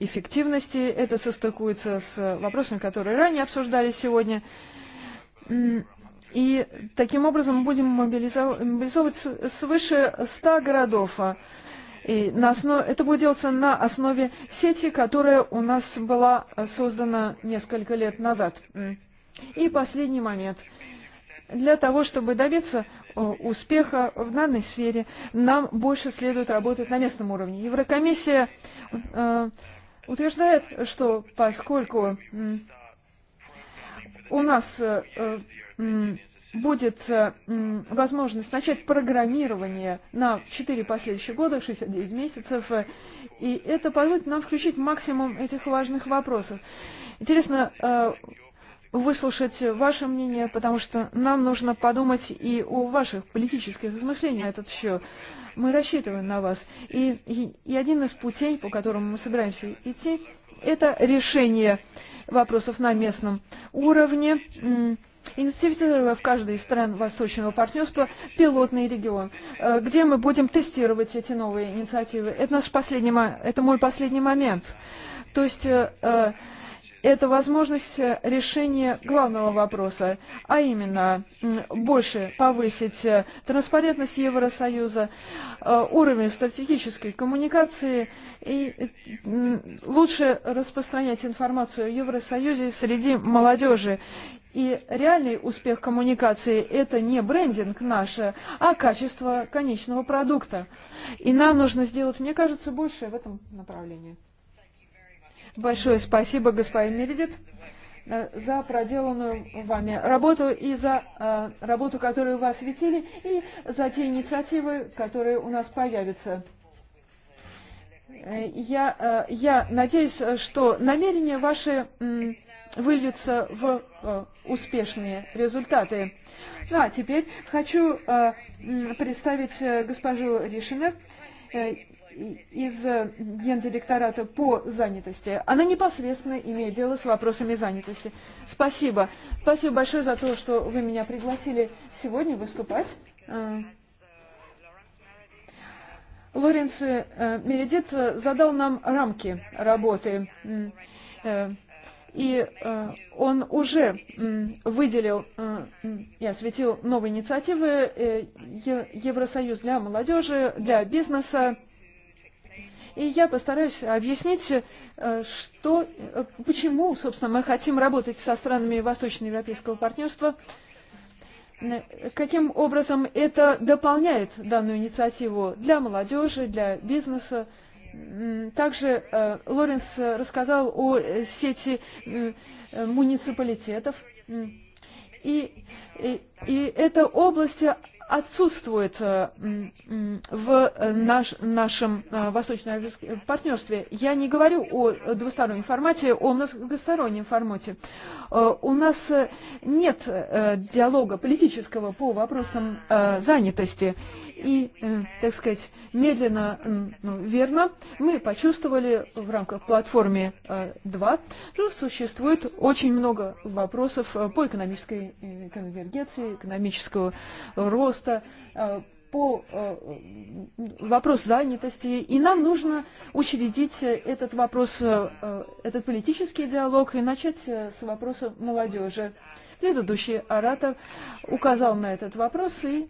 эффективности. Это состыкуется с вопросами, которые ранее обсуждали сегодня. И таким образом мы будем мобилизовывать свыше 100 городов. И на основ... Это будет делаться на основе сети, которая у нас была создана несколько лет назад. И последний момент. Для того, чтобы добиться э, успеха в данной сфере, нам больше следует работать на местном уровне. Еврокомиссия э, утверждает, что поскольку у нас э, будет возможность начать программирование на 4 последующих года, 69 месяцев, и это позволит нам включить максимум этих важных вопросов. Интересно, выслушать ваше мнение, потому что нам нужно подумать и о ваших политических размышлениях на этот счет. Мы рассчитываем на вас. И, и, и один из путей, по которому мы собираемся идти, это решение вопросов на местном уровне, инициативируя в каждой из стран Восточного партнерства пилотный регион, э, где мы будем тестировать эти новые инициативы. Это, наш последний, это мой последний момент. То есть э, э, это возможность э, решения главного вопроса, а именно больше повысить э, транспарентность Евросоюза, э, уровень стратегической коммуникации и лучше распространять информацию о Евросоюзе среди молодежи. И реальный успех коммуникации – это не брендинг наш, а качество конечного продукта. И нам нужно сделать, мне кажется, больше в этом направлении. Большое спасибо, господин Мередит, э, за проделанную вами работу и за э, работу, которую вы осветили, и за те инициативы, которые у нас появятся. Э, я, я надеюсь, что намерения ваши выльются в успешные результаты. Ну а теперь хочу представить госпожу Ришина из э, Гендиректората по занятости, она непосредственно имеет дело с вопросами занятости. Спасибо. Спасибо большое за то, что вы меня пригласили сегодня выступать. Э, Лоренс э, Мередит задал нам рамки работы. И он уже выделил и осветил новые инициативы Евросоюз для молодежи, для бизнеса, И я постараюсь объяснить, э, что, э, почему, собственно, мы хотим работать со странами Восточноевропейского партнерства, каким образом это дополняет данную инициативу для молодежи, для бизнеса. Также э, Лоренс рассказал о сети муниципалитетов. И, и, и эта область отсутствует э, в э, наш, нашем э, восточном партнерстве. Я не говорю о двустороннем формате, о многостороннем формате. У нас нет диалога политического по вопросам занятости. И, э, так сказать, медленно, ну, верно, мы почувствовали в рамках платформы 2, э, что существует очень много вопросов э, по экономической конвергенции, экономического роста, по вопросу занятости, и нам нужно учредить этот вопрос, этот политический диалог и начать с вопроса молодежи. Предыдущий оратор указал на этот вопрос, и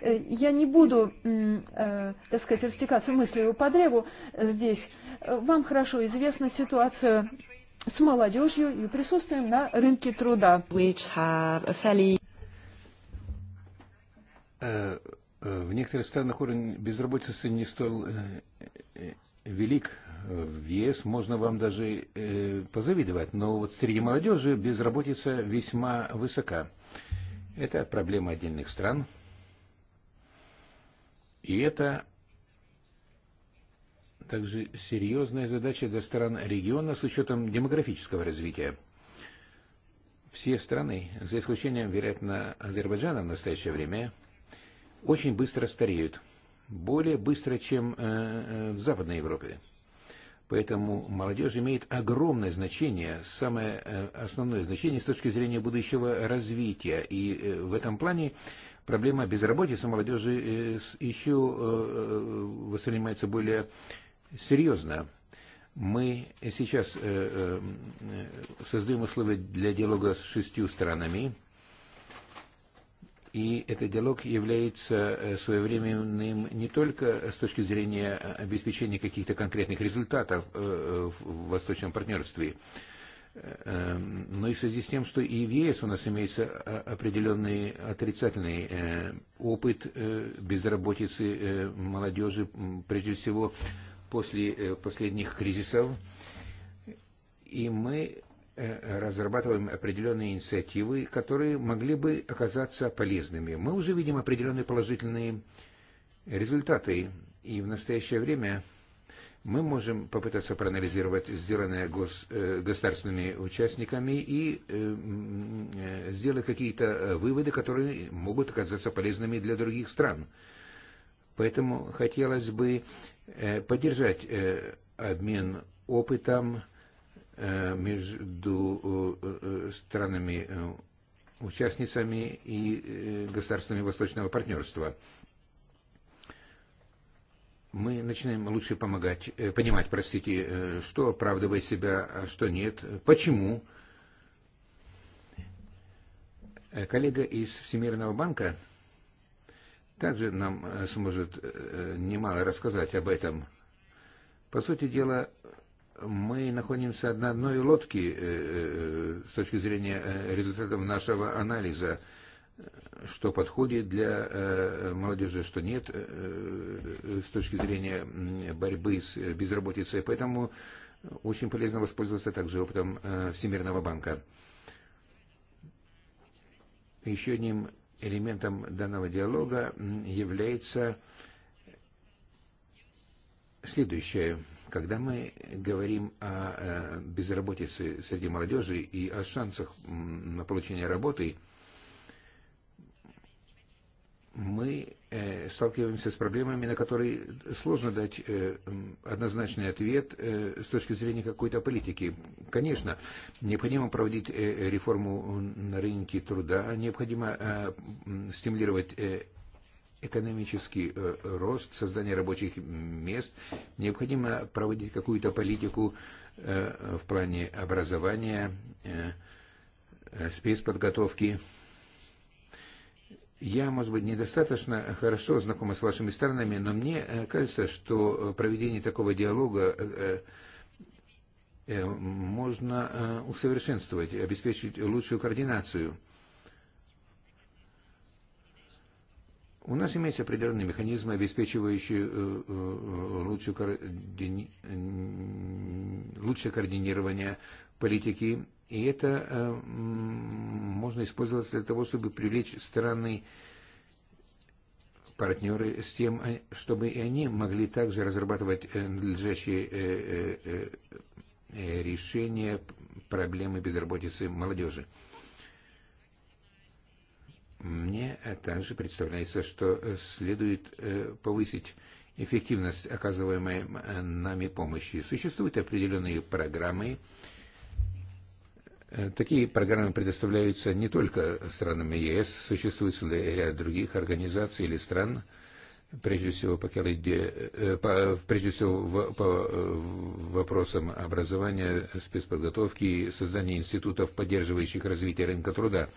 э, я не буду, э, так сказать, растекаться мыслью по древу здесь. Вам хорошо известна ситуация с молодежью и присутствием на рынке труда. Э, в некоторых странах уровень безработицы не столь велик, вес, можно вам даже э, позавидовать, но вот среди молодежи безработица весьма высока. Это проблема отдельных стран, и это также серьезная задача для стран региона с учетом демографического развития. Все страны, за исключением, вероятно, Азербайджана в настоящее время, очень быстро стареют. Более быстро, чем э, э в Западной Европе. Поэтому молодежь имеет огромное значение, самое э, основное значение с точки зрения будущего развития. И э, в этом плане проблема безработицы молодежи э, еще воспринимается более серьезно. Мы сейчас создаем условия для диалога с шестью странами – И этот диалог является э, своевременным не только с точки зрения э, обеспечения каких-то конкретных результатов э, в восточном партнерстве, но и в связи с тем, что и в ЕС у нас имеется определенный отрицательный опыт безработицы молодежи, прежде всего после последних кризисов. И мы Э, разрабатываем определенные инициативы, которые могли бы оказаться полезными. Мы уже видим определенные положительные результаты, и в настоящее время мы можем попытаться проанализировать сделанное гос, э, государственными участниками и э, э сделать какие-то выводы, которые могут оказаться полезными для других стран. Поэтому хотелось бы поддержать обмен опытом, Э, между э, э, странами участницами и государствами Восточного партнерства. Мы начинаем лучше помогать, понимать, простите, что оправдывает себя, а что нет, почему. Коллега из Всемирного банка также нам сможет немало рассказать об этом. По сути дела, мы находимся на одной лодке э, э, э, с точки зрения результатов нашего анализа, что подходит для молодежи, что нет с точки зрения борьбы с безработицей. Поэтому очень полезно воспользоваться также опытом Всемирного банка. Еще одним элементом данного диалога является следующее – Когда мы говорим о э, безработице среди молодежи и о шансах на получение работы, мы э, сталкиваемся с проблемами, на которые сложно дать э, однозначный ответ с точки зрения какой-то политики. Конечно, необходимо проводить реформу на рынке труда, необходимо стимулировать экономический э, рост, создание рабочих мест, необходимо проводить какую-то политику э, в плане образования, э, спецподготовки. Я, может быть, недостаточно хорошо знакома с вашими странами, но мне кажется, что проведение такого диалога можно усовершенствовать, обеспечить лучшую координацию – У нас имеются определенные механизмы, обеспечивающие э, э, лучшее, координи... лучшее координирование политики, и это э, можно использовать для того, чтобы привлечь страны партнеры с тем, чтобы и они могли также разрабатывать надлежащие решения проблемы безработицы молодежи. Мне также представляется, что э, следует э, повысить эффективность оказываемой э, нами помощи. Существуют определенные программы. Такие программы предоставляются не только странами ЕС, существует ряд других организаций или стран, прежде всего, по, по, прежде всего в, по вопросам образования, спецподготовки, создания институтов, поддерживающих развитие рынка труда.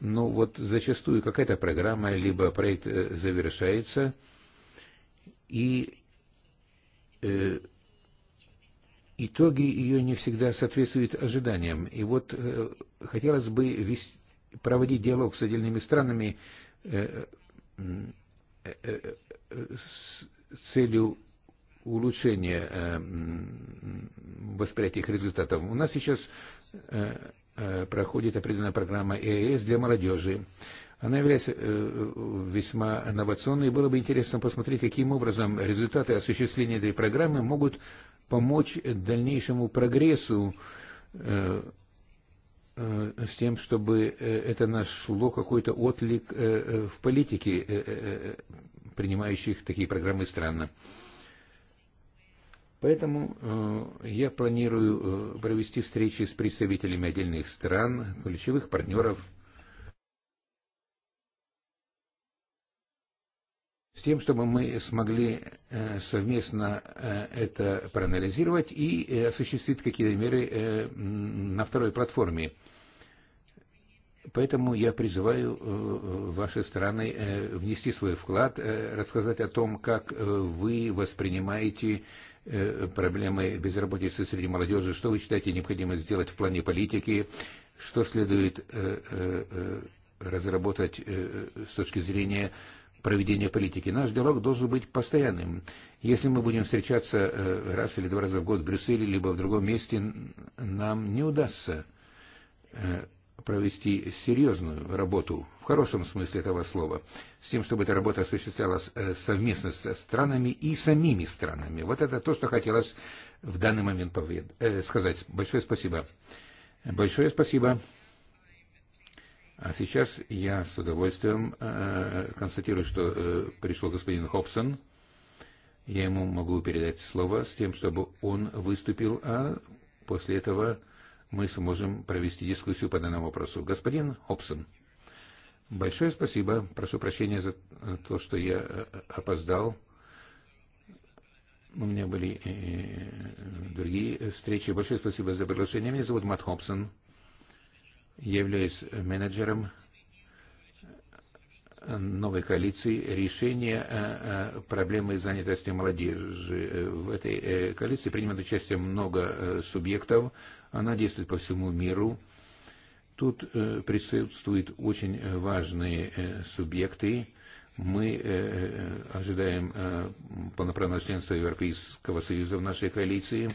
Но вот зачастую какая-то программа либо проект э, завершается, и э, итоги ее не всегда соответствуют ожиданиям. И вот э, хотелось бы вести, проводить диалог с отдельными странами э, э, э, с целью улучшения э, восприятия их результатов. У нас сейчас э, проходит определенная программа ЕС для молодежи. Она является э, весьма инновационной, и было бы интересно посмотреть, каким образом результаты осуществления этой программы могут помочь дальнейшему прогрессу э, э, с тем, чтобы это нашло какой-то отлик в политике принимающих такие программы странно. Поэтому э, я планирую э, провести встречи с представителями отдельных стран, ключевых партнеров, с тем, чтобы мы смогли э, совместно это проанализировать и осуществить какие-то меры на второй платформе. Поэтому я призываю ваши страны внести свой вклад, рассказать о том, как вы воспринимаете Э, проблемы безработицы среди молодежи, что вы считаете необходимо сделать в плане политики, что следует э, э, разработать с точки зрения проведения политики. Наш диалог должен быть постоянным. Если мы будем встречаться раз или два раза в год в Брюсселе, либо в другом месте, нам не удастся провести серьезную работу в хорошем смысле этого слова, с тем, чтобы эта работа осуществлялась э, совместно со странами и самими странами. Вот это то, что хотелось в данный момент повед... Э, сказать. Большое спасибо. Большое спасибо. А сейчас я с удовольствием э, констатирую, что э, пришел господин Хобсон. Я ему могу передать слово с тем, чтобы он выступил, а после этого мы сможем провести дискуссию по данному вопросу. Господин Хобсон. Большое спасибо. Прошу прощения за то, что я э, опоздал. У меня были э, э, другие встречи. Большое спасибо за приглашение. Меня зовут Мат Хобсон. Я являюсь менеджером новой коалиции решения проблемы занятости молодежи. В этой коалиции принимает участие много субъектов. Она действует по всему миру. Тут э, присутствуют очень э, важные э, субъекты. Мы ожидаем полноправного членства Европейского Союза в нашей коалиции.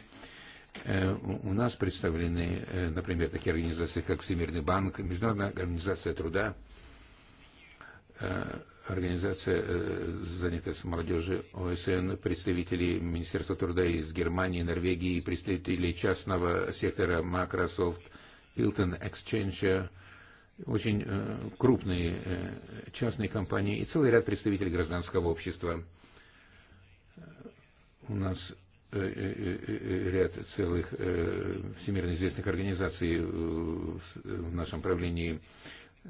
У нас представлены, например, такие организации, как Всемирный банк, Международная организация труда, организация занятости молодежи ОСН, представители Министерства труда из Германии, Норвегии, представители частного сектора Макрософт, Hilton Exchange, очень э, крупные э, частные компании и целый ряд представителей гражданского общества. У нас э, ряд целых всемирно известных организаций в нашем правлении.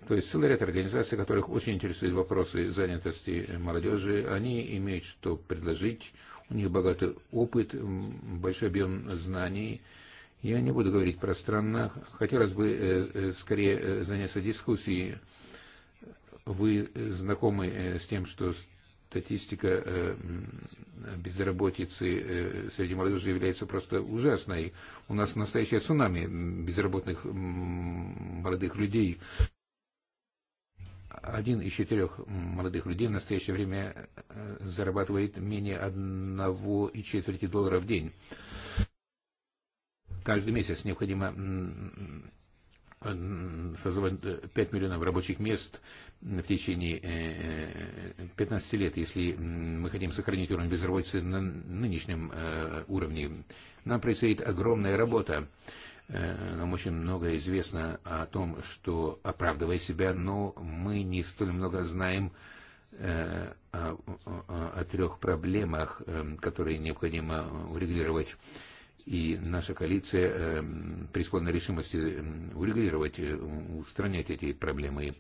То есть целый ряд организаций, которых очень интересуют вопросы занятости молодежи, они имеют что предложить, у них богатый опыт, большой объем знаний, Я не буду говорить пространно. Хотелось бы э, э, скорее э, заняться дискуссией. Вы знакомы с тем, что статистика безработицы среди молодежи является просто ужасной. У нас настоящая цунами безработных молодых людей. Один из четырех молодых людей в настоящее время зарабатывает менее одного и четверти доллара в день каждый месяц необходимо создавать 5 э, миллионов рабочих мест в течение 15 э, э, лет, если мы хотим сохранить уровень безработицы на нынешнем уровне. Нам предстоит огромная работа. Нам очень много известно о том, что, оправдывая себя, но мы не столь много знаем о, о, о трех проблемах, которые необходимо урегулировать И наша коалиция э, преисполнена решимости урегулировать, устранять эти проблемы.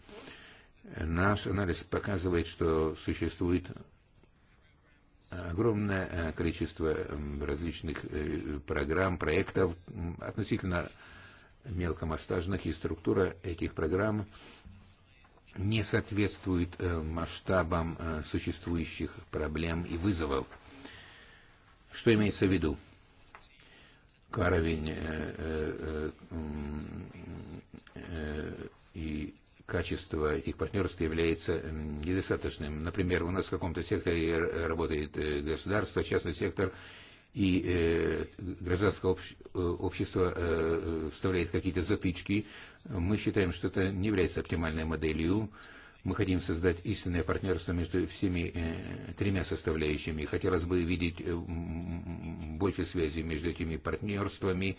Наш анализ показывает, что существует огромное э, количество различных э, программ, проектов относительно мелкомасштажных, и структура этих программ не соответствует э, масштабам существующих проблем и вызовов. Что имеется в виду? уровень и качество этих партнерств является недостаточным. Например, у нас в каком-то секторе работает государство, частный сектор, и гражданское общество вставляет какие-то затычки. Мы считаем, что это не является оптимальной моделью. Мы хотим создать истинное партнерство между всеми э, тремя составляющими. Хотелось бы видеть э, больше связи между этими партнерствами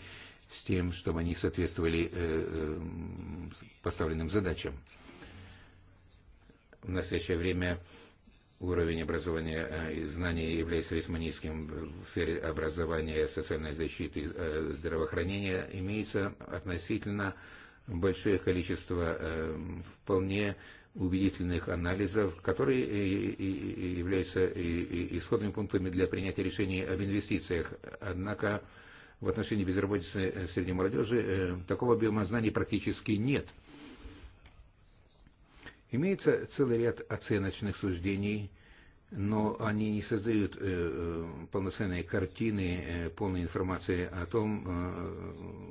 с тем, чтобы они соответствовали э, э, поставленным задачам. В настоящее время уровень образования э, и знаний является весьма в сфере образования, социальной защиты, э, здравоохранения, имеется относительно большое количество э, вполне убедительных анализов, которые являются исходными пунктами для принятия решений об инвестициях. Однако в отношении безработицы э, среди молодежи э, такого объема знаний практически нет. Имеется целый ряд оценочных суждений, но они не создают э, э, полноценной картины, э, полной информации о том,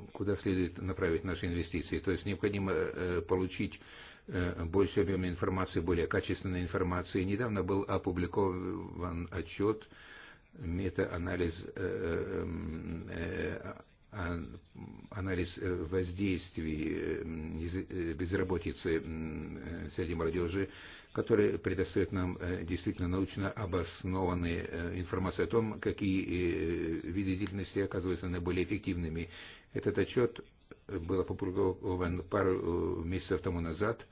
э, куда следует направить наши инвестиции. То есть необходимо э, получить Э, больше объем информации, более качественной информации. Недавно был опубликован отчет мета-анализ анализ воздействий безработицы среди молодежи, который предоставит нам э, действительно научно обоснованные э, информации о том, какие виды деятельности оказываются наиболее эффективными. Этот отчет был опубликован пару э, месяцев тому назад.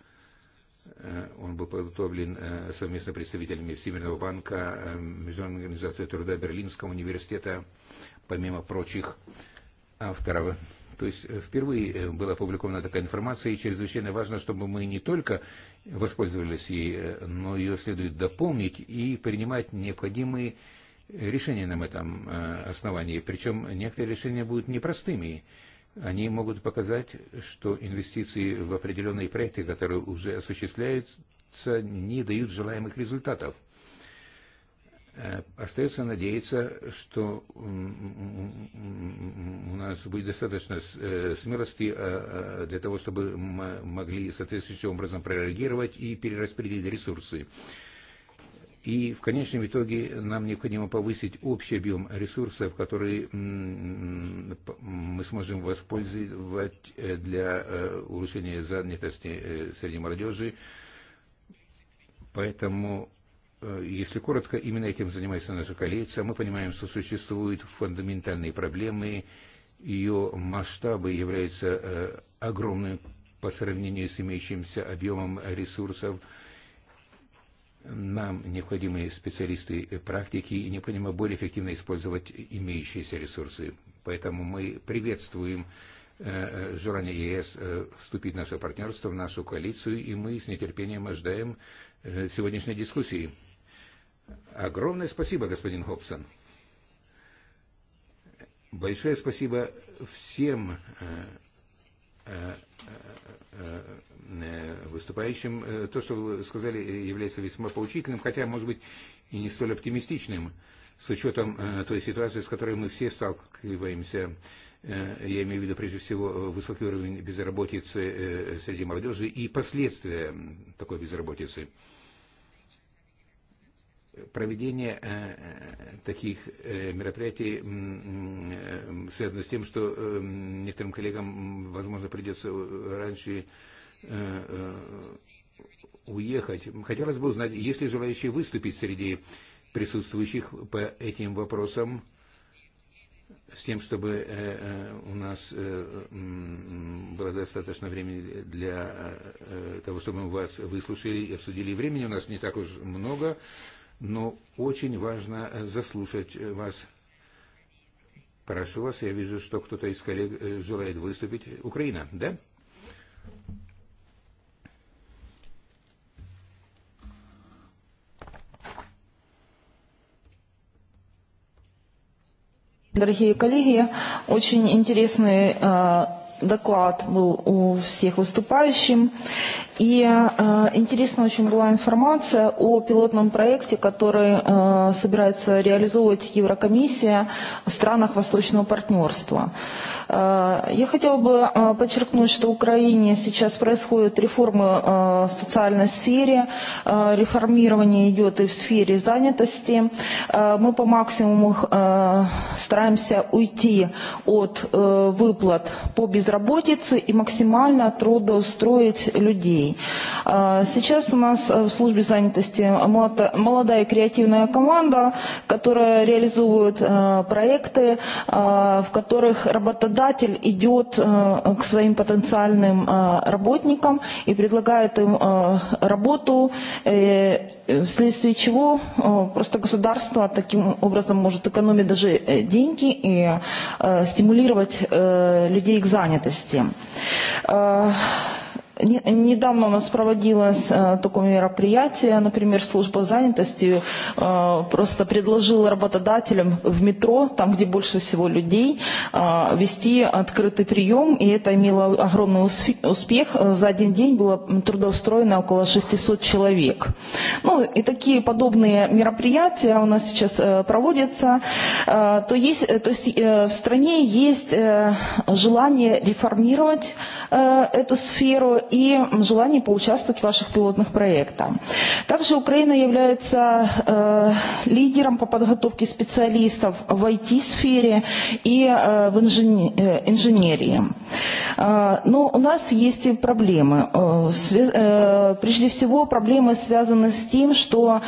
Э, он был подготовлен э, совместно представителями Всемирного банка, Международной организации труда Берлинского университета, помимо прочих авторов. То есть впервые была опубликована такая информация, и чрезвычайно важно, чтобы мы не только воспользовались ей, но ее следует дополнить и принимать необходимые решения на этом основании. Причем некоторые решения будут непростыми они могут показать, что инвестиции в определенные проекты, которые уже осуществляются, не дают желаемых результатов. Э, остается надеяться, что у нас будет достаточно э, смелости э, для того, чтобы мы могли соответствующим образом прореагировать и перераспределить ресурсы. И в конечном итоге нам необходимо повысить общий объем ресурсов, которые мы сможем воспользовать э, для э, улучшения занятости э, среди молодежи. Поэтому, если коротко, именно этим занимается наша коллекция. Мы понимаем, что существуют фундаментальные проблемы, ее масштабы являются огромными по сравнению с имеющимся объемом ресурсов – Нам необходимы специалисты практики и необходимо более эффективно использовать имеющиеся ресурсы. Поэтому мы приветствуем э, э, желание ЕС э, вступить в наше партнерство, в нашу коалицию, и мы с нетерпением ожидаем сегодняшней дискуссии. Огромное спасибо, господин Хобсон. Большое спасибо всем выступающим. То, что вы сказали, является весьма поучительным, хотя, может быть, и не столь оптимистичным, с учетом э, той ситуации, с которой мы все сталкиваемся. Э, я имею в виду, прежде всего, высокий уровень безработицы э, среди молодежи и последствия такой безработицы проведение э, э, таких э, мероприятий связано с тем, что некоторым коллегам, возможно, придется раньше уехать. Хотелось бы узнать, есть ли желающие выступить среди присутствующих по этим вопросам, с тем, чтобы у нас было достаточно времени для того, чтобы мы вас выслушали и обсудили. Времени у нас не так уж много но очень важно э, заслушать э, вас. Прошу вас, я вижу, что кто-то из коллег э, желает выступить. Украина, да? Дорогие коллеги, очень интересный доклад был у всех выступающим. И э, интересна очень была информация о пилотном проекте, который э, собирается реализовывать Еврокомиссия в странах Восточного партнерства. Э, я хотела бы э, подчеркнуть, что в Украине сейчас происходят реформы э, в социальной сфере, э, реформирование идет и в сфере занятости. Э, мы по максимуму э, стараемся уйти от э, выплат по безработице безработицы и максимально трудоустроить людей. Сейчас у нас э, в службе занятости молодая креативная команда, которая реализует э, проекты, э, в которых работодатель идет к своим потенциальным работникам и предлагает им работу, вследствие чего просто государство таким образом может экономить даже деньги и стимулировать людей к занятости занятости. Недавно у нас проводилось э, такое мероприятие, например, служба занятости э, просто предложила работодателям в метро, там, где больше всего людей, э, вести открытый прием, и это имело огромный успех. За один день было трудоустроено около 600 человек. Ну, и такие подобные мероприятия у нас сейчас проводятся. То есть, то есть в стране есть желание реформировать эту сферу и желание поучаствовать в ваших пилотных проектах. Также Украина является э, лидером по подготовке специалистов в IT-сфере и э, в э, инженерии. Но у нас есть и проблемы. Прежде всего, проблемы связаны с тем, что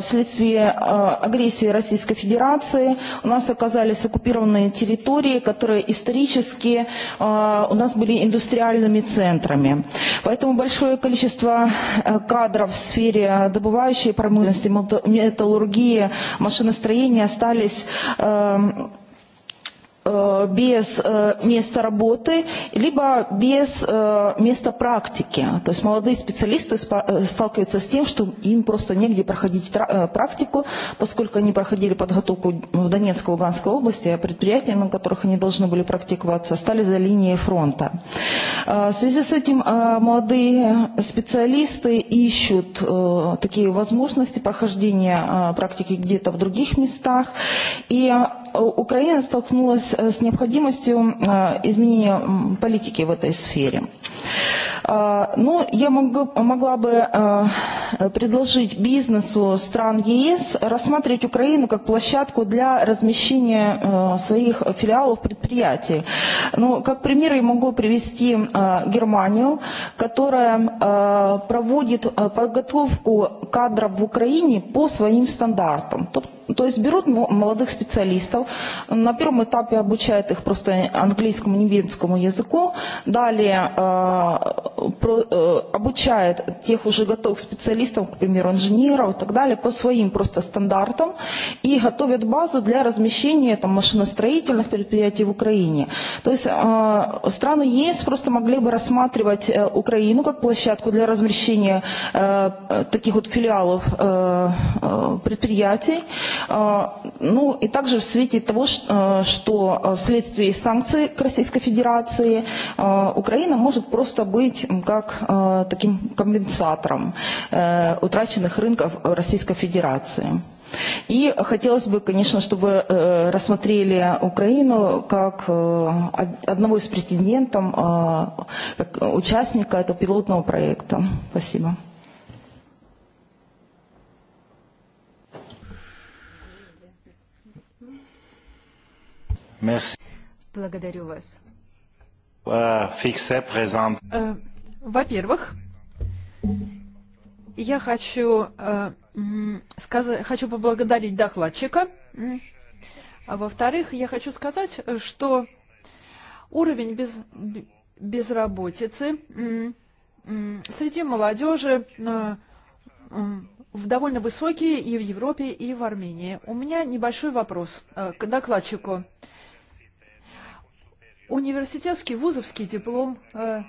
вследствие агрессии Российской Федерации у нас оказались оккупированные территории, которые исторически у нас были индустриальными центрами. Поэтому большое количество э, кадров в сфере добывающей промышленности, металлургии, машиностроения остались Э, без э, места работы, либо без э, места практики. То есть молодые специалисты сталкиваются с тем, что им просто негде проходить практику, поскольку они проходили подготовку в Донецкой, Луганской области, а предприятия, на которых они должны были практиковаться, стали за линией фронта. В связи с этим молодые специалисты ищут такие возможности прохождения практики где-то в других местах. И Украина столкнулась с необходимостью изменения политики в этой сфере. Ну, я могу, могла бы предложить бизнесу стран ЕС рассматривать Украину как площадку для размещения своих филиалов предприятий. Ну, как пример я могу привести Германию, которая проводит подготовку кадров в Украине по своим стандартам. То есть берут молодых специалистов, на первом этапе обучают их просто английскому, немецкому языку, далее э, э обучают тех уже готовых специалистов, к примеру, инженеров и так далее, по своим просто стандартам и готовят базу для размещения там, машиностроительных предприятий в Украине. То есть э, страны ЕС просто могли бы рассматривать э, Украину как площадку для размещения э, таких вот филиалов э, э предприятий, Ну и также в свете того, э, что э, вследствие санкций к Российской Федерации э, Украина может просто быть как таким компенсатором утраченных рынков Российской Федерации. И хотелось бы, конечно, чтобы рассмотрели Украину как одного из претендентов, как участника этого пилотного проекта. Спасибо. Merci. Благодарю вас. Э, во-первых, я хочу, э, сказать, хочу поблагодарить докладчика. А во-вторых, я хочу сказать, что уровень без, безработицы среди молодежи э, в довольно высокий и в Европе, и в Армении. У меня небольшой вопрос к докладчику университетский вузовский диплом. Э,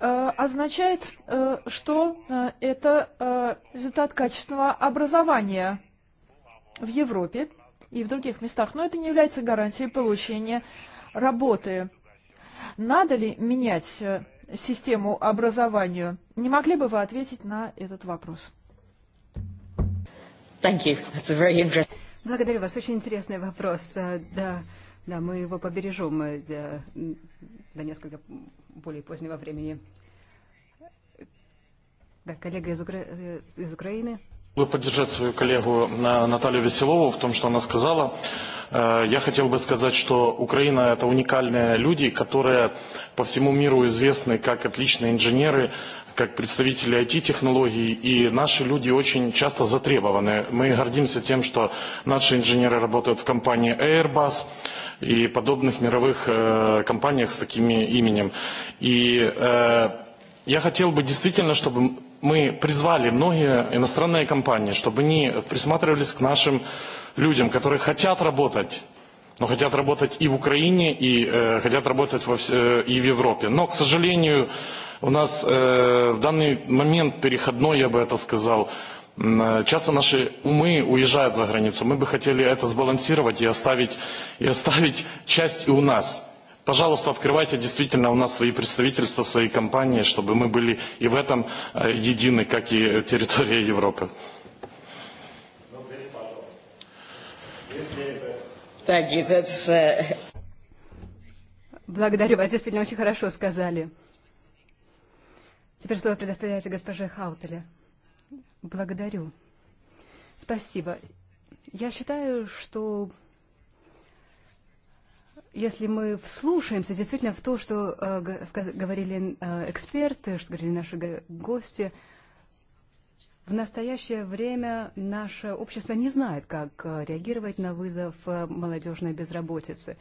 э, означает, э, что это результат качественного образования в Европе и в других местах, но это не является гарантией получения работы. Надо ли менять систему образования? Не могли бы вы ответить на этот вопрос? Thank you. That's a very interesting... Благодарю вас. Очень интересный вопрос. Э, да, да мы его побережем э, до, до несколько более позднего времени. Да, коллега из, Укра... Э, из Украины. Вы поддержать свою коллегу Наталью Веселову в том, что она сказала. Я хотел бы сказать, что Украина – это уникальные люди, которые по всему миру известны как отличные инженеры, как представители IT-технологий, и наши люди очень часто затребованы. Мы гордимся тем, что наши инженеры работают в компании Airbus и подобных мировых э, компаниях с таким именем. И э, я хотел бы действительно, чтобы мы призвали многие иностранные компании, чтобы они присматривались к нашим людям, которые хотят работать но хотят работать и в Украине, и э, хотят работать во, э, и в Европе. Но, к сожалению, У нас э, в данный момент переходной, я бы это сказал, э, Часто наши умы уезжают за границу. Мы бы хотели это сбалансировать и оставить, и оставить часть и у нас. Пожалуйста, открывайте действительно у нас свои представительства, свои компании, чтобы мы были и в этом э, едины, как и территория Европы. Uh, Благодарю вас, действительно очень хорошо сказали. Теперь слово предоставляется госпоже Хаутеле. Благодарю. Спасибо. Я считаю, что если мы вслушаемся действительно в то, что э, говорили э, эксперты, что говорили наши гости, в настоящее время наше общество не знает, как э, реагировать на вызов э, молодежной безработицы.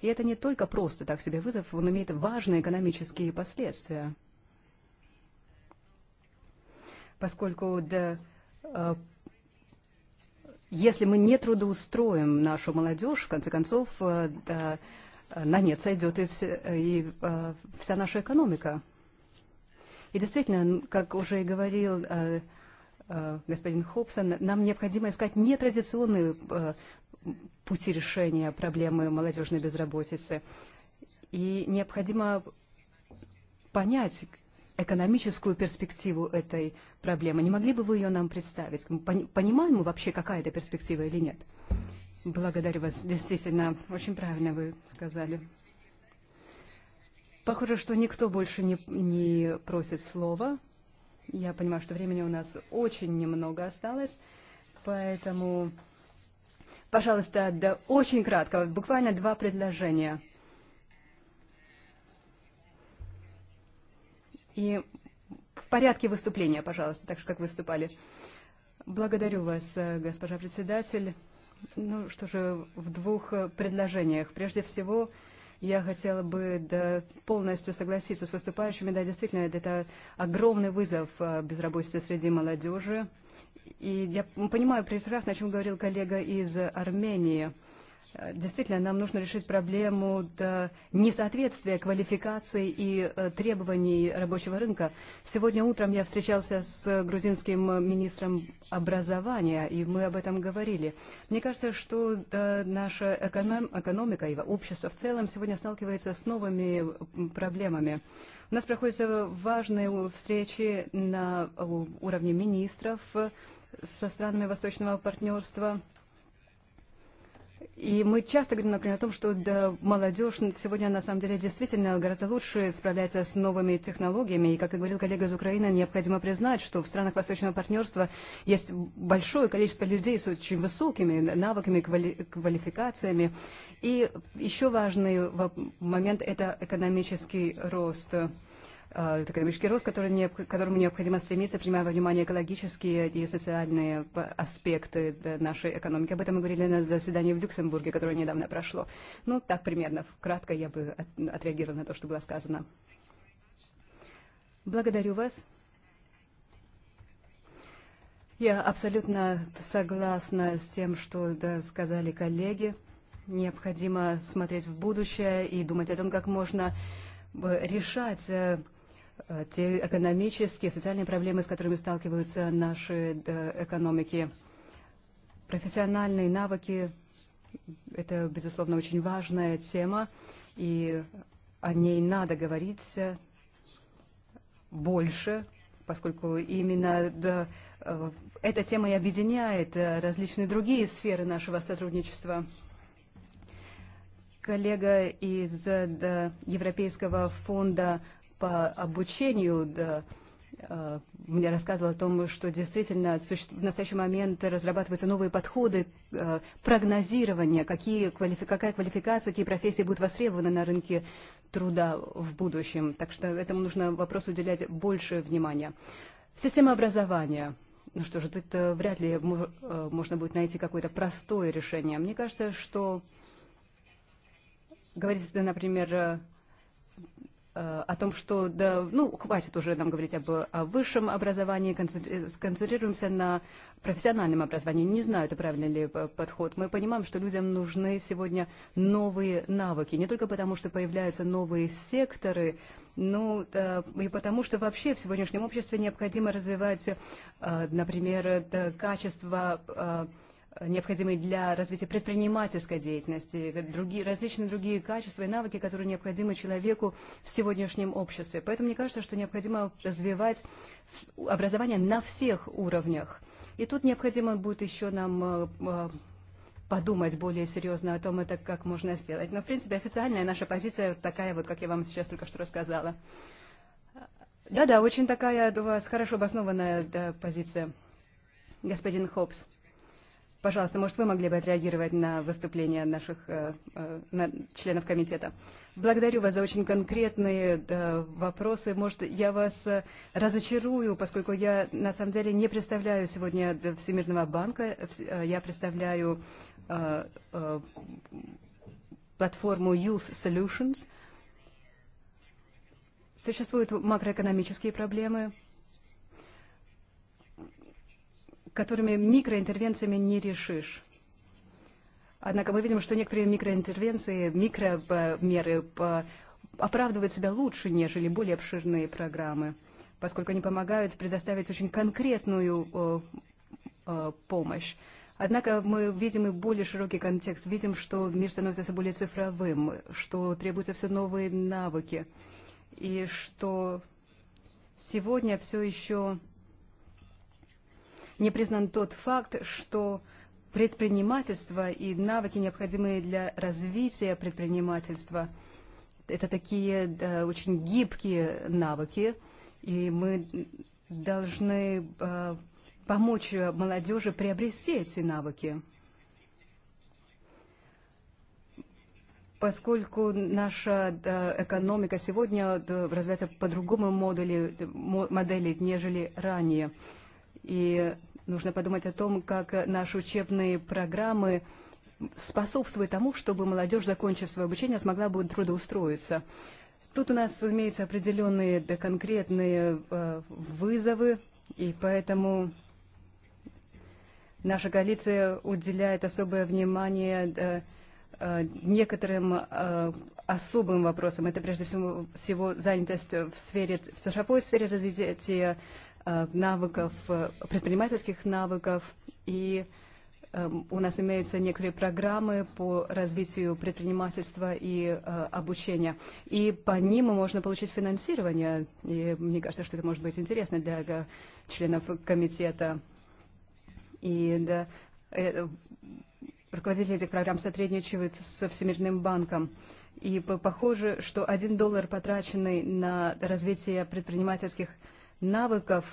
И это не только просто так себе вызов, он имеет важные экономические последствия поскольку да, э, если мы не трудоустроим нашу молодежь, в конце концов, э, да, на нет сойдет и, все, и э, вся наша экономика. И действительно, как уже и говорил господин Хобсон, нам необходимо искать нетрадиционные пути решения проблемы молодежной безработицы. И необходимо понять, экономическую перспективу этой проблемы. Не могли бы вы ее нам представить? Понимаем мы вообще, какая это перспектива или нет? Благодарю вас. Действительно, очень правильно вы сказали. Похоже, что никто больше не, не просит слова. Я понимаю, что времени у нас очень немного осталось, поэтому, пожалуйста, да, очень кратко, буквально два предложения. и в порядке выступления, пожалуйста, так же, как выступали. Благодарю вас, э, госпожа председатель. Ну что же, в двух э, предложениях. Прежде всего, я хотела бы да, полностью согласиться с выступающими. Да, действительно, это огромный вызов э, безработицы среди молодежи. И я понимаю прекрасно, о чем говорил коллега из Армении. Действительно, нам нужно решить проблему несоответствия квалификации и э, требований рабочего рынка. Сегодня утром я встречался с грузинским министром образования, и мы об этом говорили. Мне кажется, что наша эконом, экономика и общество в целом сегодня сталкивается с новыми проблемами. У нас проходят важные встречи на уровне министров со странами восточного партнерства – И мы часто говорим, например, о том, что да, молодежь сегодня на самом деле действительно гораздо лучше справляется с новыми технологиями. И, как и говорил коллега из Украины, необходимо признать, что в странах Восточного партнерства есть большое количество людей с очень высокими навыками, квали квалификациями. И еще важный момент – это экономический рост академический э, рост, не, к которому необходимо стремиться, принимая во внимание экологические и социальные аспекты нашей экономики. Об этом мы говорили на заседании в Люксембурге, которое недавно прошло. Ну, так примерно, кратко я бы отреагировала на то, что было сказано. Благодарю вас. Я абсолютно согласна с тем, что да, сказали коллеги. Необходимо смотреть в будущее и думать о том, как можно э, решать э, те экономические, социальные проблемы, с которыми сталкиваются наши экономики. Профессиональные навыки – это, безусловно, очень важная тема, и о ней надо говорить больше, поскольку именно да, эта тема и объединяет э, различные другие сферы нашего сотрудничества. Коллега из да, Европейского фонда по обучению да, мне рассказывал о том, что действительно в настоящий момент разрабатываются новые подходы прогнозирования, какие квалифи какая квалификация, какие профессии будут востребованы на рынке труда в будущем. Так что этому нужно вопрос уделять больше внимания. Система образования. Ну что же, тут э, вряд ли э, можно будет найти какое-то простое решение. Мне кажется, что говорить, например, Э, о том, что, да, ну, хватит уже нам говорить об, о высшем образовании, сконцентрируемся на профессиональном образовании. Не знаю, это правильный ли э, подход. Мы понимаем, что людям нужны сегодня новые навыки, не только потому, что появляются новые секторы, ну, и потому что вообще в сегодняшнем обществе необходимо развивать, э, например, качество необходимые для развития предпринимательской деятельности, другие, различные другие качества и навыки, которые необходимы человеку в сегодняшнем обществе. Поэтому мне кажется, что необходимо развивать образование на всех уровнях. И тут необходимо будет еще нам э, э, подумать более серьезно о том, это как можно сделать. Но, в принципе, официальная наша позиция такая, вот как я вам сейчас только что рассказала. Да-да, очень такая у вас хорошо обоснованная да, позиция, господин Хоббс. Пожалуйста, может, вы могли бы отреагировать на выступление наших э, э, на, членов комитета? Благодарю вас за очень конкретные вопросы. Может, я вас э, разочарую, поскольку я на самом деле не представляю сегодня Всемирного банка, я представляю платформу Youth Solutions. Существуют макроэкономические проблемы которыми микроинтервенциями не решишь. Однако мы видим, что некоторые микроинтервенции, микромеры оправдывают себя лучше, нежели более обширные программы, поскольку они помогают предоставить очень конкретную э, э, помощь. Однако мы видим и более широкий контекст, видим, что мир становится все более цифровым, что требуются все новые навыки, и что сегодня все еще не признан тот факт, что предпринимательство и навыки, необходимые для развития предпринимательства, это такие да, очень гибкие навыки, и мы должны э, помочь молодежи приобрести эти навыки. Поскольку наша да, экономика сегодня да, развивается по другому модели, модели, нежели ранее, и Нужно подумать о том, как наши учебные программы способствуют тому, чтобы молодежь, закончив свое обучение, смогла бы трудоустроиться. Тут у нас имеются определенные да, конкретные э, вызовы, и поэтому наша коалиция уделяет особое внимание э, э, некоторым э, особым вопросам. Это прежде всего, всего занятость в сфере, в цифровой сфере развития Э, навыков, э, предпринимательских навыков. И у нас имеются некоторые программы по развитию предпринимательства и э, обучения. И по ним можно получить финансирование. И мне кажется, что это может быть интересно для членов комитета. И да, руководители этих программ сотрудничают со Всемирным банком. И похоже, что один доллар, потраченный на развитие предпринимательских навыков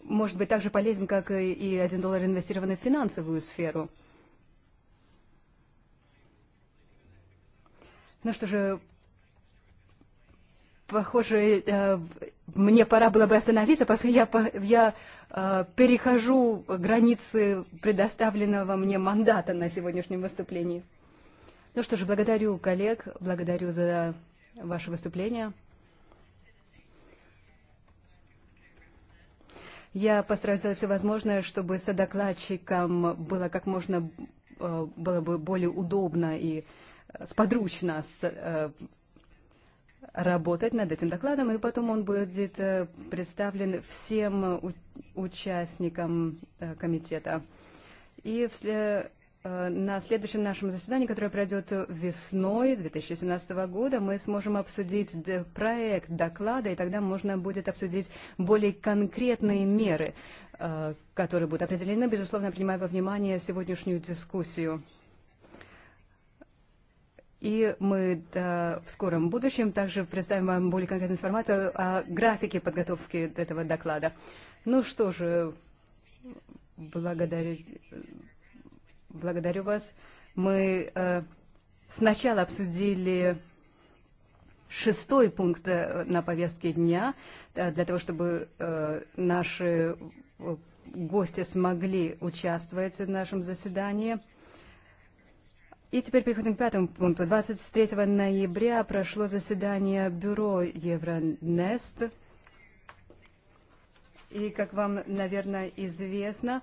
может быть так же полезен, как и один доллар, инвестированный в финансовую сферу. Ну что же, похоже, мне пора было бы остановиться, поскольку я, я перехожу границы предоставленного мне мандата на сегодняшнем выступлении. Ну что ж, благодарю коллег, благодарю за ваше выступление. Я постараюсь сделать все возможное, чтобы докладчиком было как можно э, было бы более удобно и э, сподручно с, э, работать над этим докладом, и потом он будет представлен всем участникам комитета. И Э, на следующем нашем заседании, которое пройдет весной 2017 года, мы сможем обсудить проект доклада, и тогда можно будет обсудить более конкретные меры, э, которые будут определены, безусловно, принимая во внимание сегодняшнюю дискуссию. И мы да, в скором будущем также представим вам более конкретную информацию о графике подготовки этого доклада. Ну что же, благодарю Благодарю вас. Мы э, сначала обсудили шестой пункт э, на повестке дня, э, для того, чтобы э, наши э, гости смогли участвовать в нашем заседании. И теперь переходим к пятому пункту. 23 ноября прошло заседание бюро Евронест. И, как вам, наверное, известно,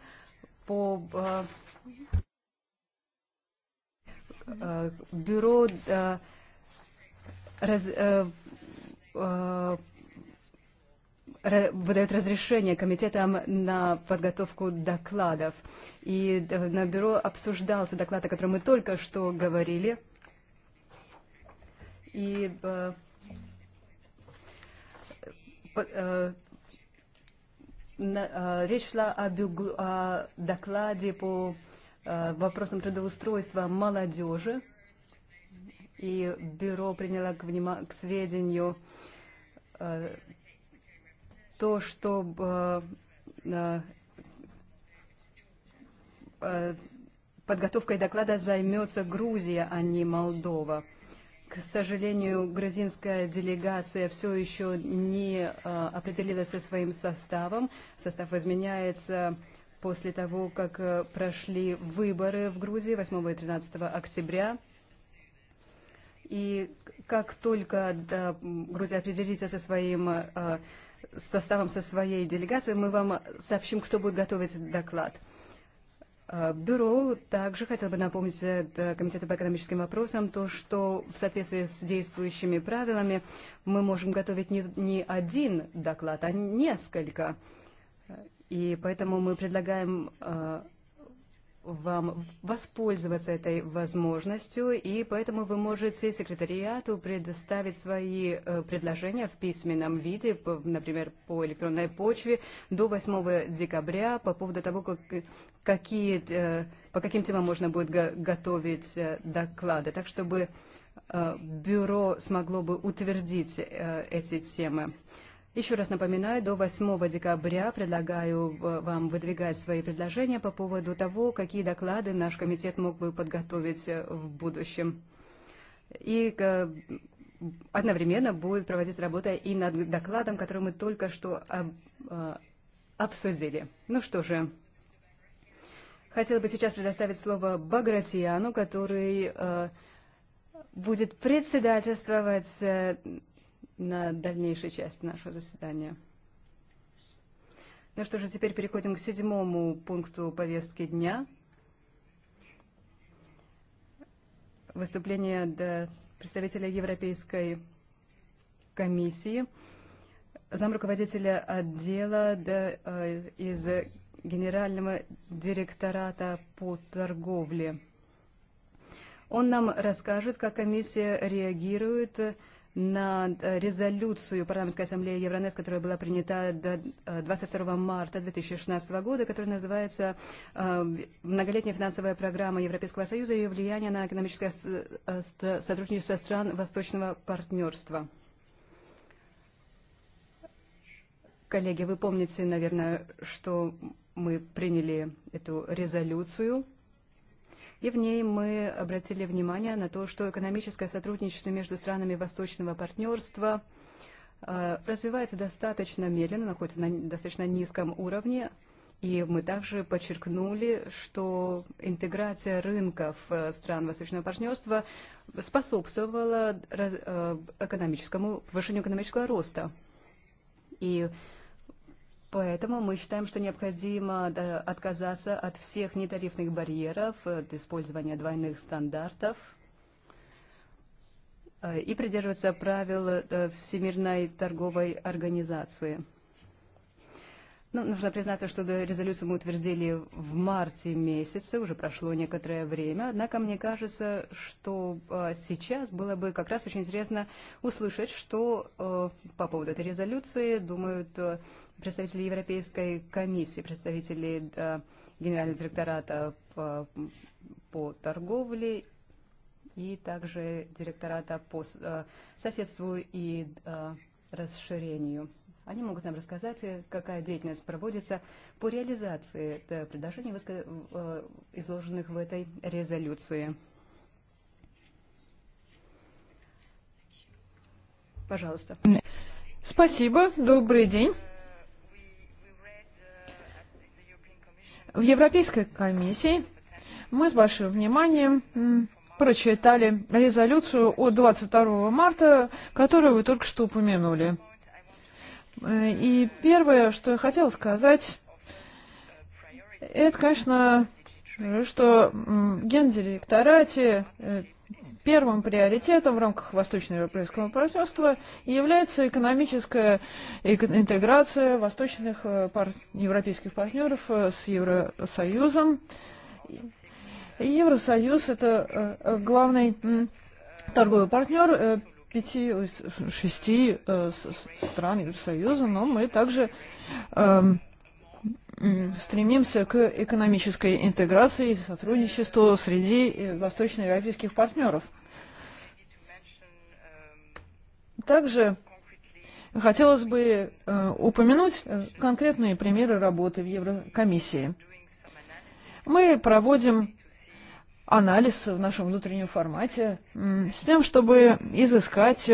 по бюро выдает разрешение комитетам на подготовку докладов. И на бюро обсуждался доклад, о котором мы только что говорили. И речь шла о докладе по Э, вопросам трудоустройства молодежи. И бюро приняло к, внима- к сведению э, то, что э, подготовкой доклада займется Грузия, а не Молдова. К сожалению, грузинская делегация все еще не определилась со своим составом. Состав изменяется после того, как э, прошли выборы в Грузии 8 и 13 октября. И как только да, Грузия определится со своим э, составом, со своей делегацией, мы вам сообщим, кто будет готовить доклад. Э, бюро также хотел бы напомнить Комитету по экономическим вопросам то, что в соответствии с действующими правилами мы можем готовить не, не один доклад, а несколько И поэтому мы предлагаем э, вам воспользоваться этой возможностью, и поэтому вы можете секретариату предоставить свои э, предложения в письменном виде, например, по электронной почве до 8 декабря по поводу того, как, какие, э, по каким темам можно будет готовить доклады, так чтобы бюро смогло бы утвердить эти темы. Еще раз напоминаю, до 8 декабря предлагаю э, вам выдвигать свои предложения по поводу того, какие доклады наш комитет мог бы подготовить э, в будущем. И э, одновременно будет проводиться работа и над докладом, который мы только что об, обсудили. Ну что же, хотела бы сейчас предоставить слово Багратиану, который будет председательствовать на дальнейшей части нашего заседания. Ну что же, теперь переходим к седьмому пункту повестки дня. Выступление до представителя Европейской комиссии, замруководителя отдела до, э, из Генерального директората по торговле. Он нам расскажет, как комиссия реагирует на на э, резолюцию Парламентской ассамблеи Евронес, которая была принята 22 э, марта 2016 года, которая называется э, «Многолетняя финансовая программа Европейского Союза и ее влияние на экономическое сотрудничество стран Восточного партнерства». Коллеги, вы помните, наверное, что мы приняли эту резолюцию – И в ней мы обратили внимание на то, что экономическое сотрудничество между странами Восточного партнерства э, развивается достаточно медленно, находится на достаточно низком уровне. И мы также подчеркнули, что интеграция рынков э, стран Восточного партнерства способствовала э, экономическому, повышению экономического роста. И Поэтому мы считаем, что необходимо э, отказаться от всех нетарифных барьеров, э, от использования двойных стандартов э, и придерживаться правил Всемирной торговой организации. Ну, нужно признаться, что резолюцию мы утвердили в марте месяце, уже прошло некоторое время. Однако мне кажется, что сейчас было бы как раз очень интересно услышать, что по поводу этой резолюции думают представители Европейской комиссии, представители Генерального директората по, по торговле и также директората по э, соседству и э, расширению. Они могут нам рассказать, какая деятельность проводится по реализации предложений, э, изложенных в этой резолюции. Пожалуйста. Спасибо. Добрый день. В Европейской комиссии мы с большим вниманием прочитали резолюцию от 22 марта, которую вы только что упомянули. Э, и первое, что я хотела сказать, это, конечно, что гендиректорате э, Первым приоритетом в рамках Восточноевропейского партнерства является экономическая интеграция восточных э, пар европейских партнеров э, с Евросоюзом. Евросоюз – это э, главный торговый партнер пяти, шести стран Евросоюза, но мы также стремимся к экономической интеграции и сотрудничеству среди э, восточноевропейских партнеров. Также хотелось бы э, упомянуть э, конкретные примеры работы в Еврокомиссии. Мы проводим анализ в нашем внутреннем формате с тем, чтобы изыскать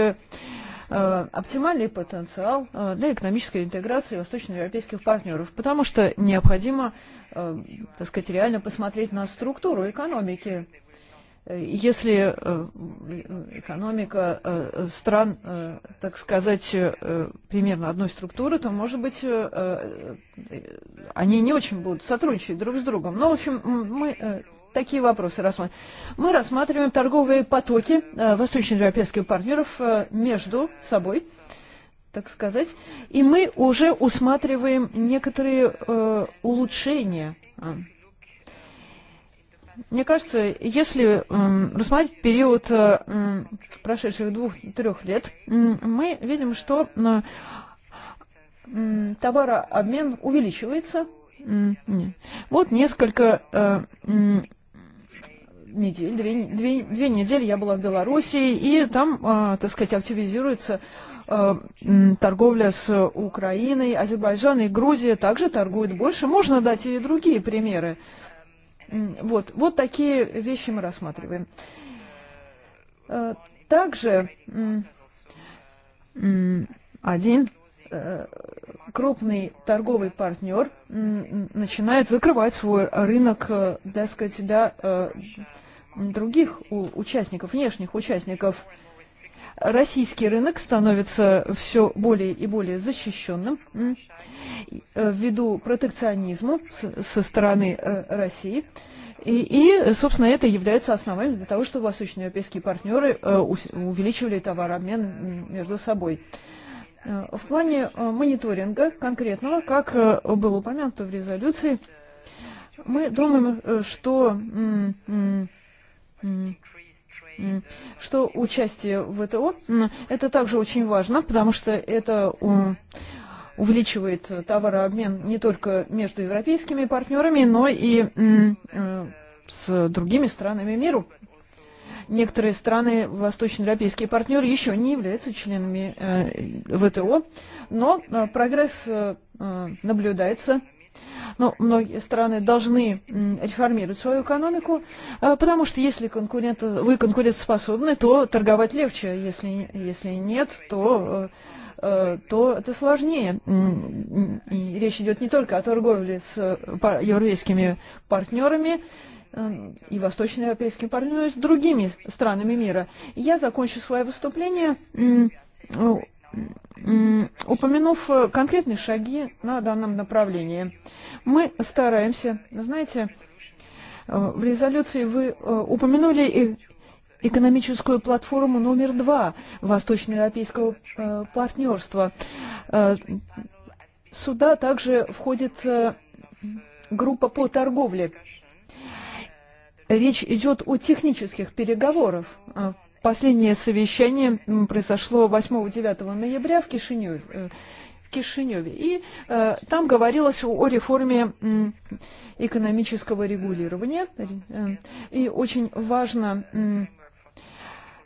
Э, оптимальный потенциал э, для экономической интеграции восточноевропейских партнеров, потому что необходимо, э, так сказать, реально посмотреть на структуру экономики если экономика стран, так сказать, примерно одной структуры, то, может быть, они не очень будут сотрудничать друг с другом. Но, в общем, мы такие вопросы рассматриваем. Мы рассматриваем торговые потоки э, восточноевропейских партнеров э, между собой, так сказать, и мы уже усматриваем некоторые э, улучшения. Мне кажется, если э, рассмотреть период э, прошедших двух-трех лет, э, мы видим, что э, э, товарообмен увеличивается. Вот несколько недель, две, две, две недели я была в Беларуси, и там, так сказать, активизируется торговля с Украиной, Азербайджан и Грузия также торгуют больше. Можно дать и другие примеры. Вот, вот такие вещи мы рассматриваем. Также один Э, крупный торговый партнер начинает закрывать свой рынок, так э, сказать, для э, других участников, внешних участников. Российский рынок становится все более и более защищенным ввиду протекционизма со стороны России. И, и, собственно, это является основанием для того, чтобы восточноевропейские партнеры увеличивали товарообмен между собой. Э, в плане э, мониторинга конкретного, как э, было упомянуто в резолюции, мы думаем, что, что участие в ВТО это также очень важно, потому что это увеличивает товарообмен не только между европейскими партнерами, но и с другими странами мира. Некоторые страны, восточноевропейские партнеры, еще не являются членами э, ВТО, но э, прогресс э, наблюдается. Но многие страны должны реформировать свою экономику, потому что если конкурент, вы конкурентоспособны, то торговать легче, если, если нет, то то это сложнее. И речь идет не только о торговле с европейскими партнерами, и восточноевропейским партнерами, с другими странами мира. Я закончу свое выступление, упомянув конкретные шаги на данном направлении. Мы стараемся, знаете, э, в резолюции вы э, упомянули экономическую платформу номер два восточноевропейского э, партнерства. Сюда также входит группа по торговле Речь идет о технических переговорах. Последнее совещание произошло 8-9 ноября в Кишиневе. Э, в Кишиневе. И э, там говорилось о, о реформе э, экономического регулирования. Э, и очень важно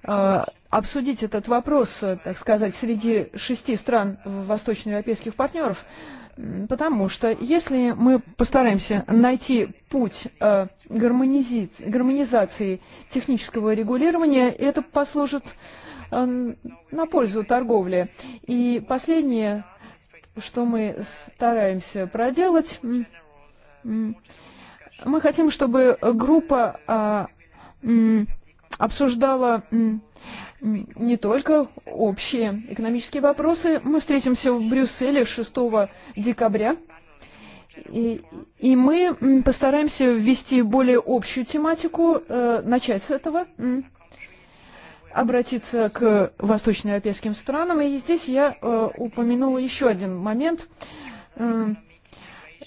э, обсудить этот вопрос, э, так сказать, среди шести стран восточноевропейских партнеров. Э, Потому что если мы постараемся найти путь э, гармонизации технического регулирования, это послужит э, на пользу торговли. И последнее, что мы стараемся проделать, мы хотим, чтобы группа обсуждала не только общие экономические вопросы. Мы встретимся в Брюсселе 6 декабря. И, и мы постараемся ввести более общую тематику, э, начать с этого, э, обратиться к восточноевропейским странам. И здесь я э, упомянула еще один момент. Э,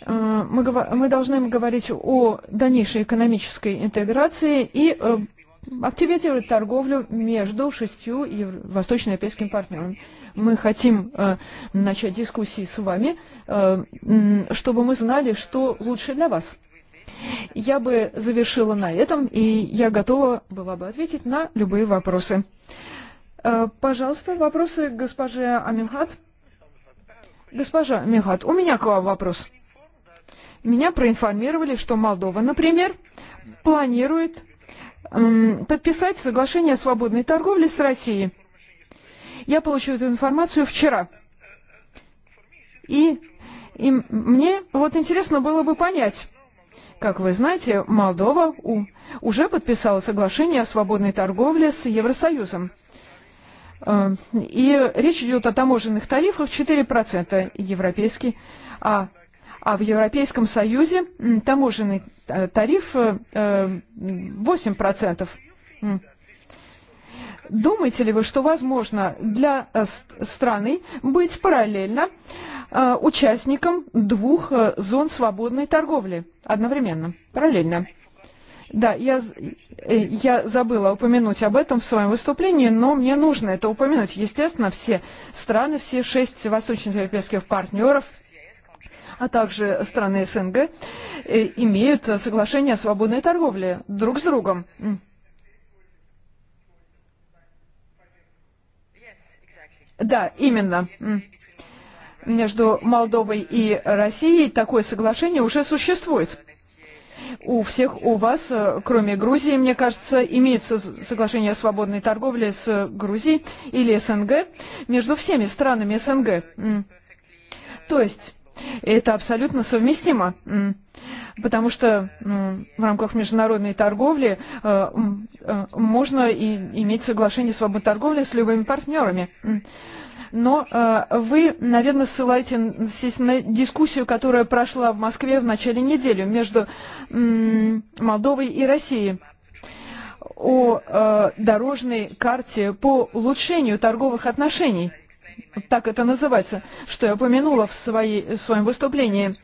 э мы, мы должны говорить о дальнейшей экономической интеграции и э, активизировать торговлю между шестью восточноевропейскими партнерами. Мы хотим э, начать дискуссии с вами, э, чтобы мы знали, что лучше для вас. Я бы завершила на этом, и я готова была бы ответить на любые вопросы. Э, пожалуйста, вопросы госпоже Аминхат. Госпожа Аминхат, у меня к вам вопрос. Меня проинформировали, что Молдова, например, планирует подписать соглашение о свободной торговле с Россией. Я получил эту информацию вчера. И, и мне вот интересно было бы понять, Как вы знаете, Молдова уже подписала соглашение о свободной торговле с Евросоюзом. Э, и речь идет о таможенных тарифах 4% европейский, а а в Европейском Союзе таможенный э, тариф 8%. Э, э, Думаете ли вы, что возможно для страны быть параллельно участником двух зон свободной торговли одновременно, параллельно? Да, я, я забыла упомянуть об этом в своем выступлении, но мне нужно это упомянуть. Естественно, все страны, все шесть восточноевропейских партнеров а также страны СНГ, э, имеют соглашение о свободной торговле друг с другом. Да, именно. Между Молдовой и Россией такое соглашение уже существует. У всех у вас, э, кроме Грузии, мне кажется, имеется соглашение о свободной торговле с Грузией или СНГ между всеми странами СНГ. То есть Это абсолютно совместимо, потому что в рамках международной торговли э, э, можно и иметь соглашение свободной торговли с любыми партнерами. Но э, вы, наверное, ссылаетесь на дискуссию, которая прошла в Москве в начале недели между э, Молдовой и Россией о э, дорожной карте по улучшению торговых отношений так это называется, что я упомянула в, своей, в своем выступлении.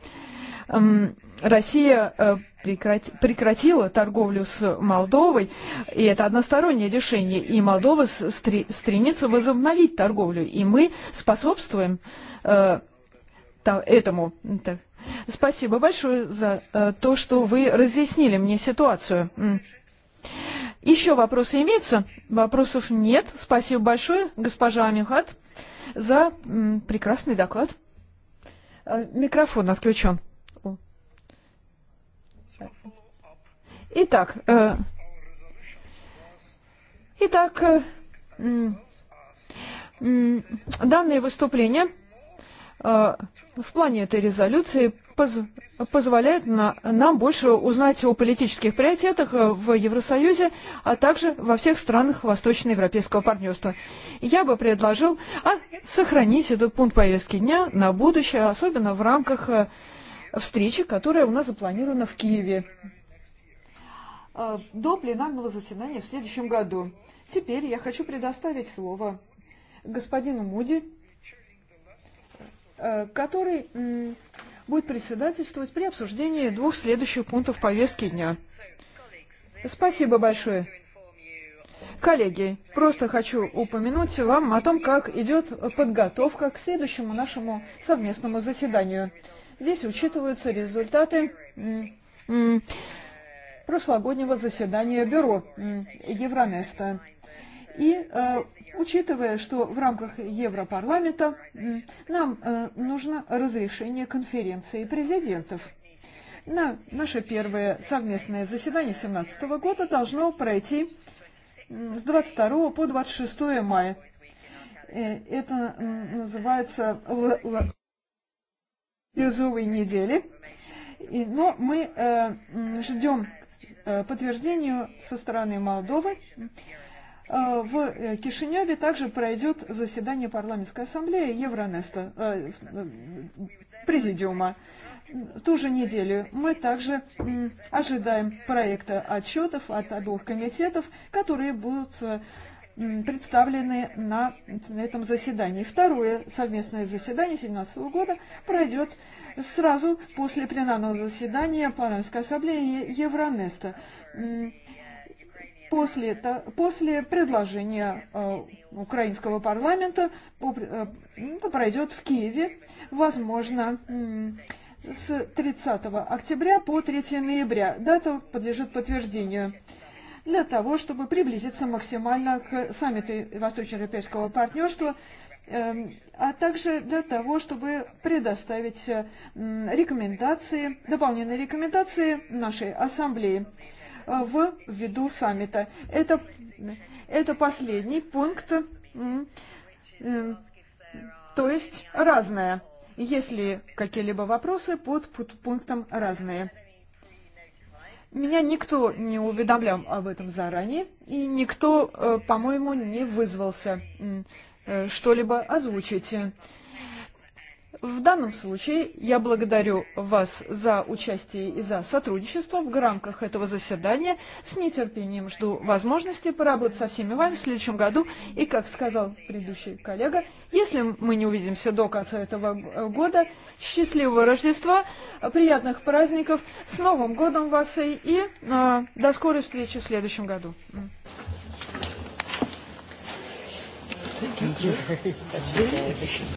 Россия э, прекратила торговлю с Молдовой, и это одностороннее решение, и Молдова стремится возобновить торговлю, и мы способствуем э, этому. Спасибо большое за э, то, что вы разъяснили мне ситуацию. Еще вопросы имеются? Вопросов нет. Спасибо большое, госпожа Амилхат за прекрасный доклад. Микрофон отключен. Итак, итак, данные выступления в плане этой резолюции поз позволяет на, нам больше узнать о политических приоритетах э, в Евросоюзе, а также во всех странах Восточноевропейского партнерства. Я бы предложил а, сохранить этот пункт повестки дня на будущее, особенно в рамках э, встречи, которая у нас запланирована в Киеве э, до пленарного заседания в следующем году. Теперь я хочу предоставить слово господину Муди, который будет председательствовать при обсуждении двух следующих пунктов повестки дня. Спасибо большое. Коллеги, просто хочу упомянуть вам о том, как идет подготовка к следующему нашему совместному заседанию. Здесь учитываются результаты прошлогоднего заседания бюро Евронеста. И э, Учитывая, что в рамках Европарламента нам э, нужно разрешение конференции президентов. На наше первое совместное заседание 2017 года должно пройти с 22 по 26 мая. Э, это называется «Лизовой недели». Но мы э, ждем подтверждению со стороны Молдовы. Э, в э, Кишиневе также пройдет заседание парламентской ассамблеи Евронеста, Президиума. Э, президиума. Ту же неделю мы также ожидаем проекта отчетов от обоих комитетов, которые будут представлены на этом заседании. Второе совместное заседание 2017 года пройдет сразу после пленарного заседания парламентской ассамблеи Евронеста. После, после предложения э, украинского парламента э, это пройдет в Киеве, возможно, с 30 октября по 3 ноября. Дата подлежит подтверждению для того, чтобы приблизиться максимально к саммиту Восточноевропейского партнерства, а также для того, чтобы предоставить э, рекомендации, дополненные рекомендации нашей ассамблеи в виду саммита. Это, это последний пункт, то есть разное. Есть ли какие-либо вопросы под пунктом «разные»? Меня никто не уведомлял об этом заранее, и никто, э, по-моему, не вызвался э, что-либо озвучить. В данном случае я благодарю вас за участие и за сотрудничество в рамках этого заседания. С нетерпением жду возможности поработать со всеми вами в следующем году. И, как сказал предыдущий коллега, если мы не увидимся до конца этого года, счастливого Рождества, приятных праздников, с Новым годом вас и, и э, до скорой встречи в следующем году. Thank you.